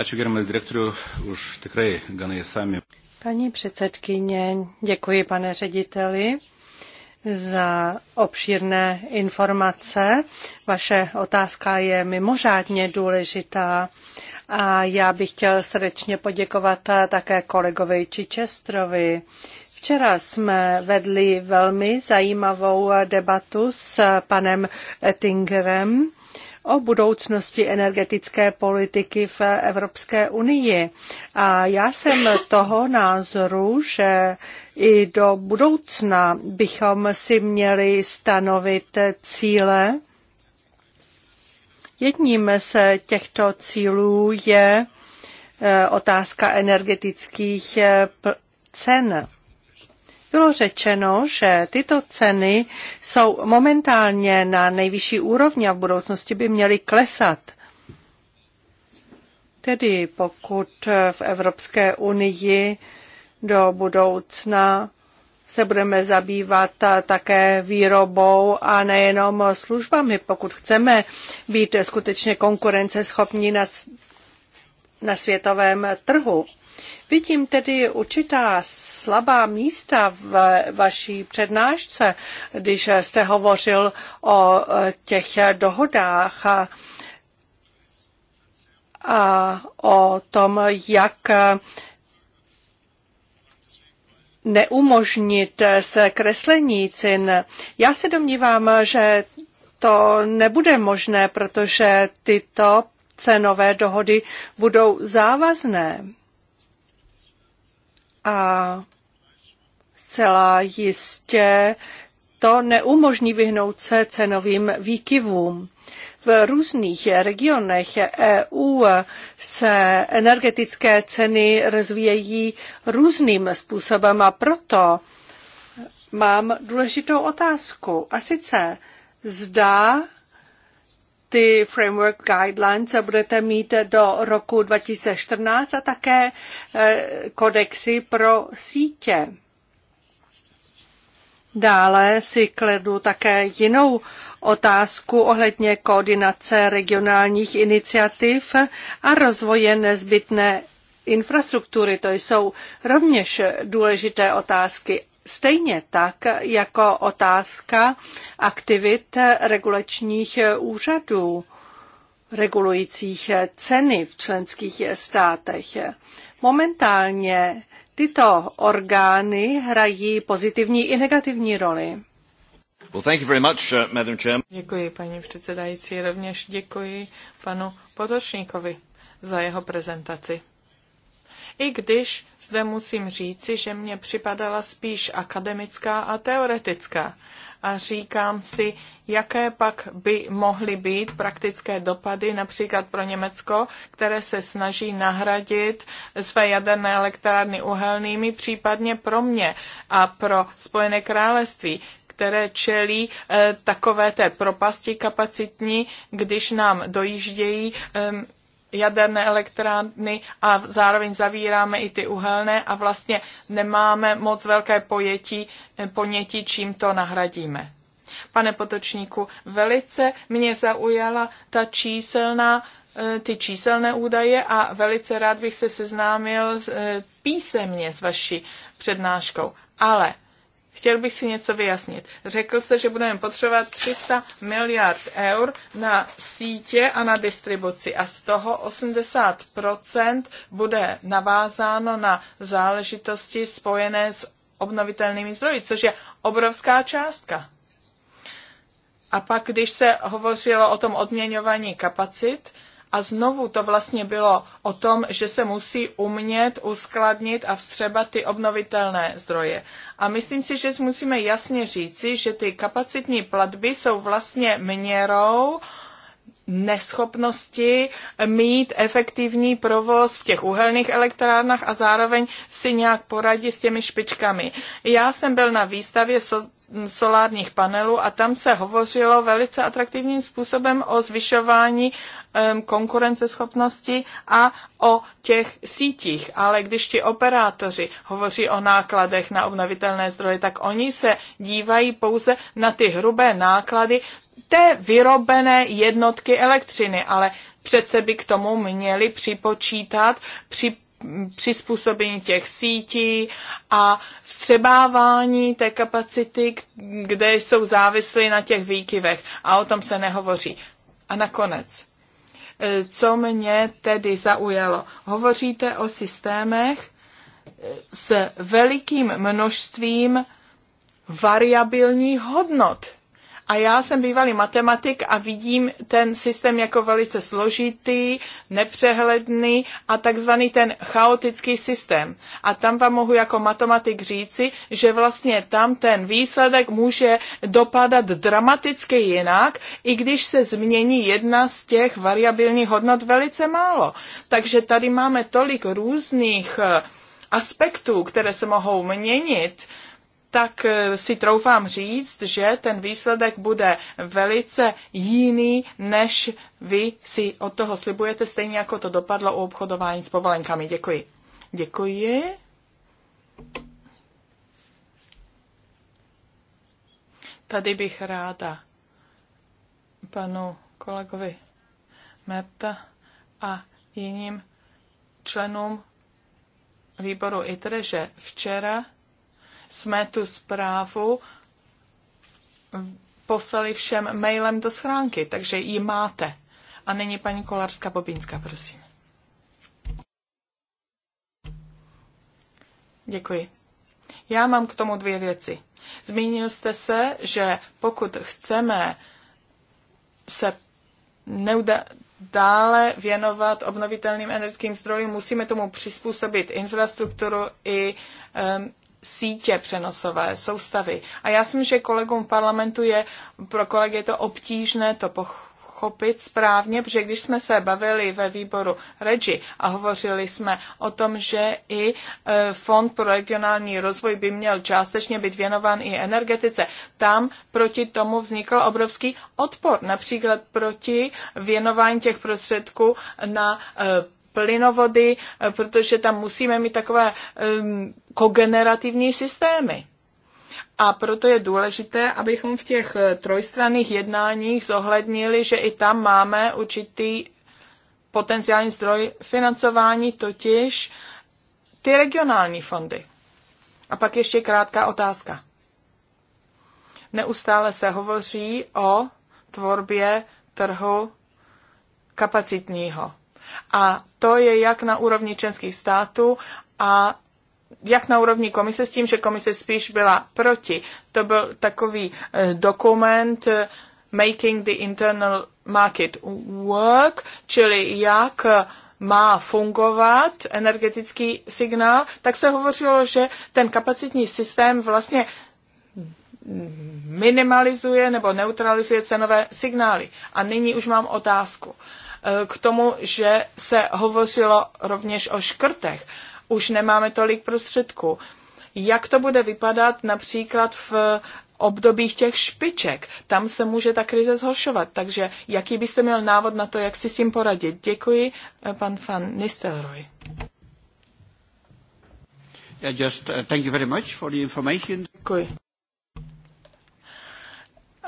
Ačiū gerbiamas direktoriu už tikrai ganai sami. Paní předsedkyně, děkuji pane řediteli za obšírné informace. Vaše otázka je mimořádně důležitá a já bych chtěl srdečně poděkovat také kolegovi Čičestrovi. Včera jsme vedli velmi zajímavou debatu s panem Ettingerem o budoucnosti energetické politiky v Evropské unii. A já jsem toho názoru, že i do budoucna bychom si měli stanovit cíle. Jedním z těchto cílů je eh, otázka energetických eh, cen. Bylo řečeno, že tyto ceny jsou momentálně na nejvyšší úrovni a v budoucnosti by měly klesat. Tedy pokud v Evropské unii do budoucna se budeme zabývat také výrobou a nejenom službami. Pokud chceme být skutečně konkurenceschopní na, na světovém trhu, Vidím tedy určitá slabá místa v vaší přednášce, když jste hovořil o e, těch dohodách a, a o tom, jak neumožnit se kreslení cin. Já se domnívám, že to nebude možné, protože tyto cenové dohody budou závazné a zcela jistě to neumožní vyhnout se cenovým výkyvům. V různých regionech EU se energetické ceny rozvíjejí různým způsobem a proto mám důležitou otázku. A sice zdá ty framework guidelines budete mít do roku 2014 a také eh, kodexy pro sítě. Dále si kledu také jinou otázku ohledně koordinace regionálních iniciativ a rozvoje nezbytné infrastruktury. To jsou rovněž důležité otázky Stejně tak jako otázka aktivit regulačních úřadů regulujících ceny v členských státech. Momentálně tyto orgány hrají pozitivní i negativní roli. Well, thank you very much, uh, Madam Děkuji, paní předsedající. Rovněž děkuji panu Potočníkovi za jeho prezentaci. I když zde musím říci, že mě připadala spíš akademická a teoretická. A říkám si, jaké pak by mohly být praktické dopady například pro Německo, které se snaží nahradit své jaderné elektrárny uhelnými, případně pro mě a pro Spojené království, které čelí e, takové té propasti kapacitní, když nám dojíždějí e, jaderné elektrárny a zároveň zavíráme i ty uhelné a vlastně nemáme moc velké pojetí, ponětí, čím to nahradíme. Pane Potočníku, velice mě zaujala ta číselná eh, ty číselné údaje a velice rád bych se seznámil eh, písemně s vaší přednáškou. Ale Chtěl bych si něco vyjasnit. Řekl jste, že budeme potřebovat 300 miliard eur na sítě a na distribuci a z toho 80% bude navázáno na záležitosti spojené s obnovitelnými zdroji, což je obrovská částka. A pak, když se hovořilo o tom odměňování kapacit, a znovu to vlastně bylo o tom, že se musí umět uskladnit a vstřebat ty obnovitelné zdroje. A myslím si, že musíme jasně říci, že ty kapacitní platby jsou vlastně měrou neschopnosti mít efektivní provoz v těch uhelných elektrárnách a zároveň si nějak poradit s těmi špičkami. Já jsem byl na výstavě solárních panelů a tam se hovořilo velice atraktivním způsobem o zvyšování um, konkurenceschopnosti a o těch sítích. Ale když ti operátoři hovoří o nákladech na obnovitelné zdroje, tak oni se dívají pouze na ty hrubé náklady té vyrobené jednotky elektřiny, ale přece by k tomu měli připočítat při přizpůsobení těch sítí a vstřebávání té kapacity, kde jsou závislí na těch výkyvech. A o tom se nehovoří. A nakonec, e, co mě tedy zaujalo? Hovoříte o systémech e, s velikým množstvím variabilních hodnot a já jsem bývalý matematik a vidím ten systém jako velice složitý, nepřehledný a takzvaný ten chaotický systém. A tam vám mohu jako matematik říci, že vlastně tam ten výsledek může dopadat dramaticky jinak, i když se změní jedna z těch variabilních hodnot velice málo. Takže tady máme tolik různých eh, aspektů, které se mohou měnit, tak eh, si troufám říct, že ten výsledek bude velice jiný, než vy si od toho slibujete, stejně jako to dopadlo u obchodování s povolenkami. Děkuji. Děkuji. Tady bych ráda panu kolegovi Merta a jiným členům výboru ITRE, že včera jsme tu zprávu poslali všem mailem do schránky, takže ji máte. A nyní paní Kolarská Bobínská, prosím. Děkuji. Já mám k tomu dvě věci. Zmínil jste se, že pokud chceme se neuda- dále věnovat obnovitelným energetickým zdrojům, musíme tomu přizpůsobit infrastrukturu i um, sítě přenosové, soustavy. A já si myslím, že kolegům parlamentu je, pro kolegy je to obtížné to pochopit správně, protože když jsme se bavili ve výboru REGI a hovořili jsme o tom, že i e, Fond pro regionální rozvoj by měl částečně být věnován i energetice, tam proti tomu vznikl obrovský odpor, například proti věnování těch prostředků na e, plynovody, eh, protože tam musíme mít takové kogenerativní systémy. A proto je důležité, abychom v těch eh, trojstranných jednáních zohlednili, že i tam máme určitý potenciální zdroj financování, totiž ty regionální fondy. A pak ještě krátká otázka. Neustále se hovoří o tvorbě trhu kapacitního. A to je jak na úrovni českých států a jak na úrovni komise s tím, že komise spíš byla proti. To byl takový eh, dokument eh, Making the Internal Market Work, čili jak eh, má fungovat energetický signál, tak se hovořilo, že ten kapacitní systém vlastně minimalizuje nebo neutralizuje cenové signály. A nyní už mám otázku. Eh, k tomu, že se hovořilo rovněž o škrtech. Už nemáme tolik prostředků. Jak to bude vypadat například v obdobích těch špiček. Tam se může ta krize zhoršovat. Takže jaký byste měl návod na to, jak si s tím poradit? Děkuji, eh, pan van Nistelrooy. just, uh, thank you very much for the information. Děkuji.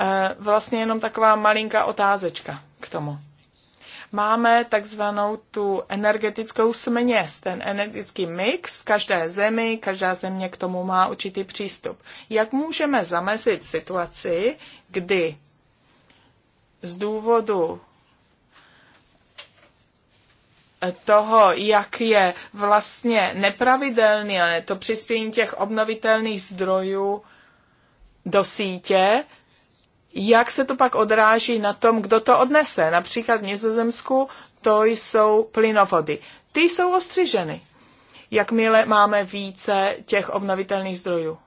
Uh, vlastně jenom taková malinká otázečka k tomu. Máme takzvanou tu energetickou směs, ten energetický mix v každé zemi, každá země k tomu má určitý přístup. Jak můžeme zamezit situaci, kdy z důvodu toho, jak je vlastně nepravidelné to přispění těch obnovitelných zdrojů do sítě, jak se to pak odráží na tom, kdo to odnese. Například v Nizozemsku to jsou plynovody. Ty jsou ostřiženy, jakmile máme více těch obnovitelných zdrojů.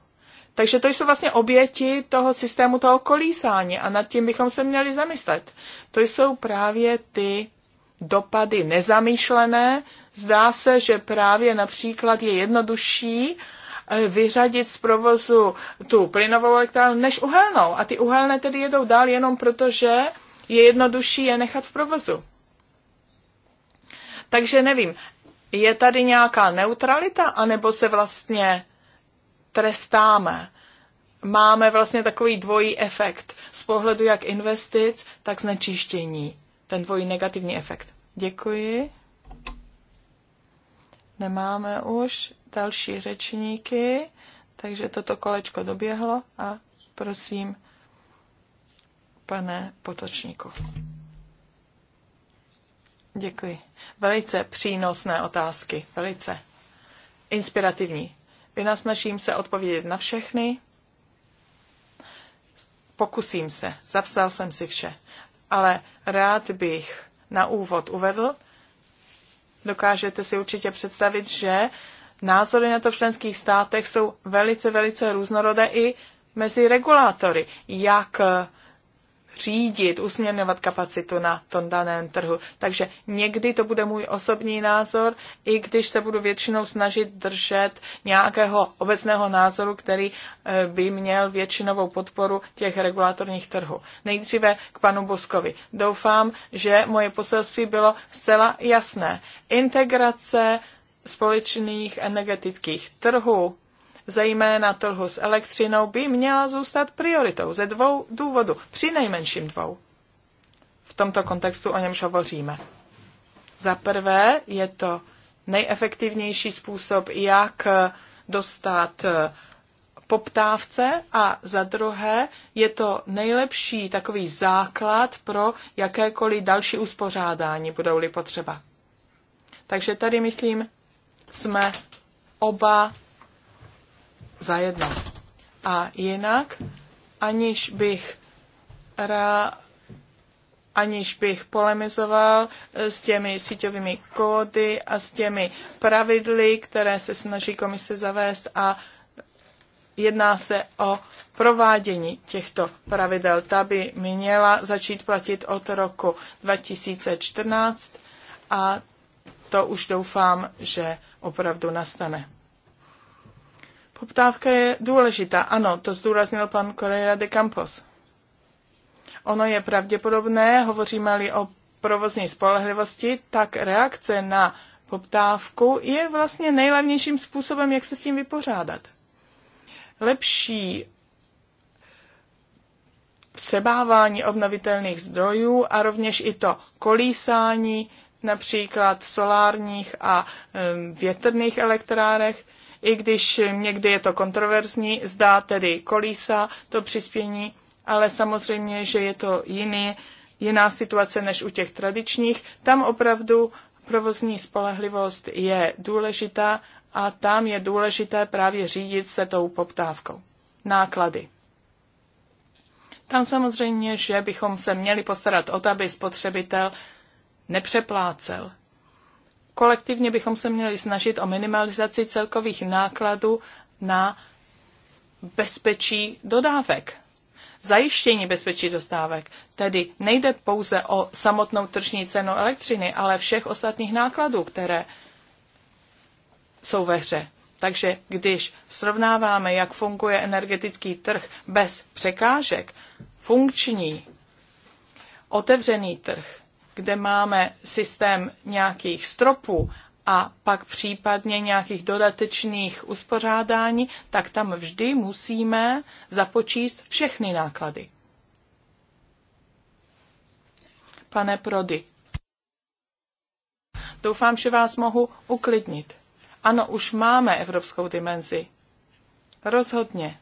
Takže to jsou vlastně oběti toho systému, toho kolísání a nad tím bychom se měli zamyslet. To jsou právě ty dopady nezamýšlené. Zdá se, že právě například je jednodušší Eh, vyřadit z provozu tu plynovou elektrárnu než uhelnou. A ty uhelné tedy jedou dál jenom proto, že je jednodušší je nechat v provozu. Takže nevím, je tady nějaká neutralita, anebo se vlastně trestáme? Máme vlastně takový dvojí efekt z pohledu jak investic, tak znečištění. Ten dvojí negativní efekt. Děkuji. Nemáme už další řečníky, takže toto kolečko doběhlo a prosím, pane Potočníku. Děkuji. Velice přínosné otázky, velice inspirativní. Vynasnažím se odpovědět na všechny. Pokusím se, zapsal jsem si vše. Ale rád bych na úvod uvedl, dokážete si určitě představit, že názory na to v členských státech jsou velice, velice různorodé i mezi regulátory, jak eh, řídit, usměrňovat kapacitu na tom daném trhu. Takže někdy to bude můj osobní názor, i když se budu většinou snažit držet nějakého obecného názoru, který eh, by měl většinovou podporu těch regulatorních trhů. Nejdříve k panu Boskovi. Doufám, že moje poselství bylo zcela jasné. Integrace společných energetických trhů, zejména trhu s elektřinou, by měla zůstat prioritou ze dvou důvodů, při nejmenším dvou. V tomto kontextu o němž hovoříme. Za prvé je to nejefektivnější způsob, jak dostat eh, poptávce a za druhé je to nejlepší takový základ pro jakékoliv další uspořádání, budou-li potřeba. Takže tady, myslím, jsme oba zajedno. A jinak, aniž bych ra, aniž bych polemizoval s těmi síťovými kódy a s těmi pravidly, které se snaží komise zavést a jedná se o provádění těchto pravidel. Ta by měla začít platit od roku 2014 a to už doufám, že opravdu nastane. Poptávka je důležitá, ano, to zdůraznil pan Correa de Campos. Ono je pravděpodobné, hovoříme-li o provozní spolehlivosti, tak reakce na poptávku je vlastně nejlevnějším způsobem, jak se s tím vypořádat. Lepší vstřebávání obnovitelných zdrojů a rovněž i to kolísání například solárních a větrných elektrárech, i když někdy je to kontroverzní, zdá tedy kolísa to přispění, ale samozřejmě, že je to jiný, jiná situace než u těch tradičních. Tam opravdu provozní spolehlivost je důležitá a tam je důležité právě řídit se tou poptávkou. Náklady. Tam samozřejmě, že bychom se měli postarat o to, aby spotřebitel nepřeplácel. Kolektivně bychom se měli snažit o minimalizaci celkových nákladů na bezpečí dodávek. Zajištění bezpečí dodávek. Tedy nejde pouze o samotnou tržní cenu elektřiny, ale všech ostatních nákladů, které jsou ve hře. Takže když srovnáváme, jak funguje energetický trh bez překážek, funkční, otevřený trh, kde máme systém nějakých stropů a pak případně nějakých dodatečných uspořádání, tak tam vždy musíme započíst všechny náklady. Pane Prody, doufám, že vás mohu uklidnit. Ano, už máme evropskou dimenzi. Rozhodně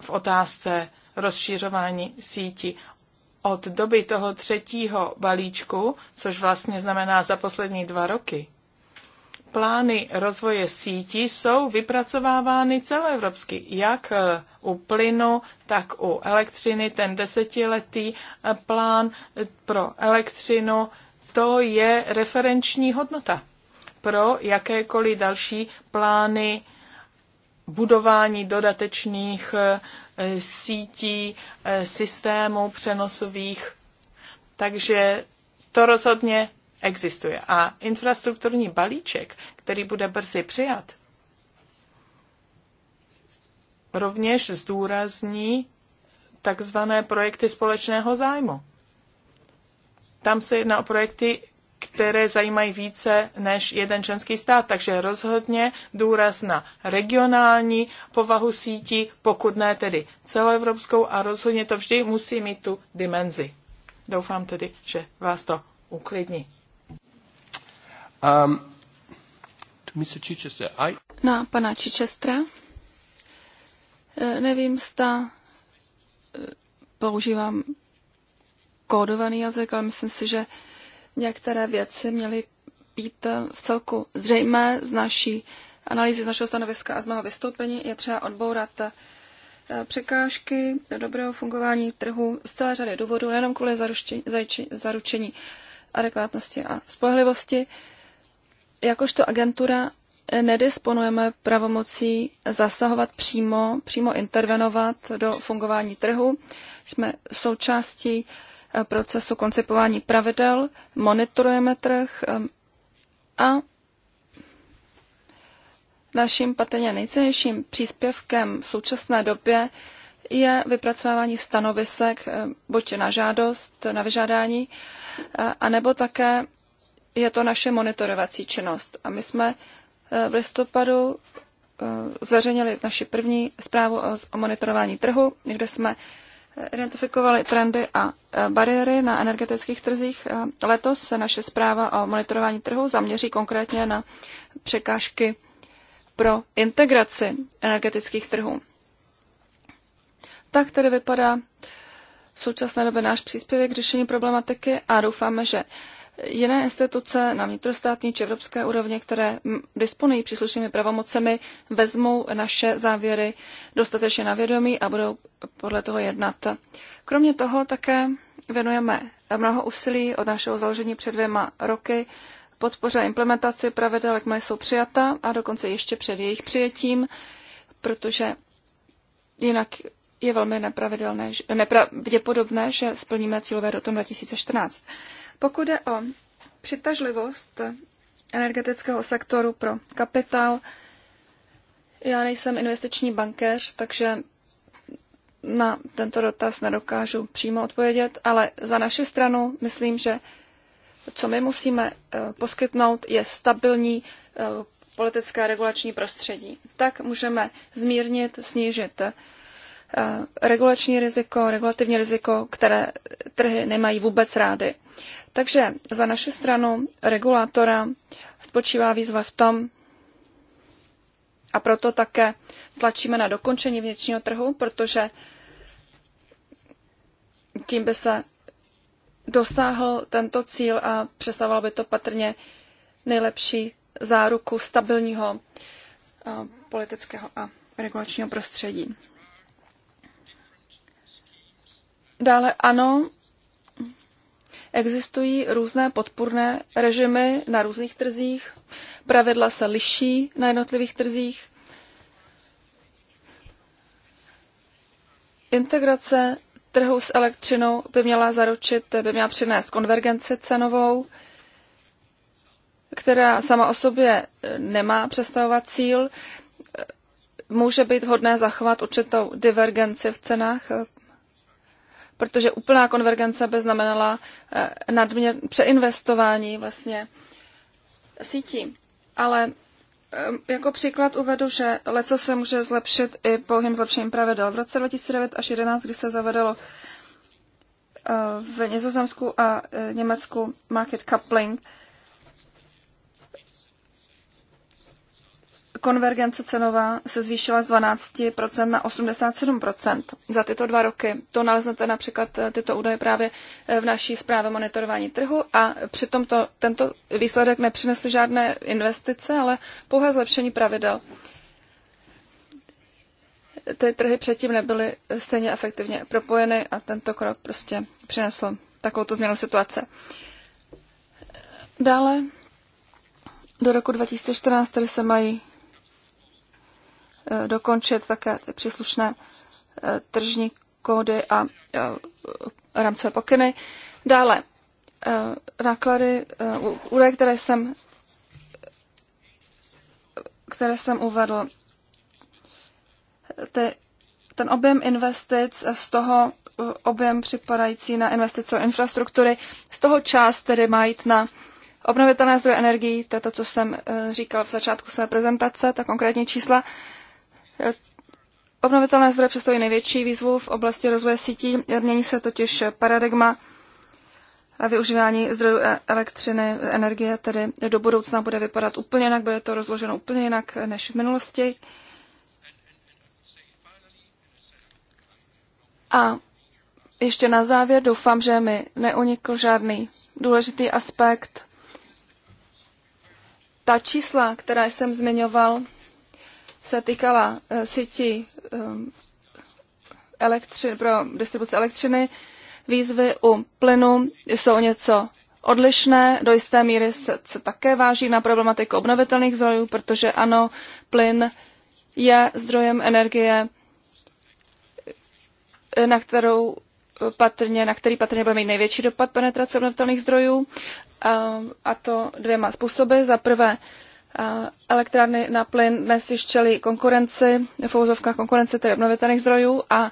v otázce rozšířování sítí od doby toho třetího balíčku, což vlastně znamená za poslední dva roky, plány rozvoje sítí jsou vypracovávány celoevropsky, jak eh, u plynu, tak u elektřiny. Ten desetiletý eh, plán eh, pro elektřinu, to je referenční hodnota pro jakékoliv další plány budování dodatečných sítí, eh, systémů přenosových. Takže to rozhodně existuje. A infrastrukturní balíček, který bude brzy přijat, rovněž zdůrazní takzvané projekty společného zájmu. Tam se jedná o projekty, které zajímají více než jeden členský stát. Takže rozhodně důraz na regionální povahu sítí, pokud ne tedy celoevropskou a rozhodně to vždy musí mít tu dimenzi. Doufám tedy, že vás to uklidní. Um, to Mr. Chichester, I... Na pana Chichestra. E, nevím, zda e, používám kódovaný jazyk, ale myslím si, že některé věci měly být eh, v celku zřejmé z naší analýzy, z našeho stanoviska a z mého vystoupení. Je třeba odbourat eh, překážky dobrého fungování trhu z celé řady důvodů, nejenom kvůli zaručení, adekvátnosti a spolehlivosti. Jakožto agentura nedisponujeme pravomocí zasahovat přímo, přímo intervenovat do fungování trhu. Jsme součástí Eh, procesu koncipování pravidel, monitorujeme trh a naším patrně nejcennějším příspěvkem v současné době je vypracovávání stanovisek eh, buď na žádost, na vyžádání, eh, anebo také je to naše monitorovací činnost. A my jsme v listopadu zveřejnili naši první zprávu o monitorování trhu, kde jsme identifikovali trendy a e, bariéry na energetických trzích. E, letos se naše zpráva o monitorování trhu zaměří konkrétně na překážky pro integraci energetických trhů. Tak tedy vypadá v současné době náš příspěvek k řešení problematiky a doufáme, že jiné instituce na vnitrostátní či evropské úrovni, které disponují příslušnými pravomocemi, vezmou naše závěry dostatečně na vědomí a budou podle toho jednat. Kromě toho také věnujeme mnoho úsilí od našeho založení před dvěma roky podpoře implementaci pravidel, jakmile jsou přijata a dokonce ještě před jejich přijetím, protože jinak je velmi nepravidelné, nepravděpodobné, že splníme cílové datum 2014. Pokud je o přitažlivost energetického sektoru pro kapitál, já nejsem investiční bankéř, takže na tento dotaz nedokážu přímo odpovědět, ale za naši stranu myslím, že co my musíme eh, poskytnout, je stabilní eh, politické regulační prostředí. Tak můžeme zmírnit, snížit Eh, regulační riziko, regulativní riziko, které trhy nemají vůbec rády. Takže za naši stranu regulátora spočívá výzva v tom, a proto také tlačíme na dokončení vnitřního trhu, protože tím by se dosáhl tento cíl a přesával by to patrně nejlepší záruku stabilního eh, politického a regulačního prostředí. Dále ano, existují různé podpůrné režimy na různých trzích, pravidla se liší na jednotlivých trzích. Integrace trhu s elektřinou by měla zaručit, by měla přinést konvergenci cenovou, která sama o sobě nemá představovat cíl. Může být hodné zachovat určitou divergenci v cenách protože úplná konvergence by znamenala eh, nadměr přeinvestování vlastně sítí. Ale eh, jako příklad uvedu, že leco se může zlepšit i pouhým zlepšením pravidel. V roce 2009 až 2011, kdy se zavedlo eh, v Nizozemsku a Německu market coupling, konvergence cenová se zvýšila z 12% na 87% za tyto dva roky. To naleznete například eh, tyto údaje právě eh, v naší zprávě monitorování trhu a přitom to, tento výsledek nepřinesl žádné investice, ale pouhé zlepšení pravidel. Ty trhy předtím nebyly stejně efektivně propojeny a tento krok prostě přinesl takovouto změnu situace. Dále do roku 2014 tady se mají Eh, dokončit také ty příslušné eh, tržní kódy a eh, rámcové pokyny. Dále náklady, údaje, které jsem, které jsem uvedl, ty, ten objem investic, z toho objem připadající na investice do infrastruktury, z toho část tedy má jít na obnovitelné zdroje energií, to je to, co jsem říkal v začátku své prezentace, ta konkrétní čísla, Obnovitelné zdroje představují největší výzvu v oblasti rozvoje sítí. Mění se totiž paradigma a využívání zdrojů e- elektřiny, energie tedy do budoucna bude vypadat úplně jinak, bude to rozloženo úplně jinak než v minulosti. A ještě na závěr doufám, že mi neunikl žádný důležitý aspekt. Ta čísla, která jsem zmiňoval, se týkala eh, sítí ehm, elektři- pro distribuci elektřiny, výzvy u plynu jsou něco odlišné. Do jisté míry se, se také váží na problematiku obnovitelných zdrojů, protože ano, plyn je zdrojem energie, eh, na kterou patrně, na který patrně bude mít největší dopad penetrace obnovitelných zdrojů, ehm, a to dvěma způsoby. Za prvé elektrárny na plyn dnes již čelí konkurenci, v úvozovkách konkurenci tedy obnovitelných zdrojů a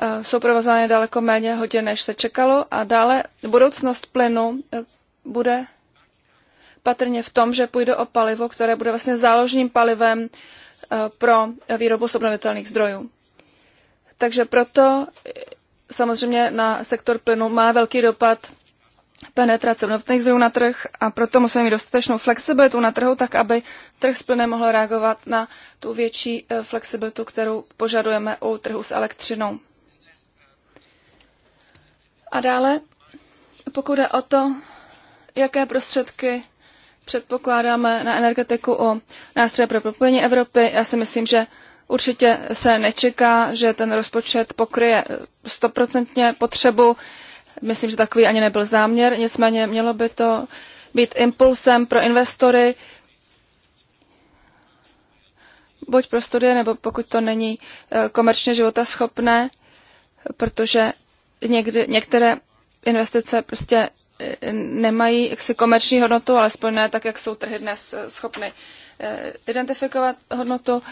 e, jsou provozovány daleko méně hodin, než se čekalo. A dále budoucnost plynu e, bude patrně v tom, že půjde o palivo, které bude vlastně záložním palivem e, pro výrobu z obnovitelných zdrojů. Takže proto samozřejmě na sektor plynu má velký dopad penetrace obnovitelných zdrojů na trh a proto musíme mít dostatečnou flexibilitu na trhu, tak aby trh s plynem mohl reagovat na tu větší eh, flexibilitu, kterou požadujeme u trhu s elektřinou. A dále, pokud je o to, jaké prostředky předpokládáme na energetiku o nástroje pro propojení Evropy, já si myslím, že určitě se nečeká, že ten rozpočet pokryje eh, stoprocentně potřebu Myslím, že takový ani nebyl záměr, nicméně mělo by to být impulsem pro investory, buď pro studie, nebo pokud to není eh, komerčně života schopné, protože někdy, některé investice prostě eh, nemají jaksi komerční hodnotu, alespoň ne tak, jak jsou trhy dnes eh, schopny identifikovat hodnotu.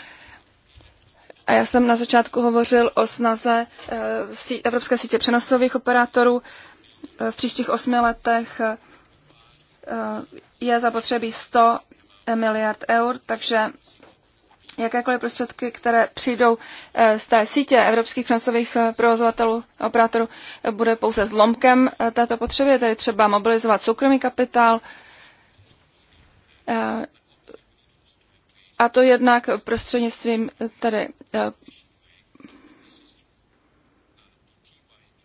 A já jsem na začátku hovořil o snaze eh, Evropské sítě přenosových operátorů eh, v příštích osmi letech eh, je zapotřebí 100 miliard eur, takže jakékoliv prostředky, které přijdou z té sítě evropských přenosových provozovatelů operátorů, bude pouze zlomkem této potřeby, tedy třeba mobilizovat soukromý kapitál, a to jednak prostřednictvím eh, tady eh,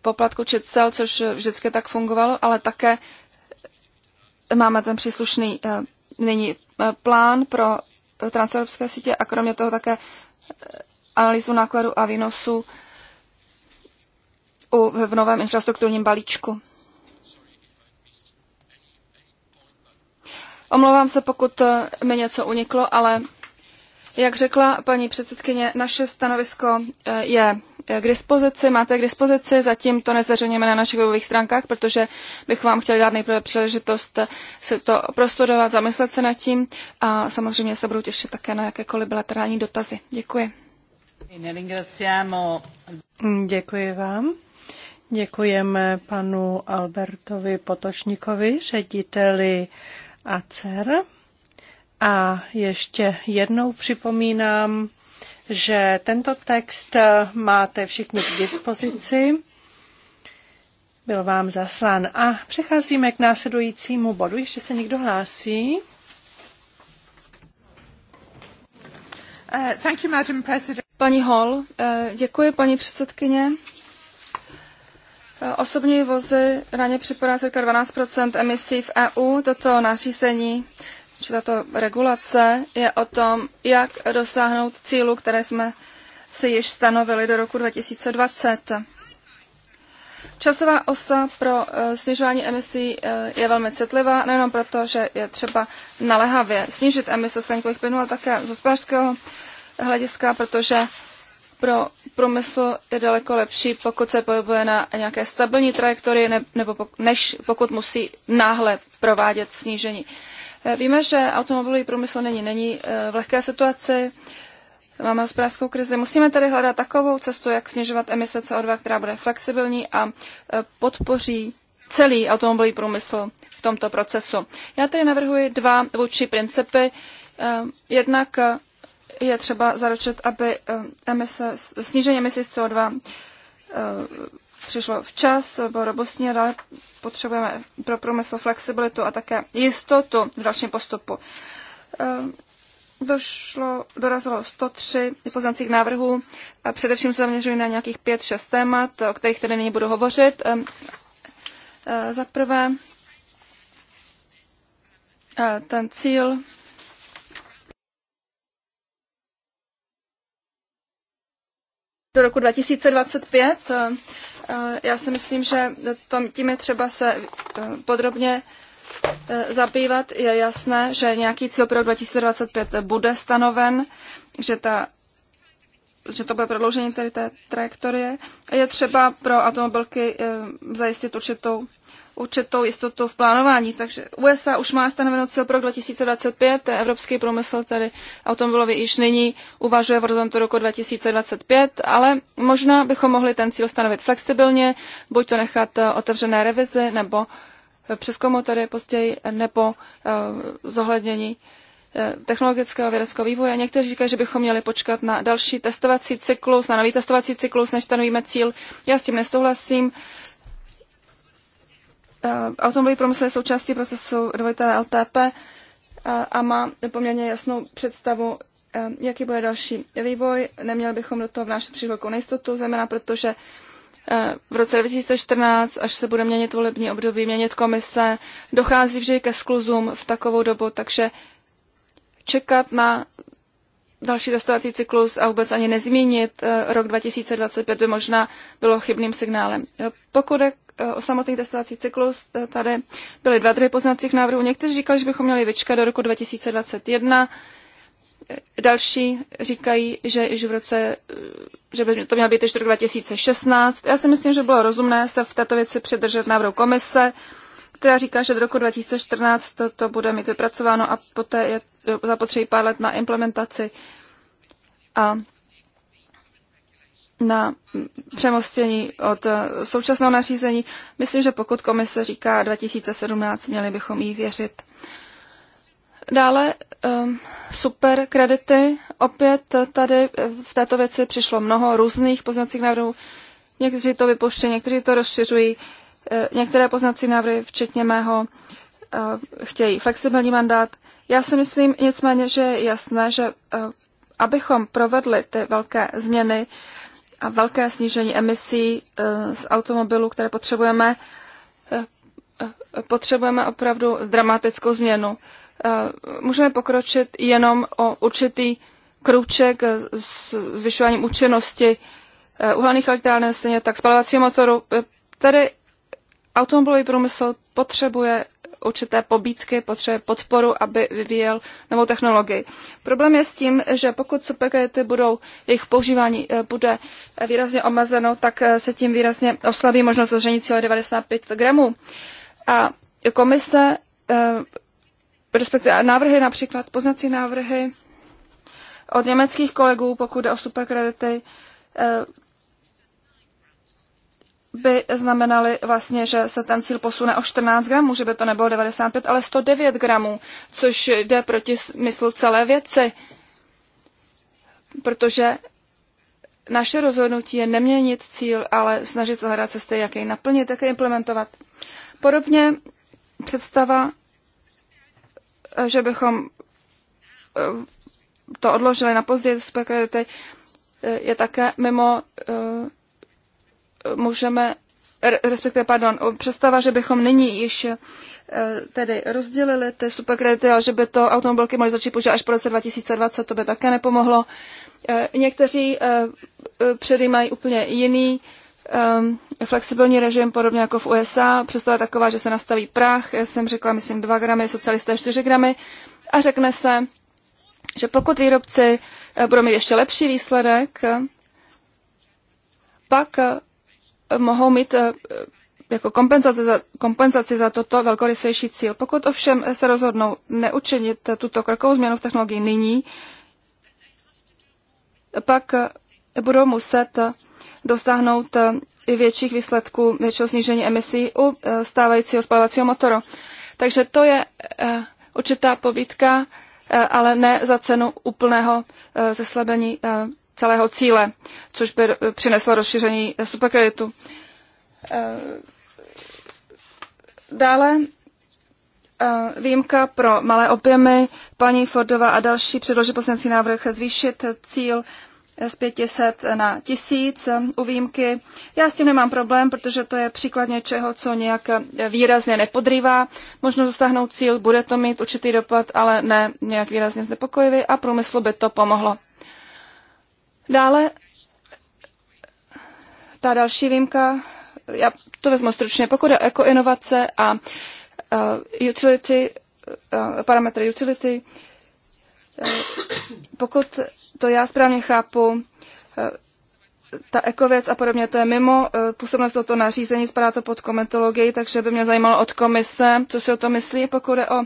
poplatku či cel, což vždycky tak fungovalo, ale také máme ten příslušný eh, nyní plán pro transevropské sítě a kromě toho také analýzu nákladu a výnosu v novém infrastrukturním balíčku. Omlouvám se, pokud mi něco uniklo, ale jak řekla paní předsedkyně, naše stanovisko eh, je eh, k dispozici, máte k dispozici, zatím to nezveřejněme na našich webových stránkách, protože bych vám chtěla dát nejprve příležitost eh, si to prostudovat, zamyslet se nad tím a samozřejmě se budu těšit také na jakékoliv bilaterální dotazy. Děkuji. Děkuji vám. Děkujeme panu Albertovi Potošníkovi, řediteli ACER. A ještě jednou připomínám, že tento text máte všichni k dispozici. Byl vám zaslán. A přecházíme k následujícímu bodu. Ještě se někdo hlásí? Uh, thank you, Madam President. Paní Hall, uh, děkuji, paní předsedkyně. Uh, osobní vozy raně připadá cirka 12 emisí v EU. Toto nařízení či tato regulace je o tom, jak dosáhnout cílu, které jsme si již stanovili do roku 2020. Časová osa pro eh, snižování emisí eh, je velmi citlivá, nejenom proto, že je třeba naléhavě snížit emise skleníkových plynů, ale také z hospodářského hlediska, protože pro průmysl je daleko lepší, pokud se pohybuje na nějaké stabilní trajektorii, ne, nebo pok, než pokud musí náhle provádět snížení. Uh, Víme, že automobilový průmysl není, není eh, v lehké situaci, máme hospodářskou krizi. Musíme tedy hledat takovou cestu, jak snižovat emise CO2, která bude flexibilní a eh, podpoří celý automobilový průmysl v tomto procesu. Já tedy navrhuji dva vůči principy. Eh, jednak je třeba zaručit, aby emise, snížení emisí CO2 přišlo včas, bylo robustní a dále potřebujeme pro průmysl flexibilitu a také jistotu v dalším postupu. Ehm, došlo, dorazilo 103 pozemcích návrhů a především se zaměřují na nějakých 5-6 témat, o kterých tedy nyní budu hovořit. Ehm, e, za prvé e, ten cíl do roku 2025. Eh, eh, já si myslím, že tom, tím je třeba se eh, podrobně zabývat. Je jasné, že nějaký cíl pro 2025 bude stanoven, že ta že to bude prodloužení tedy té trajektorie. Je třeba pro automobilky zajistit určitou určitou jistotu v plánování. Takže USA už má stanoveno cíl pro 2025, evropský průmysl tady automobilový již nyní uvažuje v horizontu roku 2025, ale možná bychom mohli ten cíl stanovit flexibilně, buď to nechat eh, otevřené revizi, nebo eh, přeskomu tady později, nebo eh, zohlednění technologického vědeckého vývoje. Někteří říkají, že bychom měli počkat na další testovací cyklus, na nový testovací cyklus, než stanovíme cíl. Já s tím nesouhlasím. Eh, automobilový průmysl je součástí procesu rozvoje LTP eh, a má poměrně jasnou představu, eh, jaký bude další vývoj. Neměli bychom do toho vnášet příliš velkou nejistotu, zejména protože v roce 2014, až se bude měnit volební období, měnit komise, dochází vždy ke skluzům v takovou dobu, takže čekat na další testovací cyklus a vůbec ani nezmínit rok 2025 by možná bylo chybným signálem. Pokud Eh, o samotný testovací cyklus. Eh, tady byly dva druhy poznacích návrhů. Někteří říkali, že bychom měli vyčkat do roku 2021. Eh, další říkají, že již v roce, že by to mělo být ještě rok 2016. Já si myslím, že bylo rozumné se v této věci přidržet návrhu komise, která říká, že do roku 2014 to, to bude mít vypracováno a poté je zapotřebí pár let na implementaci. A na přemostění od eh, současného nařízení. Myslím, že pokud komise říká 2017, měli bychom jí věřit. Dále ehm, super kredity. Opět tady eh, v této věci přišlo mnoho různých poznacích návrhů. Někteří to vypuštějí, někteří to rozšiřují. Eh, některé poznací návrhy, včetně mého, chtějí flexibilní mandát. Já si myslím nicméně, že je jasné, že abychom provedli ty velké změny, a velké snížení emisí eh, z automobilů, které potřebujeme, eh, eh, potřebujeme opravdu dramatickou změnu. Můžeme pokročit jenom o určitý krůček s zvyšováním účinnosti uhelných elektráren, stejně tak spalovacího motoru. Tady automobilový průmysl potřebuje určité pobídky, potřebuje podporu, aby vyvíjel novou technologii. Problém je s tím, že pokud superkredity budou, jejich používání eh, bude eh, výrazně omezeno, tak eh, se tím výrazně oslabí možnost zaření cíle 95 gramů. A komise, respektive návrhy například, poznací návrhy od německých kolegů, pokud jde o superkredity, by znamenaly vlastně, že se ten cíl posune o 14 gramů, že by to nebylo 95, ale 109 gramů, což jde proti smyslu celé věci, protože naše rozhodnutí je neměnit cíl, ale snažit se hledat cesty, jak jej naplnit, jak jej implementovat. Podobně představa, že bychom eh, to odložili na později superkredity, eh, je také mimo eh, můžeme, respektive, pardon, představa, že bychom nyní již eh, tedy rozdělili ty superkredity a že by to automobilky mohly začít používat až po roce 2020, to by také nepomohlo. Eh, někteří eh, předjímají úplně jiný flexibilní režim, podobně jako v USA. Představa je taková, že se nastaví prach, já jsem řekla, myslím, 2 gramy, socialisté 4 gramy, a řekne se, že pokud výrobci budou mít ještě lepší výsledek, pak mohou mít eh, jako kompenzace za, kompenzaci za toto velkorysejší cíl. Pokud ovšem se rozhodnou neučinit tuto krokovou změnu v technologii nyní, pak eh, budou muset eh, dosáhnout i větších výsledků, většího snížení emisí u stávajícího spalovacího motoru. Takže to je určitá povídka, ale ne za cenu úplného zeslabení celého cíle, což by eh, přineslo rozšíření eh, superkreditu. Eh, dále výjimka pro malé objemy. Paní Fordová a další předloží poslanecí návrh zvýšit cíl z 500 na 1000 u výjimky. Já s tím nemám problém, protože to je příklad něčeho, co nějak výrazně nepodrývá. Možno dosáhnout cíl, bude to mít určitý dopad, ale ne nějak výrazně znepokojivý a průmyslu by to pomohlo. Dále ta další výjimka, já to vezmu stručně, pokud je jako inovace a uh, utility, uh, parametry utility, uh, pokud to já správně chápu, uh, ta ekověc a podobně, to je mimo působnost toto nařízení, spadá to pod komentologii, takže by mě zajímalo od komise, co si o to myslí, pokud je o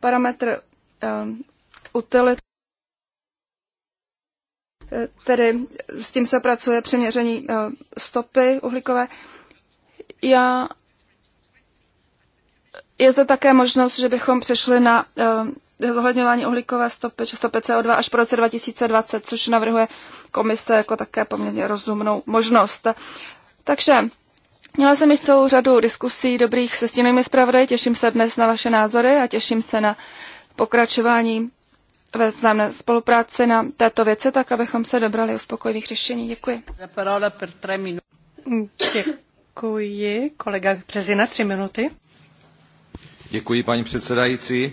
parametr um, utility tedy s tím se pracuje při měření eh, stopy uhlíkové. Já, je zde také možnost, že bychom přešli na eh, zohledňování uhlíkové stopy či stopy CO2 až po roce 2020, což navrhuje komise jako také poměrně rozumnou možnost. Takže měla jsem již celou řadu diskusí dobrých se stínovými zpravodaji, těším se dnes na vaše názory a těším se na pokračování ve vzájemné spolupráci na této věci, tak abychom se dobrali uspokojivých řešení. Děkuji. Děkuji. Kolega Březina, tři minuty. Děkuji, paní předsedající.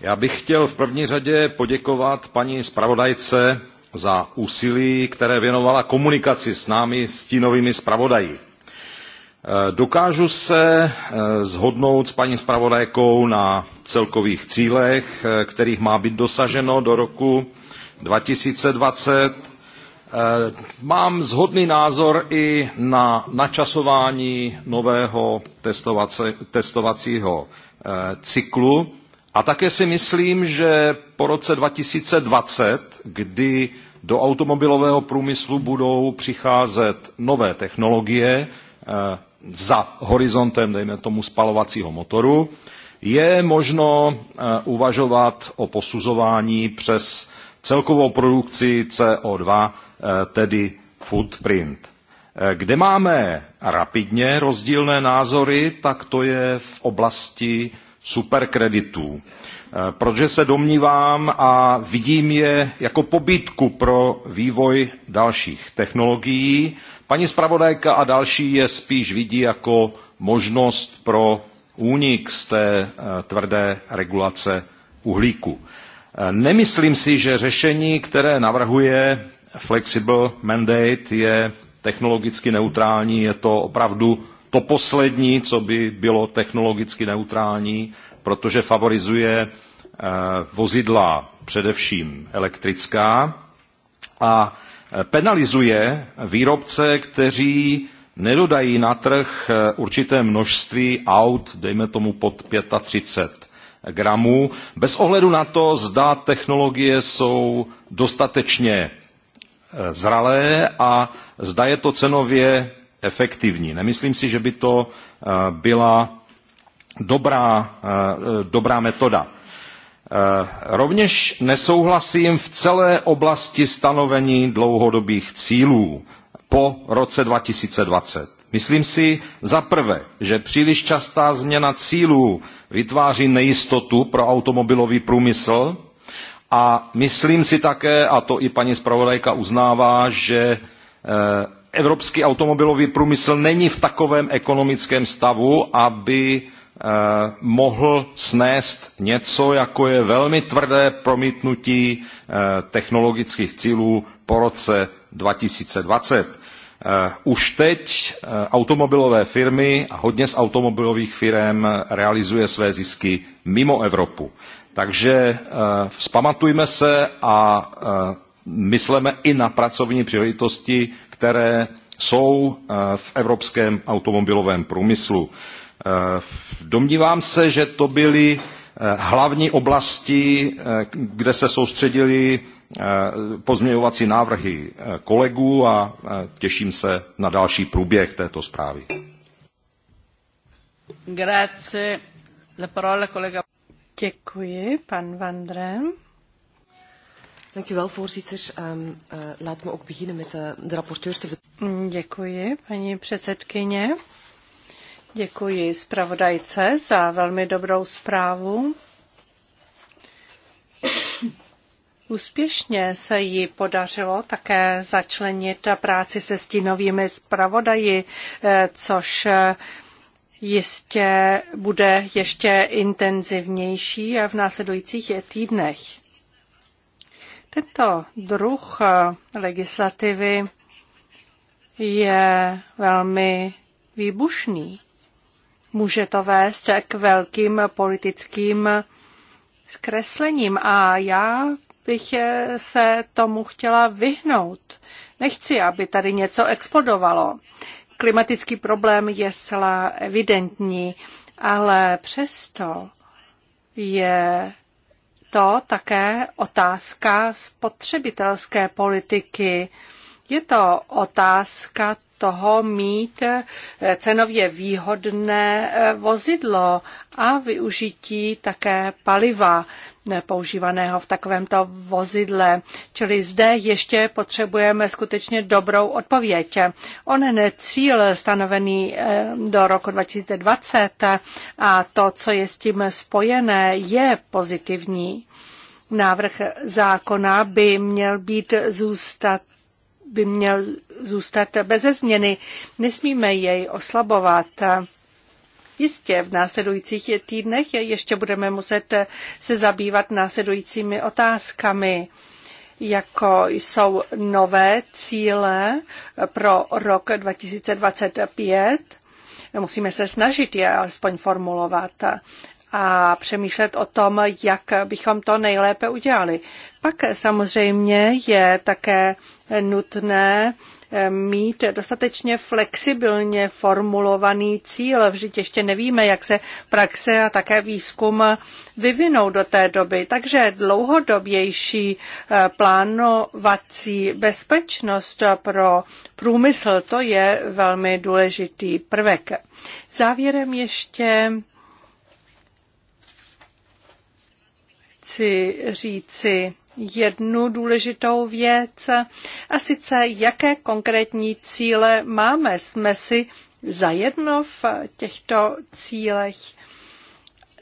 Já bych chtěl v první řadě poděkovat paní zpravodajce za úsilí, které věnovala komunikaci s námi, stínovými zpravodají. Eh, dokážu se zhodnout eh, s paní zpravodajkou na celkových cílech, eh, kterých má být dosaženo do roku 2020. Mám zhodný názor i na načasování nového testovacího cyklu a také si myslím, že po roce 2020, kdy do automobilového průmyslu budou přicházet nové technologie, za horizontem, dejme tomu, spalovacího motoru, je možno eh, uvažovat o posuzování přes celkovou produkci CO2, eh, tedy footprint. Eh, kde máme rapidně rozdílné názory, tak to je v oblasti superkreditů. Protože se domnívám a vidím je jako pobytku pro vývoj dalších technologií, Paní zpravodajka a další je spíš vidí jako možnost pro únik z té eh, tvrdé regulace uhlíku. Eh, nemyslím si, že řešení, které navrhuje Flexible Mandate, je technologicky neutrální. Je to opravdu to poslední, co by bylo technologicky neutrální, protože favorizuje eh, vozidla především elektrická a penalizuje výrobce, kteří nedodají na trh eh, určité množství aut, dejme tomu pod 35 gramů, bez ohledu na to, zda technologie jsou dostatečně eh, zralé a zda je to cenově efektivní. Nemyslím si, že by to eh, byla dobrá, dobrá metoda. Eh, rovněž nesouhlasím v celé oblasti stanovení dlouhodobých cílů po roce 2020. Myslím si za prvé, že příliš častá změna cílů vytváří nejistotu pro automobilový průmysl a myslím si také, a to i paní zpravodajka uznává, že eh, evropský automobilový průmysl není v takovém ekonomickém stavu, aby Eh, mohl snést něco, jako je velmi tvrdé promítnutí eh, technologických cílů po roce 2020. Eh, už teď automobilové firmy a hodně z automobilových firm realizuje své zisky mimo Evropu. Takže vzpamatujme se a mysleme i na pracovní příležitosti, které jsou v evropském automobilovém průmyslu. Eh, domnívám se, že to byly eh, hlavní oblasti, eh, kde se soustředili pozměňovací návrhy kolegů a těším se na další průběh této zprávy. Grazie. La parola kolega. Děkuji, pan Van Dren. voorzitter. Um, uh, laat me ook beginnen met uh, de rapporteur te... Děkuji, paní předsedkyně. Děkuji zpravodajce za velmi dobrou zprávu. Úspěšně se jí podařilo také začlenit práci se stínovými zpravodaji, eh, což eh, jistě bude ještě intenzivnější v následujících týdnech. Tento druh eh, legislativy je velmi výbušný. Může to vést k velkým politickým zkreslením a já bych se tomu chtěla vyhnout. Nechci, aby tady něco explodovalo. Klimatický problém je zcela evidentní, ale přesto je to také otázka spotřebitelské politiky. Je to otázka toho mít eh, cenově výhodné eh, vozidlo a využití také paliva eh, používaného v takovémto vozidle. Čili zde ještě potřebujeme skutečně dobrou odpověď. je cíl stanovený do roku 2020 a to, co je s tím spojené, je pozitivní. Návrh zákona by měl být zůstat by měl zůstat beze změny. Nesmíme jej oslabovat. Jistě v následujících týdnech ještě budeme muset se zabývat následujícími otázkami jako jsou nové cíle pro rok 2025. Musíme se snažit je alespoň formulovat a přemýšlet o tom, jak bychom to nejlépe udělali. Pak samozřejmě je také nutné eh, mít dostatečně flexibilně formulovaný cíl. Vždyť ještě nevíme, jak se praxe a také výzkum vyvinou do té doby. Takže dlouhodobější eh, plánovací bezpečnost pro průmysl, to je velmi důležitý prvek. Závěrem ještě chci říci, jednu důležitou věc, a sice jaké konkrétní cíle máme. Jsme si zajedno v těchto cílech.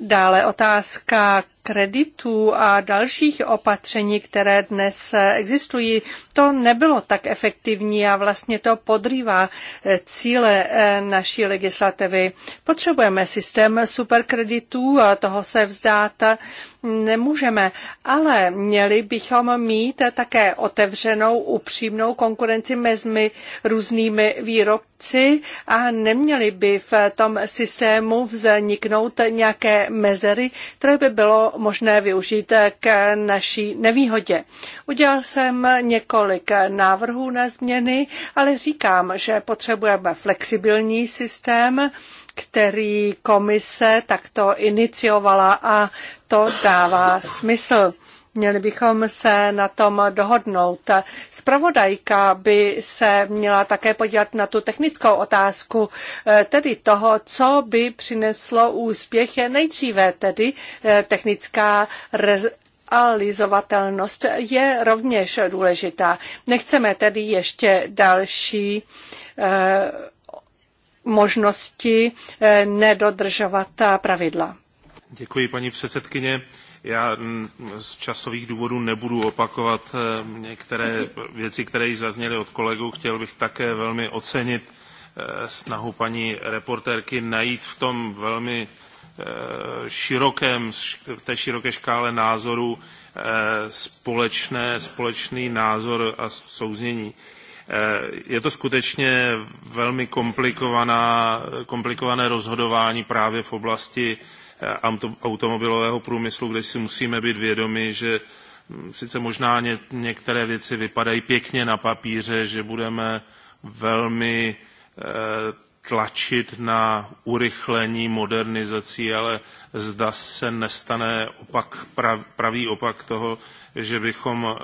Dále otázka kreditů a dalších opatření, které dnes existují, to nebylo tak efektivní a vlastně to podrývá eh, cíle eh, naší legislativy. Potřebujeme systém superkreditů, toho se vzdát nemůžeme, ale měli bychom mít také otevřenou, upřímnou konkurenci mezi různými výrobci a neměli by v tom systému vzniknout nějaké mezery, které by bylo možné využít k naší nevýhodě. Udělal jsem několik návrhů na změny, ale říkám, že potřebujeme flexibilní systém, který komise takto iniciovala a to dává smysl. Měli bychom se na tom dohodnout. Spravodajka by se měla také podívat na tu technickou otázku, eh, tedy toho, co by přineslo úspěch nejdříve, tedy eh, technická realizovatelnost je rovněž důležitá. Nechceme tedy ještě další eh, možnosti nedodržovat pravidla. Děkuji, paní předsedkyně. Já mm, z časových důvodů nebudu opakovat eh, některé věci, které již zazněly od kolegů. Chtěl bych také velmi ocenit eh, snahu paní reportérky najít v tom velmi eh, širokém, v té široké škále názorů společné, společný názor a souznění. Je to skutečně velmi komplikovaná, komplikované rozhodování právě v oblasti Eh, automobilového průmyslu, kde si musíme být vědomi, že hm, sice možná ně, některé věci vypadají pěkně na papíře, že budeme velmi eh, tlačit na urychlení modernizací, ale zda se nestane opak, pravý opak toho, že bychom eh,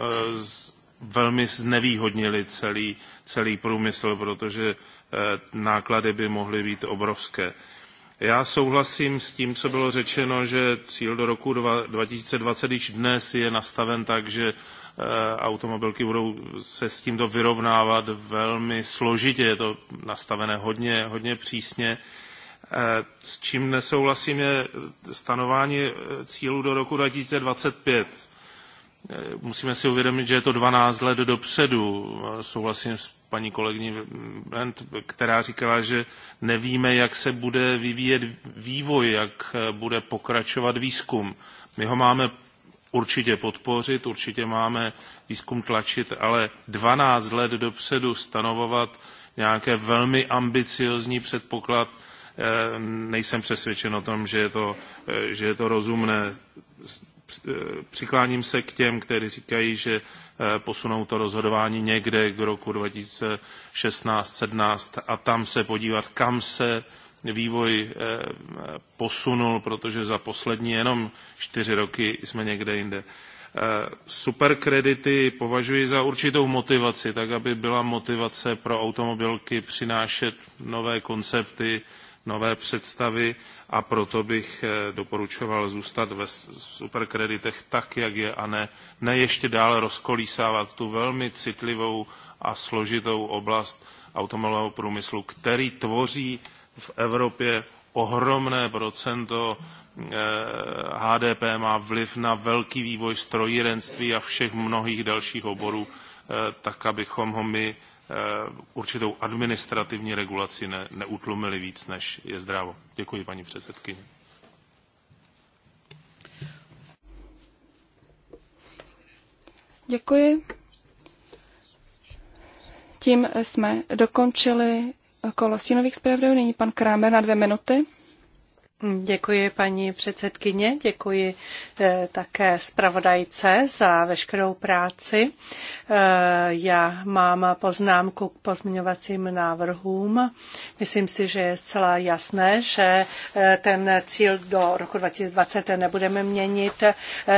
velmi znevýhodnili celý, celý průmysl, protože náklady by mohly být obrovské. Já souhlasím s tím, co bylo řečeno, že cíl do roku 2020 již dnes je nastaven tak, že eh, automobilky budou se s tímto vyrovnávat velmi složitě. Je to nastavené hodně, hodně přísně. Eh, s čím nesouhlasím je stanování eh, cílu do roku 2025 Eh, musíme si uvědomit, že je to 12 let dopředu. Eh, souhlasím s paní kolegyní Bent, která říkala, že nevíme, jak se bude vyvíjet vývoj, jak eh, bude pokračovat výzkum. My ho máme určitě podpořit, určitě máme výzkum tlačit, ale 12 let dopředu stanovovat nějaké velmi ambiciozní předpoklad, nejsem přesvědčen o tom, že je to, že je to rozumné Eh, přikláním se k těm, kteří říkají, že eh, posunout to rozhodování někde k roku 2016-17 a tam se podívat, kam se vývoj eh, posunul, protože za poslední jenom čtyři roky jsme někde jinde. Superkredity považuji za určitou motivaci, tak aby byla motivace pro automobilky přinášet nové koncepty, nové představy a proto bych eh, doporučoval zůstat ve superkreditech tak, jak je a ne, ne ještě dále rozkolísávat tu velmi citlivou a složitou oblast automobilového průmyslu, který tvoří v Evropě ohromné procento HDP eh, má vliv na velký vývoj strojírenství a všech mnohých dalších oborů, eh, tak abychom ho my Eh, určitou administrativní regulaci ne, neutlumili víc, než je zdrávo. Děkuji, paní předsedkyně. Děkuji. Tím jsme dokončili kolo stínových zpravodajů. Nyní pan Krámer na dvě minuty. Děkuji paní předsedkyně, děkuji eh, také zpravodajce za veškerou práci. Eh, já mám poznámku k pozměňovacím návrhům. Myslím si, že je zcela jasné, že eh, ten cíl do roku 2020 nebudeme měnit.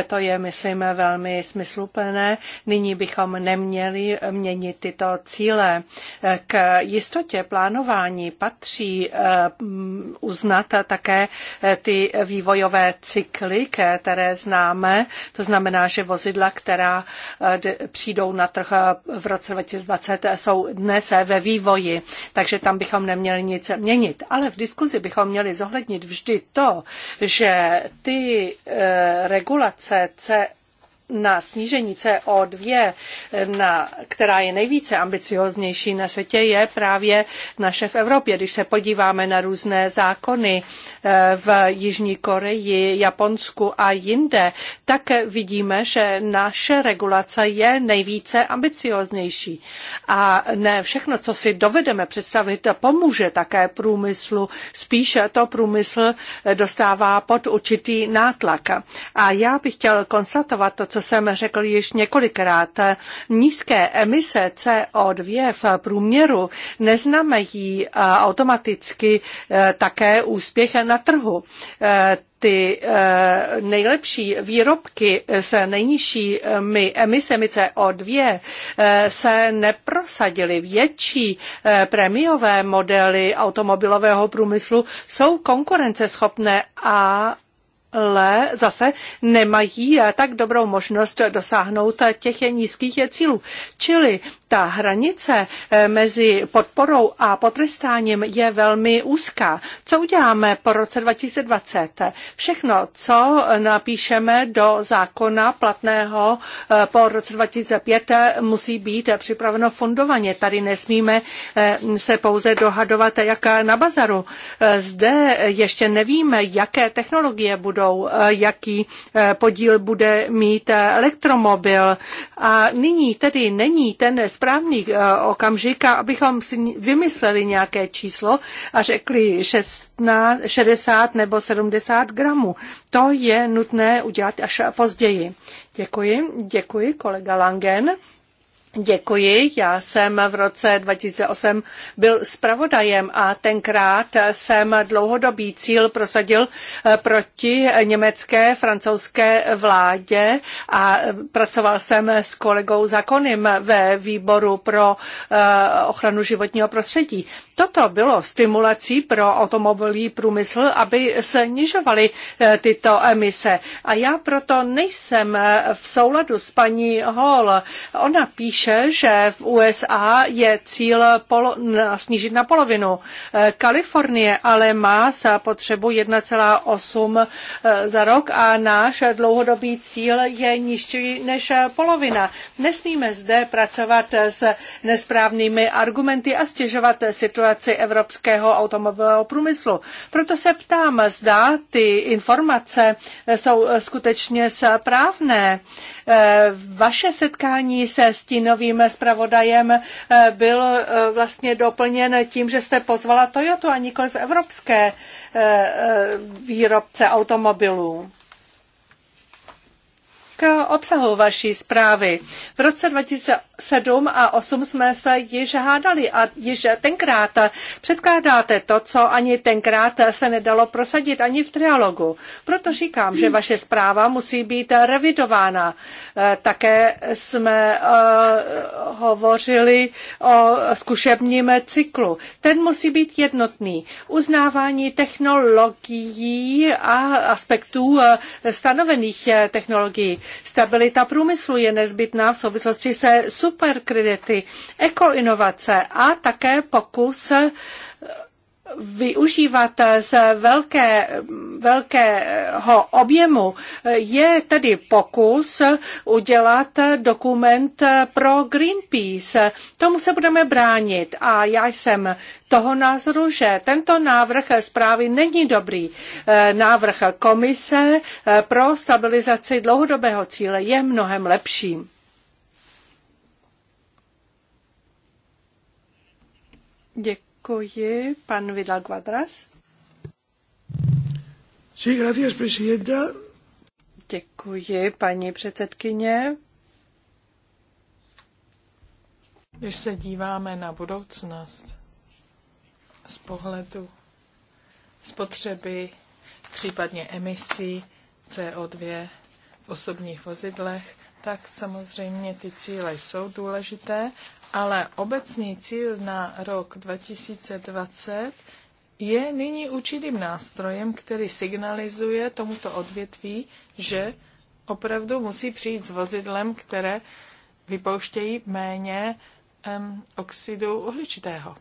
To je, myslím, velmi smysluplné. Nyní bychom neměli měnit tyto cíle. K jistotě plánování patří uznat také Eh, ty vývojové cykly, které známe, to znamená, že vozidla, která eh, přijdou na trh eh, v roce 2020, jsou dnes ve vývoji, takže tam bychom neměli nic měnit. Ale v diskuzi bychom měli zohlednit vždy to, že ty regulace CO na snížení CO2, na, která je nejvíce ambicioznější na světě, je právě naše v Evropě. Když se podíváme na různé zákony eh, v Jižní Koreji, Japonsku a jinde, tak vidíme, že naše regulace je nejvíce ambicioznější. A ne všechno, co si dovedeme představit, pomůže také průmyslu. Spíše to průmysl dostává pod určitý nátlak. A já bych chtěl konstatovat to, co jsem řekl již několikrát. Nízké emise CO2 v průměru neznamenají eh, automaticky eh, také úspěch na trhu eh, ty nejlepší výrobky s nejnižšími emisemi CO2 se neprosadily. Větší premiové modely automobilového průmyslu jsou konkurenceschopné a ale zase nemají eh, tak dobrou možnost dosáhnout eh, těch eh, nízkých cílů. Čili ta hranice mezi podporou a potrestáním je velmi úzká. Co uděláme po roce 2020? Všechno, co napíšeme do zákona platného po roce 2005, musí být připraveno fundovaně. Tady nesmíme se pouze dohadovat, jak na bazaru. Zde ještě nevíme, jaké technologie budou budou, eh, jaký eh, podíl bude mít eh, elektromobil. A nyní tedy není ten správný okamžik, abychom si vymysleli nějaké číslo a řekli 16, 60 nebo 70 gramů. To je nutné udělat až později. Děkuji, děkuji kolega Langen. Děkuji. Já jsem v roce 2008 byl zpravodajem a tenkrát jsem dlouhodobý cíl prosadil eh, proti německé, francouzské vládě a pracoval jsem s kolegou Zakonem ve výboru pro eh, ochranu životního prostředí. Toto bylo stimulací pro automobilový průmysl, aby snižovali eh, tyto emise. A já proto nejsem v souladu s paní Hall. Ona píše, píše, že v USA je cíl polo, snížit na polovinu. Eh, Kalifornie ale má potřebu 1,8 eh, za rok a náš dlouhodobý cíl je nižší než polovina. Nesmíme zde pracovat s nesprávnými argumenty a stěžovat situaci evropského automobilového průmyslu. Proto se ptám, zda ty informace jsou skutečně správné. Eh, vaše setkání se stínou novým zpravodajem eh, byl eh, vlastně doplněn tím, že jste pozvala Toyota a nikoliv evropské eh, výrobce automobilů k obsahu vaší zprávy. V roce 2008 7 a 8 jsme se již hádali a již tenkrát předkládáte to, co ani tenkrát se nedalo prosadit ani v trialogu. Proto říkám, že vaše zpráva musí být revidována. Eh, také jsme eh, hovořili o zkušebním cyklu. Ten musí být jednotný. Uznávání technologií a aspektů eh, stanovených technologií. Stabilita průmyslu je nezbytná v souvislosti se sub superkredity, ekoinovace a také pokus eh, využívat z velké, velkého objemu je tedy pokus udělat dokument pro Greenpeace. Tomu se budeme bránit a já jsem toho názoru, že tento návrh zprávy není dobrý. Eh, návrh komise eh, pro stabilizaci dlouhodobého cíle je mnohem lepším. Děkuji. Pan Vidal Quadras. Sí, gracias, presidenta. Děkuji, paní předsedkyně. Když se díváme na budoucnost z pohledu spotřeby, případně emisí CO2 v osobních vozidlech, tak samozřejmě ty cíle jsou důležité, ale obecný cíl na rok 2020 je nyní určitým nástrojem, který signalizuje tomuto odvětví, že opravdu musí přijít s vozidlem, které vypouštějí méně um, oxidu uhličitého.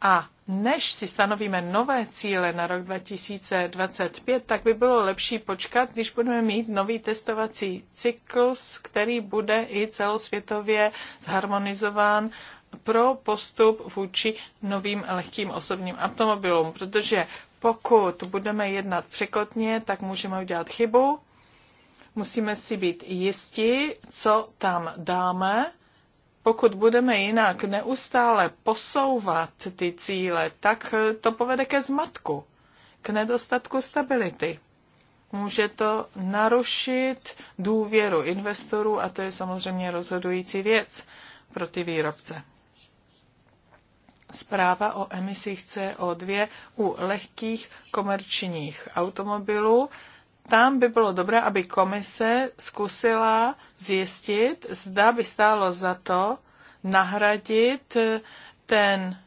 A než si stanovíme nové cíle na rok 2025, tak by bylo lepší počkat, když budeme mít nový testovací cyklus, který bude i celosvětově zharmonizován pro postup vůči novým lehkým osobním automobilům, protože pokud budeme jednat překotně, tak můžeme udělat chybu. Musíme si být jisti, co tam dáme pokud budeme jinak neustále posouvat ty cíle, tak eh, to povede ke zmatku, k nedostatku stability. Může to narušit důvěru investorů a to je samozřejmě rozhodující věc pro ty výrobce. Zpráva o emisích CO2 u lehkých komerčních automobilů tam by bylo dobré, aby komise zkusila zjistit, zda by stálo za to nahradit ten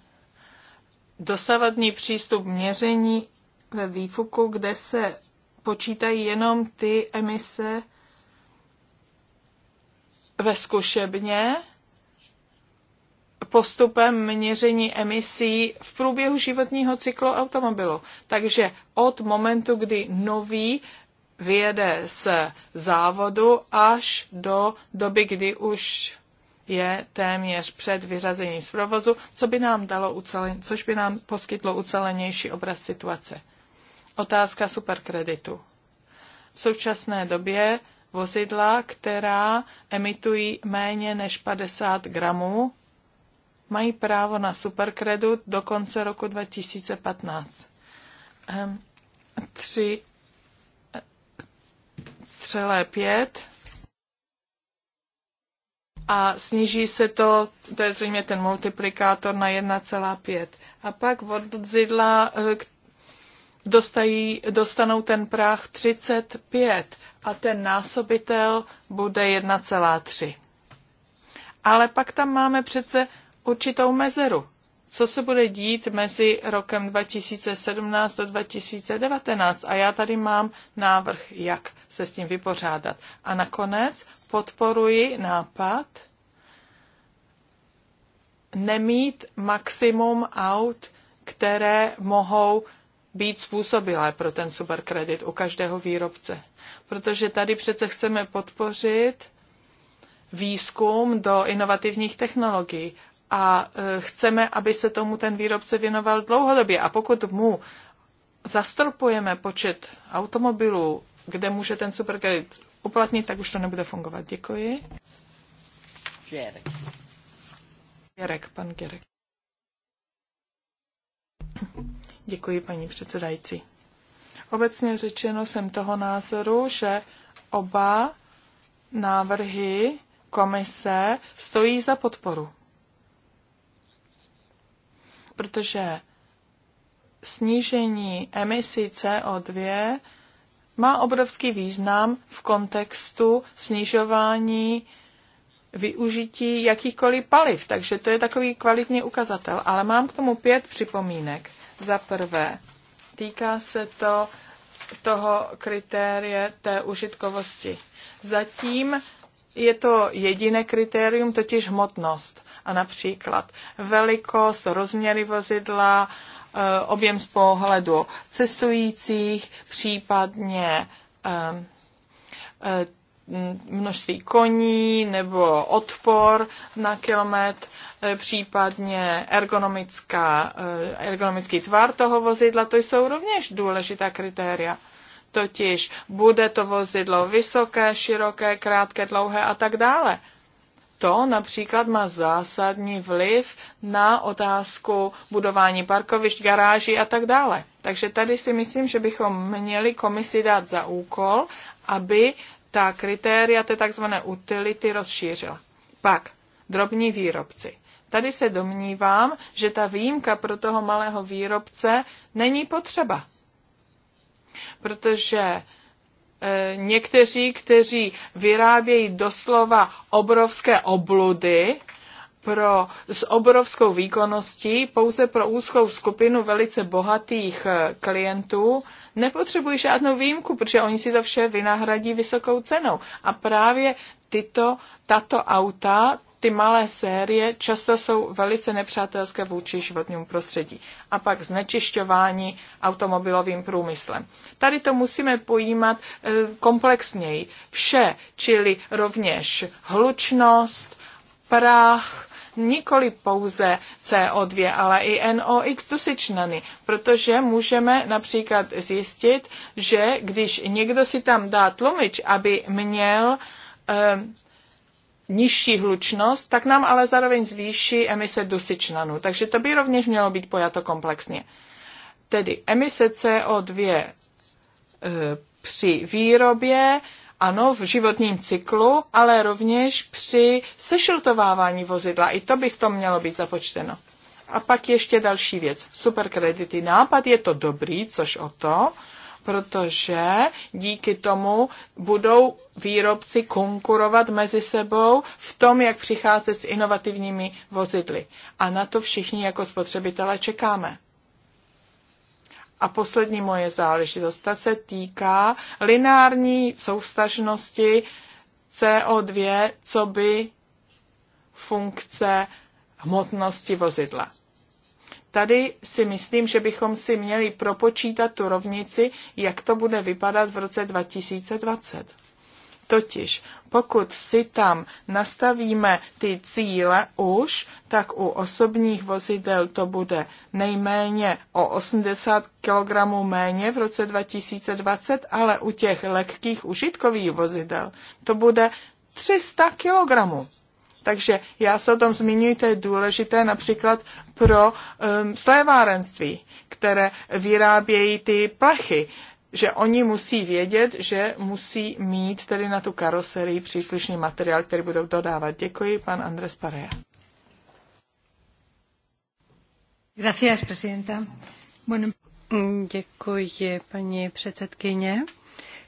dosavadní přístup měření ve výfuku, kde se počítají jenom ty emise ve zkušebně, postupem měření emisí v průběhu životního cyklu automobilu. Takže od momentu, kdy nový vyjede z závodu až do doby, kdy už je téměř před vyřazením z provozu, co by nám dalo ucelen, což by nám poskytlo ucelenější obraz situace. Otázka superkreditu. V současné době vozidla, která emitují méně než 50 gramů, mají právo na superkredit do konce roku 2015. Ehm, tři střelé 5 a sníží se to, to je zřejmě ten multiplikátor na 1,5. A pak zidla eh, dostají, dostanou ten práh 35 a ten násobitel bude 1,3. Ale pak tam máme přece určitou mezeru co se bude dít mezi rokem 2017 a 2019. A já tady mám návrh, jak se s tím vypořádat. A nakonec podporuji nápad nemít maximum aut, které mohou být způsobilé pro ten superkredit u každého výrobce. Protože tady přece chceme podpořit výzkum do inovativních technologií a e, chceme, aby se tomu ten výrobce věnoval dlouhodobě. A pokud mu zastropujeme počet automobilů, kde může ten superkredit uplatnit, tak už to nebude fungovat. Děkuji. Gerek. Gerek, pan Gerek. Děkuji, paní předsedající. Obecně řečeno jsem toho názoru, že oba návrhy komise stojí za podporu protože snížení emisí CO2 má obrovský význam v kontextu snižování využití jakýchkoliv paliv, takže to je takový kvalitní ukazatel. Ale mám k tomu pět připomínek. Za prvé, týká se to toho kritérie té užitkovosti. Zatím je to jediné kritérium, totiž hmotnost a například velikost, rozměry vozidla, eh, objem z pohledu cestujících, případně eh, eh, množství koní nebo odpor na kilometr, případně ergonomická, ergonomický tvar toho vozidla, to jsou rovněž důležitá kritéria. Totiž bude to vozidlo vysoké, široké, krátké, dlouhé a tak dále to například má zásadní vliv na otázku budování parkovišť, garáží a tak dále. Takže tady si myslím, že bychom měli komisi dát za úkol, aby ta kritéria té takzvané utility rozšířila. Pak drobní výrobci. Tady se domnívám, že ta výjimka pro toho malého výrobce není potřeba. Protože E, někteří, kteří vyrábějí doslova obrovské obludy, pro, s obrovskou výkonností pouze pro úzkou skupinu velice bohatých e, klientů nepotřebují žádnou výjimku, protože oni si to vše vynahradí vysokou cenou. A právě tyto, tato auta ty malé série často jsou velice nepřátelské vůči životnímu prostředí. A pak znečišťování automobilovým průmyslem. Tady to musíme pojímat eh, komplexněji. Vše, čili rovněž hlučnost, prach, nikoli pouze CO2, ale i NOx dusičnany, protože můžeme například zjistit, že když někdo si tam dá tlumič, aby měl eh, nižší hlučnost, tak nám ale zároveň zvýší emise dusičnanu, Takže to by rovněž mělo být pojato komplexně. Tedy emise CO2 e, při výrobě, ano, v životním cyklu, ale rovněž při sešiltovávání vozidla. I to by v tom mělo být započteno. A pak ještě další věc. Superkredity. Nápad je to dobrý, což o to, protože díky tomu budou výrobci konkurovat mezi sebou v tom, jak přicházet s inovativními vozidly. A na to všichni jako spotřebitelé čekáme. A poslední moje záležitost, ta se týká lineární soustažnosti CO2, co by funkce hmotnosti vozidla. Tady si myslím, že bychom si měli propočítat tu rovnici, jak to bude vypadat v roce 2020. Totiž pokud si tam nastavíme ty cíle už, tak u osobních vozidel to bude nejméně o 80 kg méně v roce 2020, ale u těch lehkých užitkových vozidel to bude 300 kg takže já se o tom zmiňuji, to je důležité například pro um, slévárenství, které vyrábějí ty plachy, že oni musí vědět, že musí mít tedy na tu karoserii příslušný materiál, který budou dodávat. Děkuji, pan Andres Pareja. Gracias, presidenta. Bueno. Děkuji, paní předsedkyně.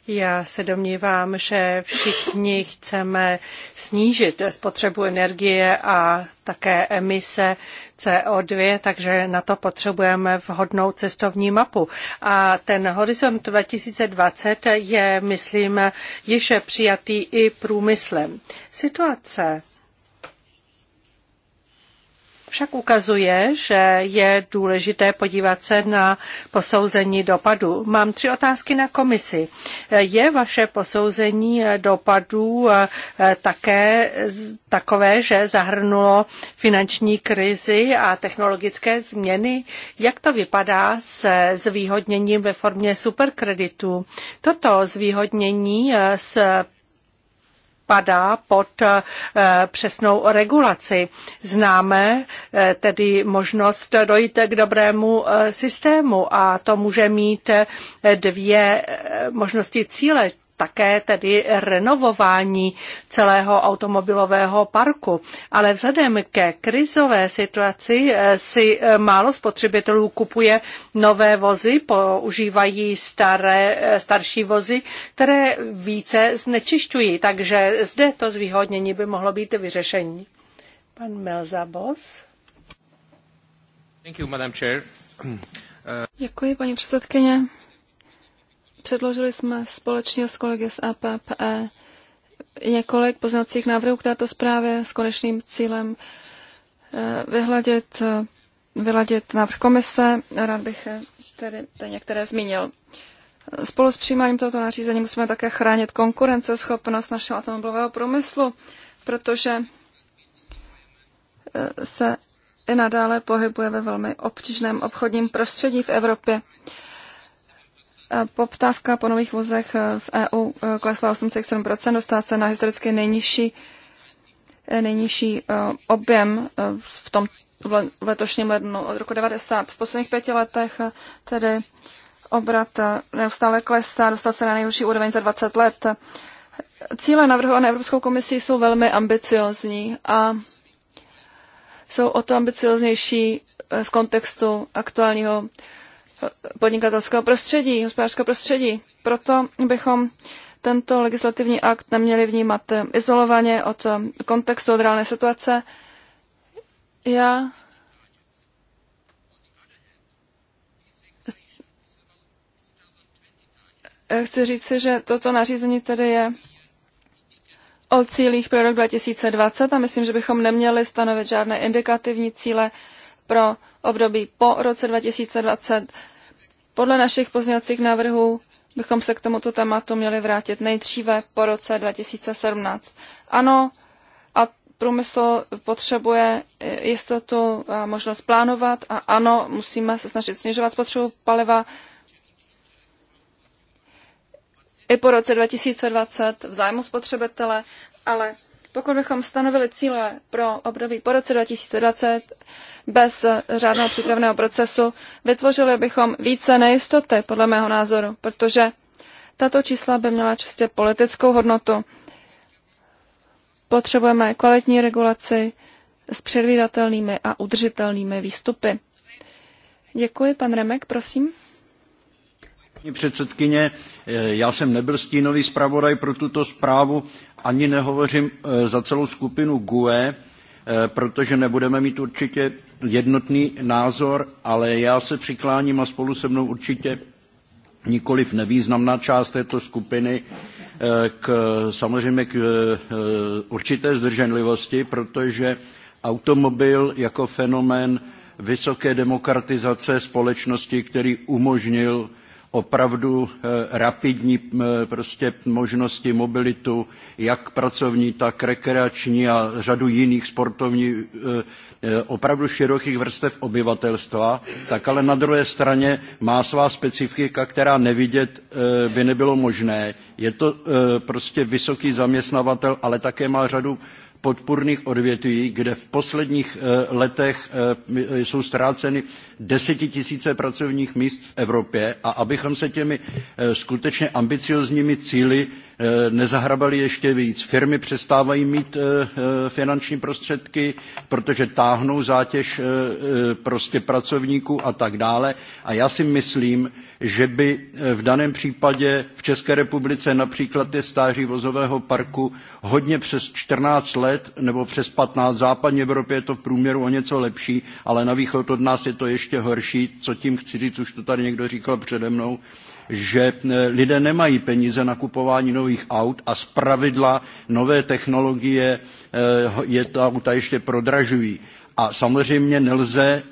Já se domnívám, že všichni chceme snížit spotřebu energie a také emise CO2, takže na to potřebujeme vhodnou cestovní mapu. A ten horizont 2020 je, myslím, již přijatý i průmyslem. Situace však ukazuje, že je důležité podívat se na posouzení dopadu. Mám tři otázky na komisi. Je vaše posouzení dopadů eh, také takové, že zahrnulo finanční krizi a technologické změny? Jak to vypadá s zvýhodněním ve formě superkreditu? Toto zvýhodnění eh, s spadá pod eh, přesnou regulaci. Známe eh, tedy možnost dojít k dobrému eh, systému a to může mít dvě možnosti cíle také tedy renovování celého automobilového parku. Ale vzhledem ke krizové situaci eh, si eh, málo spotřebitelů kupuje nové vozy, používají staré, eh, starší vozy, které více znečišťují. Takže zde to zvýhodnění by mohlo být vyřešení. Pan Melzabos. Thank you, Madam Chair. [CLEARS THROAT] Děkuji, paní předsedkyně. Předložili jsme společně s kolegy z APPE několik poznacích návrhů k této zprávě s konečným cílem eh, vyhladit, eh, vyladit návrh komise. Rád bych eh, tedy některé zmínil. Spolu s přijímáním tohoto nařízení musíme také chránit konkurenceschopnost našeho automobilového průmyslu, protože se i nadále pohybuje ve velmi obtížném obchodním prostředí v Evropě. Poptávka po nových vozech v EU e, klesla 8,7%, dostala se na historicky nejnižší, e, nejnižší e, objem v tom v letošním lednu od roku 90. V posledních pěti letech tedy obrat neustále klesá, dostal se na nejhorší úroveň za 20 let. Cíle navrhované Evropskou komisí jsou velmi ambiciozní a jsou o to ambicioznější v kontextu aktuálního podnikatelského prostředí, hospodářského prostředí. Proto bychom tento legislativní akt neměli vnímat eh, izolovaně od eh, kontextu, od reálné situace. Já chci říct že toto nařízení tedy je o cílích pro rok 2020 a myslím, že bychom neměli stanovit žádné indikativní cíle pro období po roce 2020. Podle našich pozměňovacích návrhů bychom se k tomuto tématu měli vrátit nejdříve po roce 2017. Ano, a průmysl potřebuje jistotu a možnost plánovat a ano, musíme se snažit snižovat spotřebu paliva i po roce 2020 v zájmu spotřebitele, ale pokud bychom stanovili cíle pro období po roce 2020 bez řádného přípravného procesu, vytvořili bychom více nejistoty, podle mého názoru, protože tato čísla by měla čistě politickou hodnotu. Potřebujeme kvalitní regulaci s předvídatelnými a udržitelnými výstupy. Děkuji, pan Remek, prosím paní předsedkyně. Eh, já jsem nebyl stínový zpravodaj pro tuto zprávu, ani nehovořím eh, za celou skupinu GUE, eh, protože nebudeme mít určitě jednotný názor, ale já se přikláním a spolu se mnou určitě nikoliv nevýznamná část této skupiny k, samozřejmě k určité zdrženlivosti, protože automobil jako fenomén vysoké demokratizace společnosti, který umožnil opravdu eh, rapidní prostě možnosti mobilitu, jak pracovní, tak rekreační a řadu jiných sportovních eh, eh, opravdu širokých vrstev obyvatelstva, tak ale na druhé straně má svá specifika, která nevidět by nebylo možné. Je to prostě vysoký zaměstnavatel, ale také má řadu podpůrných odvětví, kde v posledních eh, letech eh, jsou ztráceny desetitisíce pracovních míst v Evropě a abychom se těmi eh, skutečně ambiciozními cíli Eh, nezahrabali ještě víc. Firmy přestávají mít eh, eh, finanční prostředky, protože táhnou zátěž prostě pracovníků a tak dále. A já si myslím, že by v daném případě v České republice například je stáří vozového parku hodně přes 14 let nebo přes 15. V západní Evropě je to v průměru o něco lepší, ale na východ od nás je to ještě horší, co tím chci říct, už to tady někdo říkal přede mnou že eh, lidé nemají peníze na kupování nových aut a zpravidla nové technologie eh, je ta auta ještě prodražují. A samozřejmě nelze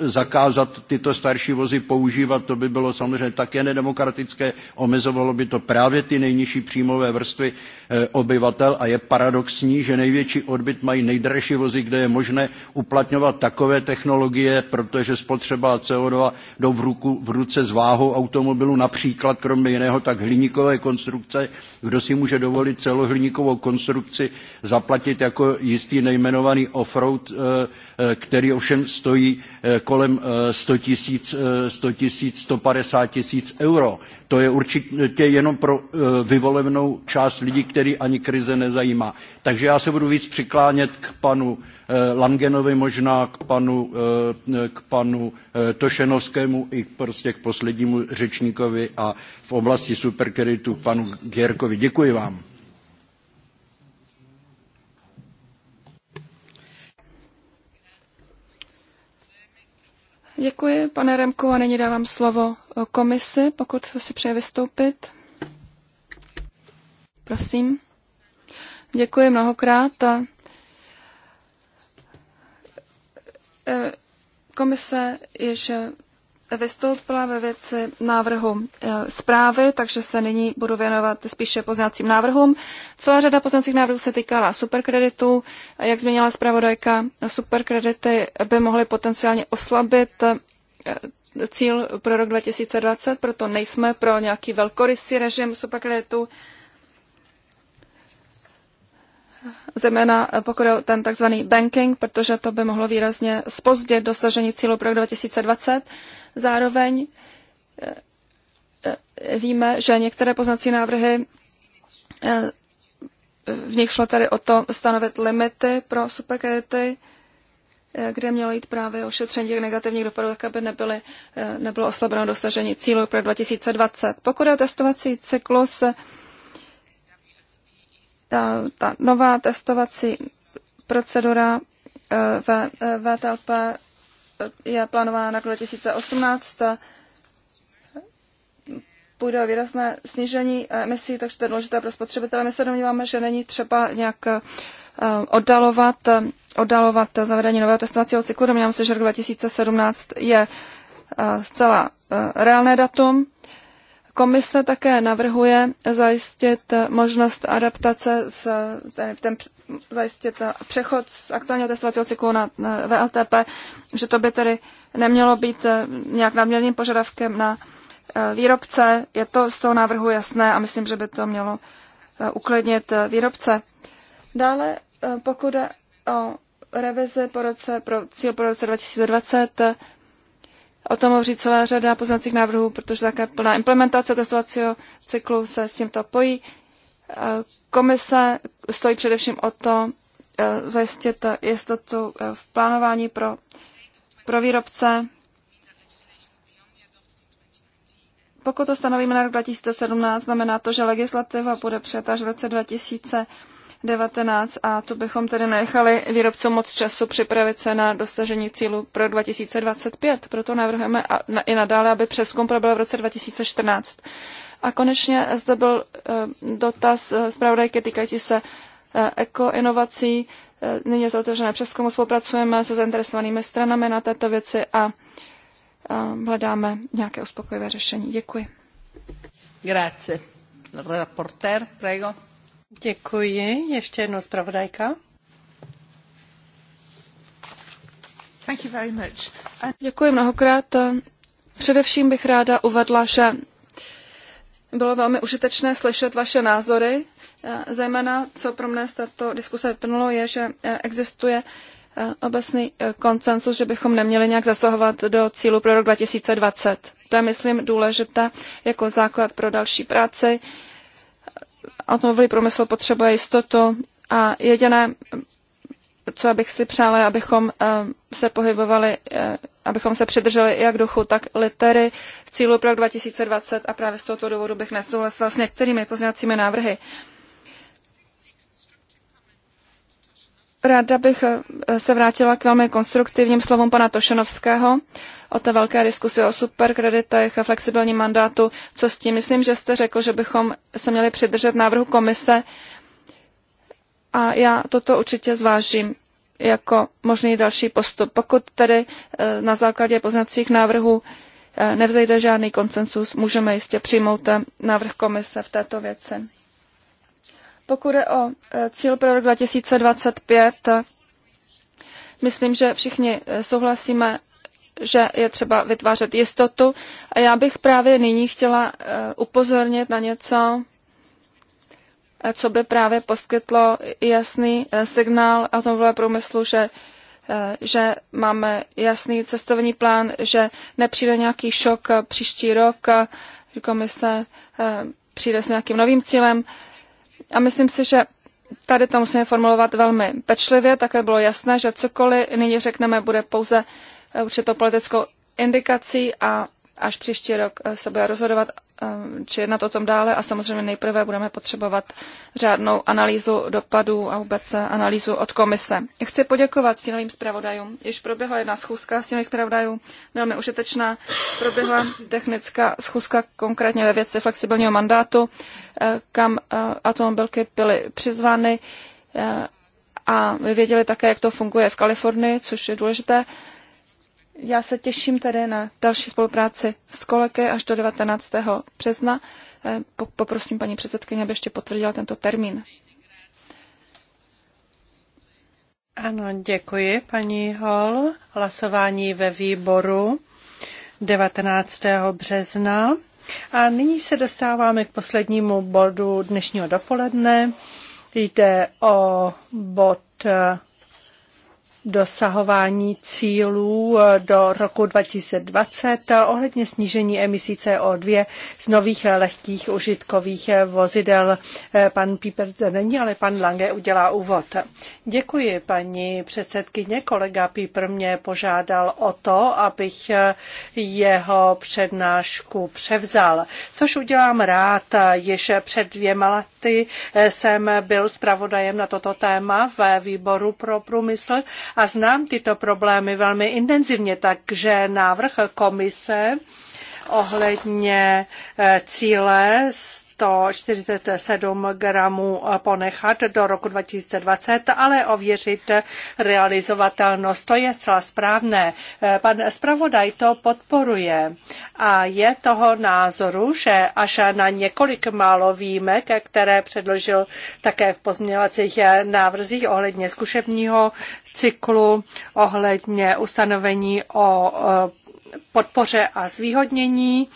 zakázat tyto starší vozy používat, to by bylo samozřejmě také nedemokratické, omezovalo by to právě ty nejnižší příjmové vrstvy eh, obyvatel a je paradoxní, že největší odbyt mají nejdražší vozy, kde je možné uplatňovat takové technologie, protože spotřeba CO2 jdou v, ruku, v ruce s váhou automobilu, například kromě jiného tak hliníkové konstrukce, kdo si může dovolit hliníkovou konstrukci zaplatit jako jistý nejmenovaný offroad, eh, eh, který ovšem stojí Eh, kolem 100 eh, tisíc, 100 eh, tisíc, 150 tisíc euro. To je určitě jenom pro vyvolenou část lidí, který ani krize nezajímá. Takže já se budu víc přiklánět k panu Langenovi možná, k panu, k panu Tošenovskému i prostě k poslednímu řečníkovi a v oblasti superkreditu panu Gierkovi. Děkuji vám. Děkuji, pane Remku, a nyní dávám slovo eh, komisi, pokud si přeje vystoupit. Prosím. Děkuji mnohokrát. Eh, komise již vystoupila ve věci návrhu e, zprávy, takže se nyní budu věnovat spíše poznacím návrhům. Celá řada poznacích návrhů se týkala superkreditů. Jak změnila zpravodajka, superkredity by mohly potenciálně oslabit e, cíl pro rok 2020, proto nejsme pro nějaký velkorysý režim superkreditů. zejména e, pokud je ten tzv. banking, protože to by mohlo výrazně spozdit dosažení cílu pro 2020. Zároveň eh, eh, víme, že některé poznací návrhy eh, v nich šlo tady o to stanovit limity pro superkredity, kde mělo jít právě o šetření těch negativních dopadů, tak aby nebyly, nebylo oslabeno dosažení cílů pro 2020. Pokud je o testovací cyklus, ta, ta nová testovací procedura ve VTLP je plánována na 2018. Půjde o výrazné snížení emisí, takže to je důležité pro spotřebitele. My se domníváme, že není třeba nějak eh, oddalovat, eh, oddalovat zavedení nového testovacího cyklu. Domnívám se, že rok 2017 je eh, zcela reálné datum. Komise také navrhuje zajistit možnost adaptace z ten, ten zajistit eh, přechod z aktuálního testovacího cyklu na VLTP, že to by tedy nemělo být eh, nějak nadměrným požadavkem na eh, výrobce. Je to z toho návrhu jasné a myslím, že by to mělo uklidnit výrobce. Dále, pokud jde o revizi po roce, pro cíl po roce 2020, O tom hovoří celá řada poznacích návrhů, protože také plná implementace testovacího cyklu se s tímto pojí. Komise stojí především o to eh, zajistit jistotu eh, v plánování pro, pro výrobce. Pokud to stanovíme na rok 2017, znamená to, že legislativa bude přijata až v roce 2019 a tu bychom tedy nechali výrobcům moc času připravit se na dosažení cílu pro 2025. Proto navrhujeme i nadále, aby přeskum proběhl v roce 2014. A konečně zde byl eh, dotaz eh, zpravodajky týkající se eh, ekoinovací. Nyní je to otevřené přeskumu, spolupracujeme se zainteresovanými stranami na této věci a hledáme nějaké uspokojivé řešení. Děkuji. Grazie. Reporter, prego. Děkuji. Ještě jednou zpravodajka. Thank you very much. Děkuji mnohokrát. Především bych ráda uvedla, že bylo velmi užitečné slyšet vaše názory. Eh, zejména, co pro mě z této diskuse vyplnulo, je, že eh, existuje eh, obecný koncensus, že bychom neměli nějak zasahovat do cílu pro rok 2020. To je, myslím, důležité jako základ pro další práci. Automobilový průmysl potřebuje jistotu a jediné co abych si přála, abychom eh, se pohybovali, eh, abychom se přidrželi jak duchu, tak litery cílu pro 2020 a právě z tohoto důvodu bych nesouhlasila s některými pozměňovacími návrhy. Ráda bych eh, se vrátila k velmi konstruktivním slovům pana Tošenovského o té velké diskusi o superkreditech a flexibilním mandátu. Co s tím? Myslím, že jste řekl, že bychom se měli přidržet návrhu komise, a já toto určitě zvážím jako možný další postup. Pokud tedy e, na základě poznacích návrhů e, nevzejde žádný konsensus, můžeme jistě přijmout e, návrh komise v této věci. Pokud je o cíl pro rok 2025, myslím, že všichni souhlasíme, že je třeba vytvářet jistotu. A já bych právě nyní chtěla upozornit na něco, Eh, co by právě poskytlo jasný eh, signál automobilového průmyslu, že eh, že máme jasný cestovní plán, že nepřijde nějaký šok příští rok, že komise přijde s nějakým novým cílem. A myslím si, že tady to musíme formulovat velmi pečlivě, také bylo jasné, že cokoliv nyní řekneme, bude pouze určitou politickou indikací a až příští rok eh, se bude rozhodovat eh, či jednat o tom dále a samozřejmě nejprve budeme potřebovat řádnou analýzu dopadů a vůbec eh, analýzu od komise. Chci poděkovat stínovým zpravodajům. Již proběhla jedna schůzka stínových zpravodajů, velmi užitečná. Proběhla technická schůzka konkrétně ve věci flexibilního mandátu, kam automobilky byly přizvány a věděli také, jak to funguje v Kalifornii, což je důležité. Já se těším tedy na další spolupráci s koleky až do 19. března. Eh, poprosím paní předsedkyně, aby ještě potvrdila tento termín. Ano, děkuji, paní Hol. Hlasování ve výboru 19. března. A nyní se dostáváme k poslednímu bodu dnešního dopoledne. Jde o bod eh, dosahování cílů eh, do roku 2020 eh, ohledně snížení emisí CO2 z nových eh, lehkých užitkových vozidel. Pan Píper není, ale pan Lange udělá úvod. Děkuji, paní předsedkyně. Kolega Píper mě požádal o to, abych jeho přednášku převzal, což udělám rád již před dvěma lety lety eh, jsem byl zpravodajem na toto téma ve výboru pro průmysl a znám tyto problémy velmi intenzivně, takže návrh komise ohledně eh, cíle 147 gramů ponechat do roku 2020, ale ověřit realizovatelnost. To je celá správné. Pan zpravodaj to podporuje a je toho názoru, že až na několik málo výjimek, které předložil také v pozměňovacích návrzích ohledně zkušebního cyklu, ohledně ustanovení o podpoře a zvýhodnění.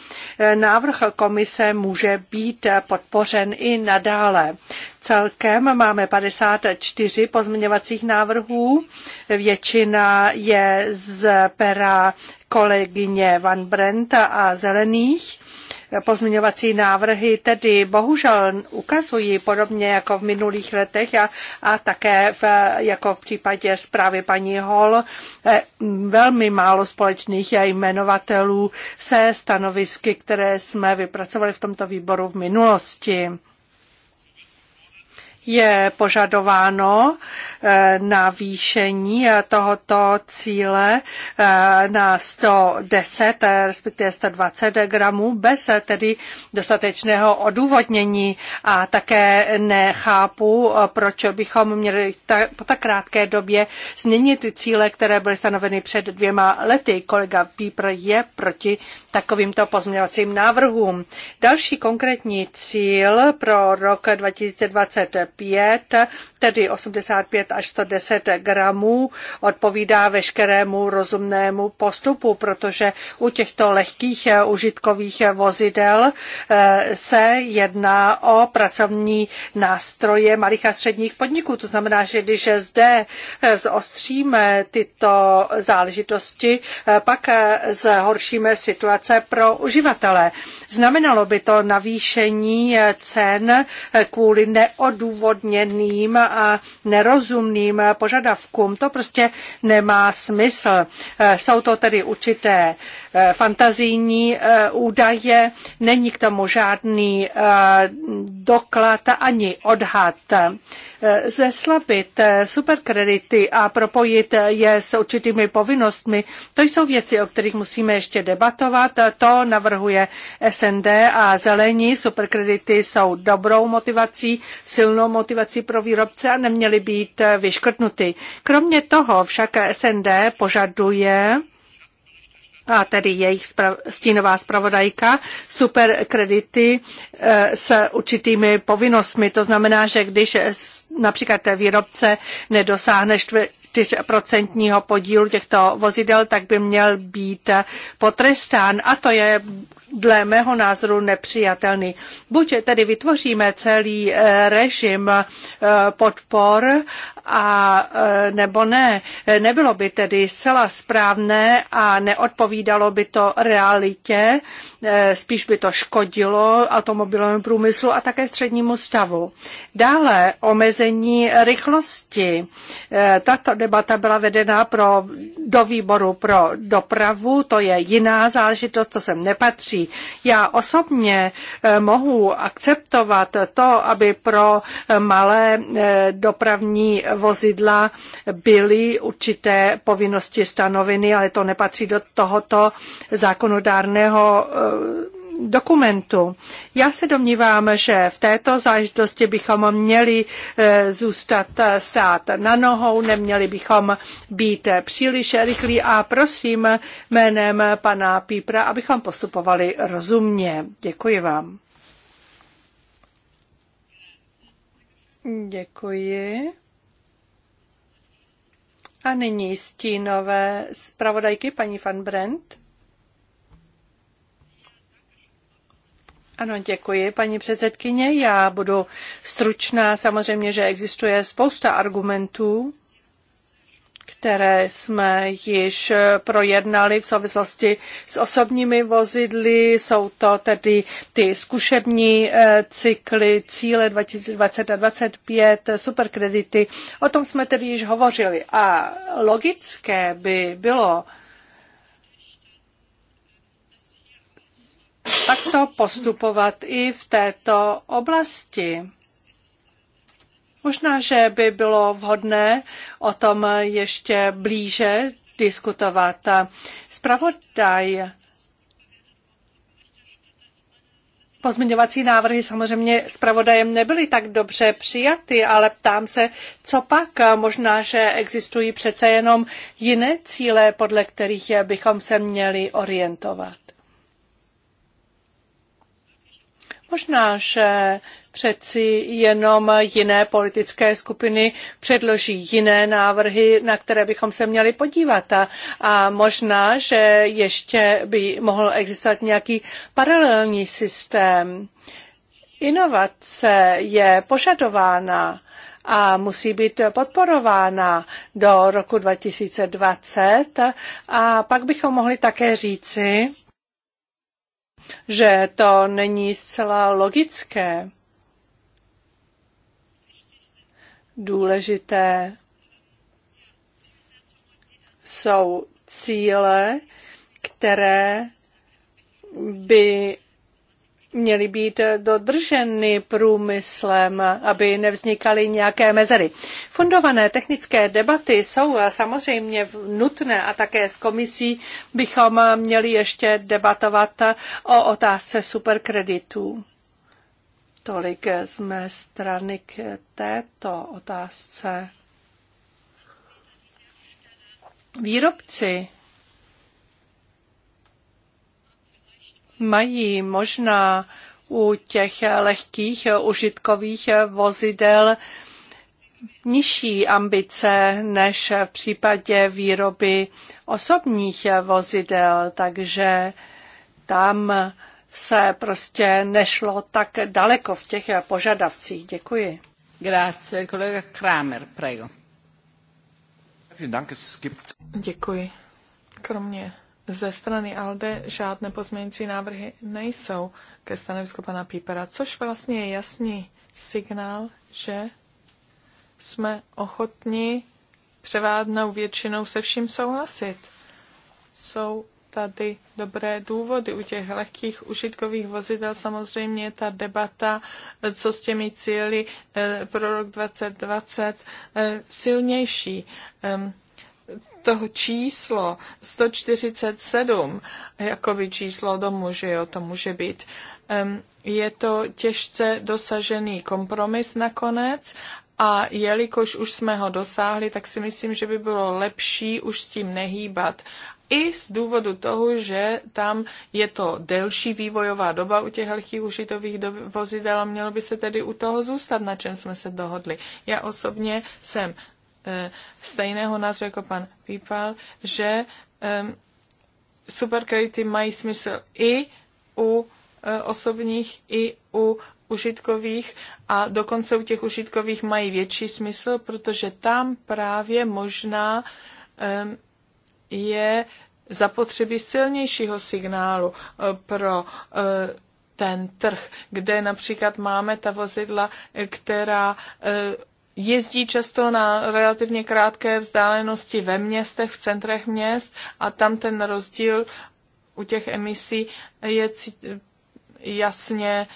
Návrh komise může být podpořen i nadále. Celkem máme 54 pozměňovacích návrhů. Většina je z pera kolegyně Van Brenta a Zelených pozměňovací návrhy tedy bohužel ukazují podobně jako v minulých letech a, a také v, jako v případě zprávy paní Hol eh, velmi málo společných jmenovatelů se stanovisky, které jsme vypracovali v tomto výboru v minulosti je požadováno eh, navýšení eh, tohoto cíle eh, na 110, respektive 120 gramů, bez tedy dostatečného odůvodnění a také nechápu, proč bychom měli po tak krátké době změnit cíle, které byly stanoveny před dvěma lety. Kolega Pípr je proti takovýmto pozměňovacím návrhům. Další konkrétní cíl pro rok 2020 105, tedy 85 až 110 gramů, odpovídá veškerému rozumnému postupu, protože u těchto lehkých eh, užitkových vozidel eh, se jedná o pracovní nástroje malých a středních podniků. To znamená, že když zde eh, zostříme tyto záležitosti, pak zhoršíme situace pro uživatele. Znamenalo by to navýšení cen kvůli neodůvodněným neodůvodněným a nerozumným požadavkům. To prostě nemá smysl. Eh, jsou to tedy určité eh, fantazijní eh, údaje, není k tomu žádný doklad ani odhad. Eh, zeslabit eh, superkredity a propojit eh, je s určitými povinnostmi, to jsou věci, o kterých musíme ještě debatovat. To navrhuje SND a zelení. Superkredity jsou dobrou motivací, silnou motivací pro výrobce a neměly být vyškrtnuty. Kromě toho však SND požaduje a tedy jejich stínová zpravodajka, superkredity eh, s určitými povinnostmi. To znamená, že když například té výrobce nedosáhne 4% podílu těchto vozidel, tak by měl být potrestán a to je dle mého názoru nepřijatelný. Buď tedy vytvoříme celý eh, režim eh, podpor a eh, nebo ne. Nebylo by tedy zcela správné a neodpovídalo by to realitě, spíš by to škodilo automobilovému průmyslu a také střednímu stavu. Dále omezení rychlosti. Tato debata byla vedena pro, do výboru pro dopravu, to je jiná záležitost, to sem nepatří. Já osobně eh, mohu akceptovat to, aby pro eh, malé eh, dopravní vozidla byly určité povinnosti stanoveny, ale to nepatří do tohoto zákonodárného dokumentu. Já se domnívám, že v této záležitosti bychom měli eh, zůstat eh, stát na nohou, neměli bychom být eh, příliš rychlí a prosím jménem pana Pípra, abychom postupovali rozumně. Děkuji vám. Děkuji. A nyní stínové zpravodajky paní van Brent. Ano, děkuji, paní předsedkyně. Já budu stručná. Samozřejmě, že existuje spousta argumentů, které jsme již projednali v souvislosti s osobními vozidly. Jsou to tedy ty zkušební eh, cykly cíle 2020 a 2025, eh, superkredity. O tom jsme tedy již hovořili. A logické by bylo, takto postupovat i v této oblasti. Možná, že by bylo vhodné o tom ještě blíže diskutovat. Spravodaj Pozměňovací návrhy samozřejmě s pravodajem nebyly tak dobře přijaty, ale ptám se, co pak? Možná, že existují přece jenom jiné cíle, podle kterých bychom se měli orientovat. Možná, že přeci jenom jiné politické skupiny předloží jiné návrhy, na které bychom se měli podívat. A, a možná, že ještě by mohl existovat nějaký paralelní systém. Inovace je požadována a musí být podporována do roku 2020. A pak bychom mohli také říci, že to není zcela logické. Důležité jsou cíle, které by měly být dodrženy průmyslem, aby nevznikaly nějaké mezery. Fundované technické debaty jsou samozřejmě nutné a také s komisí bychom měli ještě debatovat o otázce superkreditů. Tolik z mé strany k této otázce. Výrobci mají možná u těch lehkých užitkových vozidel nižší ambice než v případě výroby osobních vozidel, takže tam se prostě nešlo tak daleko v těch požadavcích. Děkuji. Grazie, kolega Kramer, prego. Děkuji. Kromě ze strany ALDE žádné pozměňující návrhy nejsou ke stanovisku pana Pípera, což vlastně je jasný signál, že jsme ochotni převádnou většinou se vším souhlasit. Jsou tady dobré důvody. U těch lehkých užitkových vozidel samozřejmě ta debata, co s těmi cíly eh, pro rok 2020, eh, silnější. Ehm, toho číslo 147, jako by číslo domu, že jo, to může být, je to těžce dosažený kompromis nakonec a jelikož už jsme ho dosáhli, tak si myslím, že by bylo lepší už s tím nehýbat. I z důvodu toho, že tam je to delší vývojová doba u těch lehkých užitových vozidel a mělo by se tedy u toho zůstat, na čem jsme se dohodli. Já osobně jsem Eh, stejného názoru jako pan Pípal, že superkredity mají smysl i u eh, osobních, i u užitkových a dokonce u těch užitkových mají větší smysl, protože tam právě možná je zapotřebí silnějšího signálu eh, pro ten trh, kde například máme ta vozidla, která jezdí často na relativně krátké vzdálenosti ve městech, v centrech měst a tam ten rozdíl u těch emisí je jasně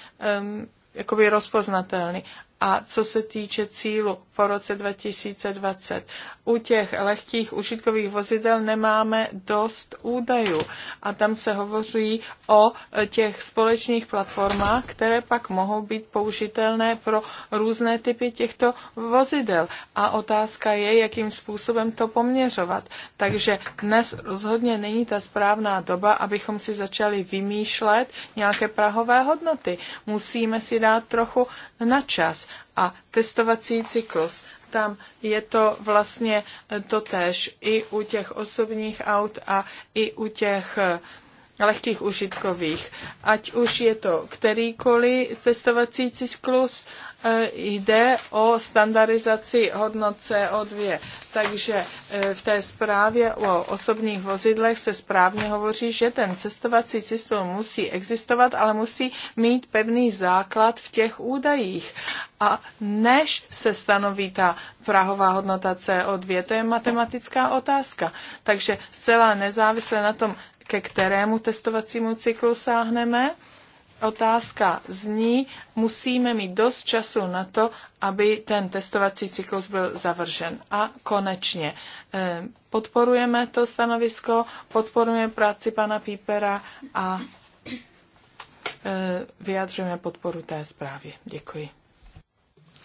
um, jakoby rozpoznatelný. A co se týče cílu po roce 2020, u těch lehkých užitkových vozidel nemáme dost údajů a tam se hovoří o těch společných platformách, které pak mohou být použitelné pro různé typy těchto vozidel. A otázka je, jakým způsobem to poměřovat. Takže dnes rozhodně není ta správná doba, abychom si začali vymýšlet nějaké prahové hodnoty. Musíme si dát trochu na čas a testovací cyklus. Tam je to vlastně totéž i u těch osobních aut a i u těch eh, lehkých užitkových. Ať už je to kterýkoliv testovací cyklus, E, jde o standardizaci hodnot CO2. Takže e, v té zprávě o osobních vozidlech se správně hovoří, že ten cestovací systém musí existovat, ale musí mít pevný základ v těch údajích. A než se stanoví ta prahová hodnota CO2, to je matematická otázka. Takže zcela nezávisle na tom, ke kterému testovacímu cyklu sáhneme, Otázka zní, musíme mít dost času na to, aby ten testovací cyklus byl zavržen. A konečně eh, podporujeme to stanovisko, podporujeme práci pana Pípera a eh, vyjadřujeme podporu té zprávě. Děkuji.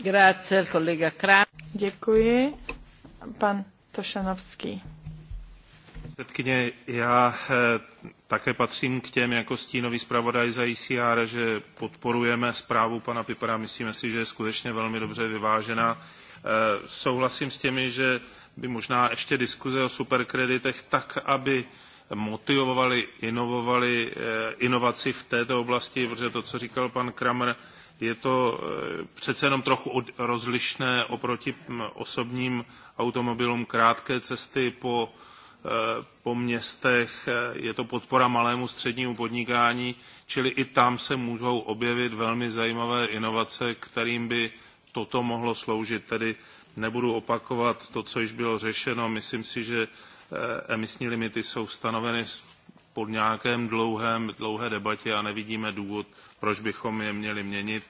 Grazie, kolega Krám. Děkuji. Pan Tošanovský předsedkyně, já eh, také patřím k těm jako stínový zpravodaj za ICR, že podporujeme zprávu pana Pipera. Myslíme si, že je skutečně velmi dobře vyvážená. Eh, souhlasím s těmi, že by možná ještě diskuze o superkreditech tak, aby motivovali, inovovali eh, inovaci v této oblasti, protože to, co říkal pan Kramer, je to přece jenom trochu rozlišné oproti hm, osobním automobilům krátké cesty po Eh, po městech, eh, je to podpora malému střednímu podnikání, čili i tam se můžou objevit velmi zajímavé inovace, kterým by toto mohlo sloužit. Tedy nebudu opakovat to, co již bylo řešeno. Myslím si, že eh, emisní limity jsou stanoveny pod nějakém dlouhém, dlouhé debatě a nevidíme důvod, proč bychom je měli měnit.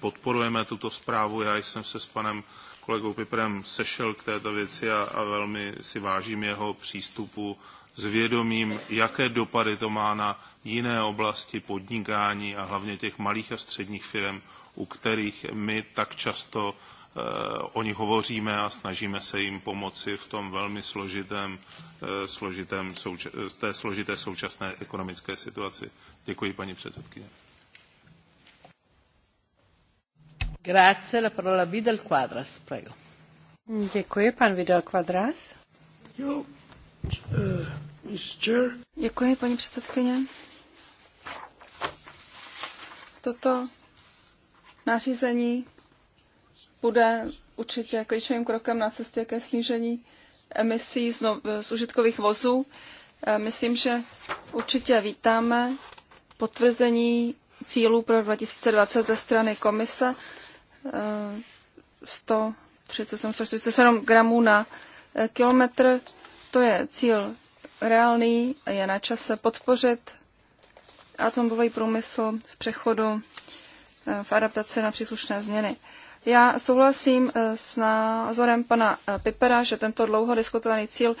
Podporujeme tuto zprávu. Já jsem se s panem kolegou Piperem sešel k této věci a, a velmi si vážím jeho přístupu s vědomím, jaké dopady to má na jiné oblasti podnikání a hlavně těch malých a středních firm, u kterých my tak často eh, o nich hovoříme a snažíme se jim pomoci v tom velmi složitém, eh, složitém souč- eh, té složité současné ekonomické situaci. Děkuji, paní předsedkyně. Grazie, la parola Vidal Quadras, prego. Děkuji, pan Vidal Quadras. Jo, uh, Děkuji, paní předsedkyně. Toto nařízení bude určitě klíčovým krokem na cestě ke snížení emisí z, no, z užitkových vozů. Eh, myslím, že určitě vítáme potvrzení cílů pro 2020 ze strany komise. 137, 147 gramů na eh, kilometr. To je cíl reálný, a je na čase podpořit atomový průmysl v přechodu eh, v adaptaci na příslušné změny. Já souhlasím eh, s názorem pana Pipera, že tento dlouho diskutovaný cíl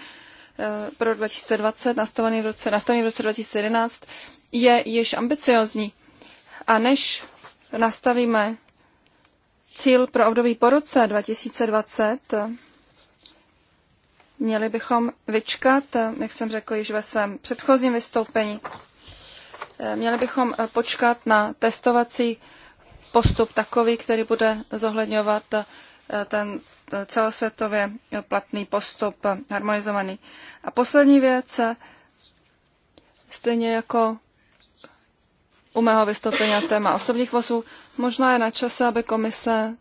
pro 2020, nastavený v roce, nastavený v roce 2011, je již ambiciozní. A než nastavíme cíl pro období po roce 2020, měli bychom vyčkat, jak jsem řekl již ve svém předchozím vystoupení, měli bychom počkat na testovací postup takový, který bude zohledňovat ten celosvětově platný postup harmonizovaný. A poslední věc, stejně jako u mého vystoupení na téma osobních vozů. Možná je na čase, aby komise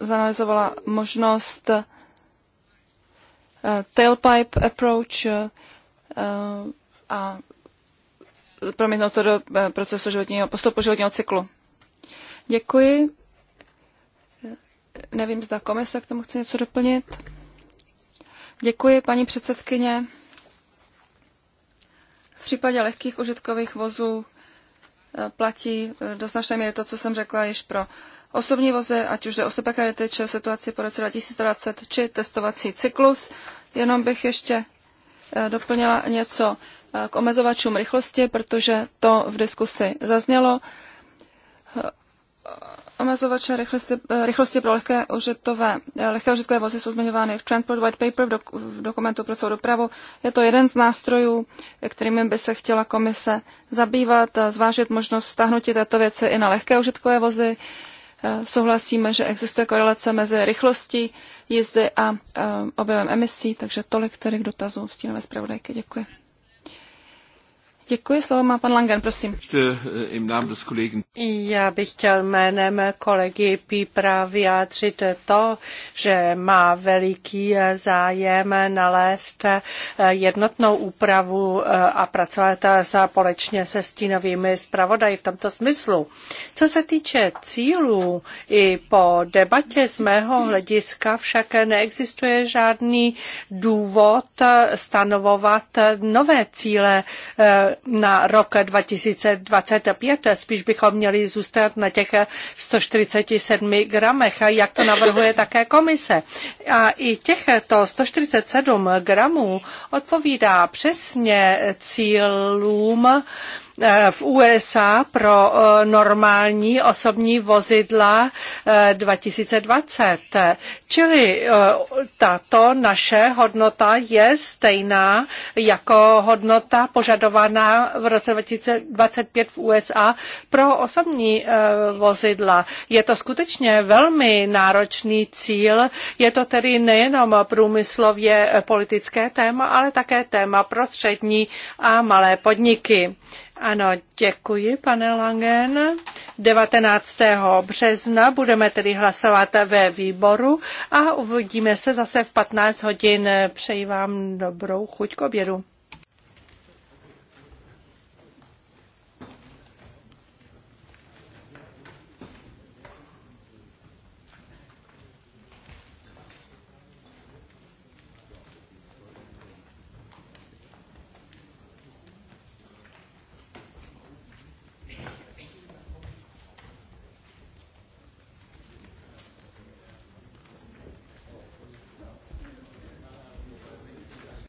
zanalizovala možnost eh, tailpipe approach eh, a promítnout to do eh, procesu životního, postupu životního cyklu. Děkuji. Nevím, zda komise k tomu chce něco doplnit. Děkuji, paní předsedkyně. V případě lehkých užitkových vozů platí eh, do značné míry to, co jsem řekla již pro osobní vozy, ať už je o superkredity, či o situaci po roce 2020, či testovací cyklus. Jenom bych ještě eh, doplnila něco eh, k omezovačům rychlosti, protože to v diskusi zaznělo omezovače rychlosti, eh, rychlosti pro lehké, užitové, eh, lehké užitkové vozy jsou zmiňovány v Transport White Paper, v, dok, v dokumentu pro celou dopravu. Je to jeden z nástrojů, kterými by se chtěla komise zabývat, zvážit možnost stáhnutí této věci i na lehké užitkové vozy. Eh, souhlasíme, že existuje korelace mezi rychlostí jízdy a objemem emisí, takže tolik tedy k dotazu stínové zpravodajky. Děkuji. Děkuji, slovo má pan Langen, prosím. Eh, já bych chtěl jménem kolegy Pípra vyjádřit to, že má veliký eh, zájem nalézt eh, jednotnou úpravu a pracovat společně se stínovými zpravodaji v tomto smyslu. Co se týče cílů, i po debatě z mého hlediska však neexistuje žádný důvod stanovovat nové cíle na rok 2025. Spíš bychom měli zůstat na těch 147 gramech, jak to navrhuje také komise. A i těchto 147 gramů odpovídá přesně cílům Eh, v USA pro eh, normální osobní vozidla 2020. Eh, Čili tato naše hodnota je stejná jako hodnota požadovaná v roce 2025 v USA pro osobní vozidla. Je to skutečně velmi náročný cíl. Je to tedy nejenom průmyslově politické téma, ale také téma pro střední a malé podniky. Ano, děkuji, pane Langen. 19. března budeme tedy hlasovat ve výboru a uvidíme se zase v 15 hodin. Přeji vám dobrou chuť k obědu.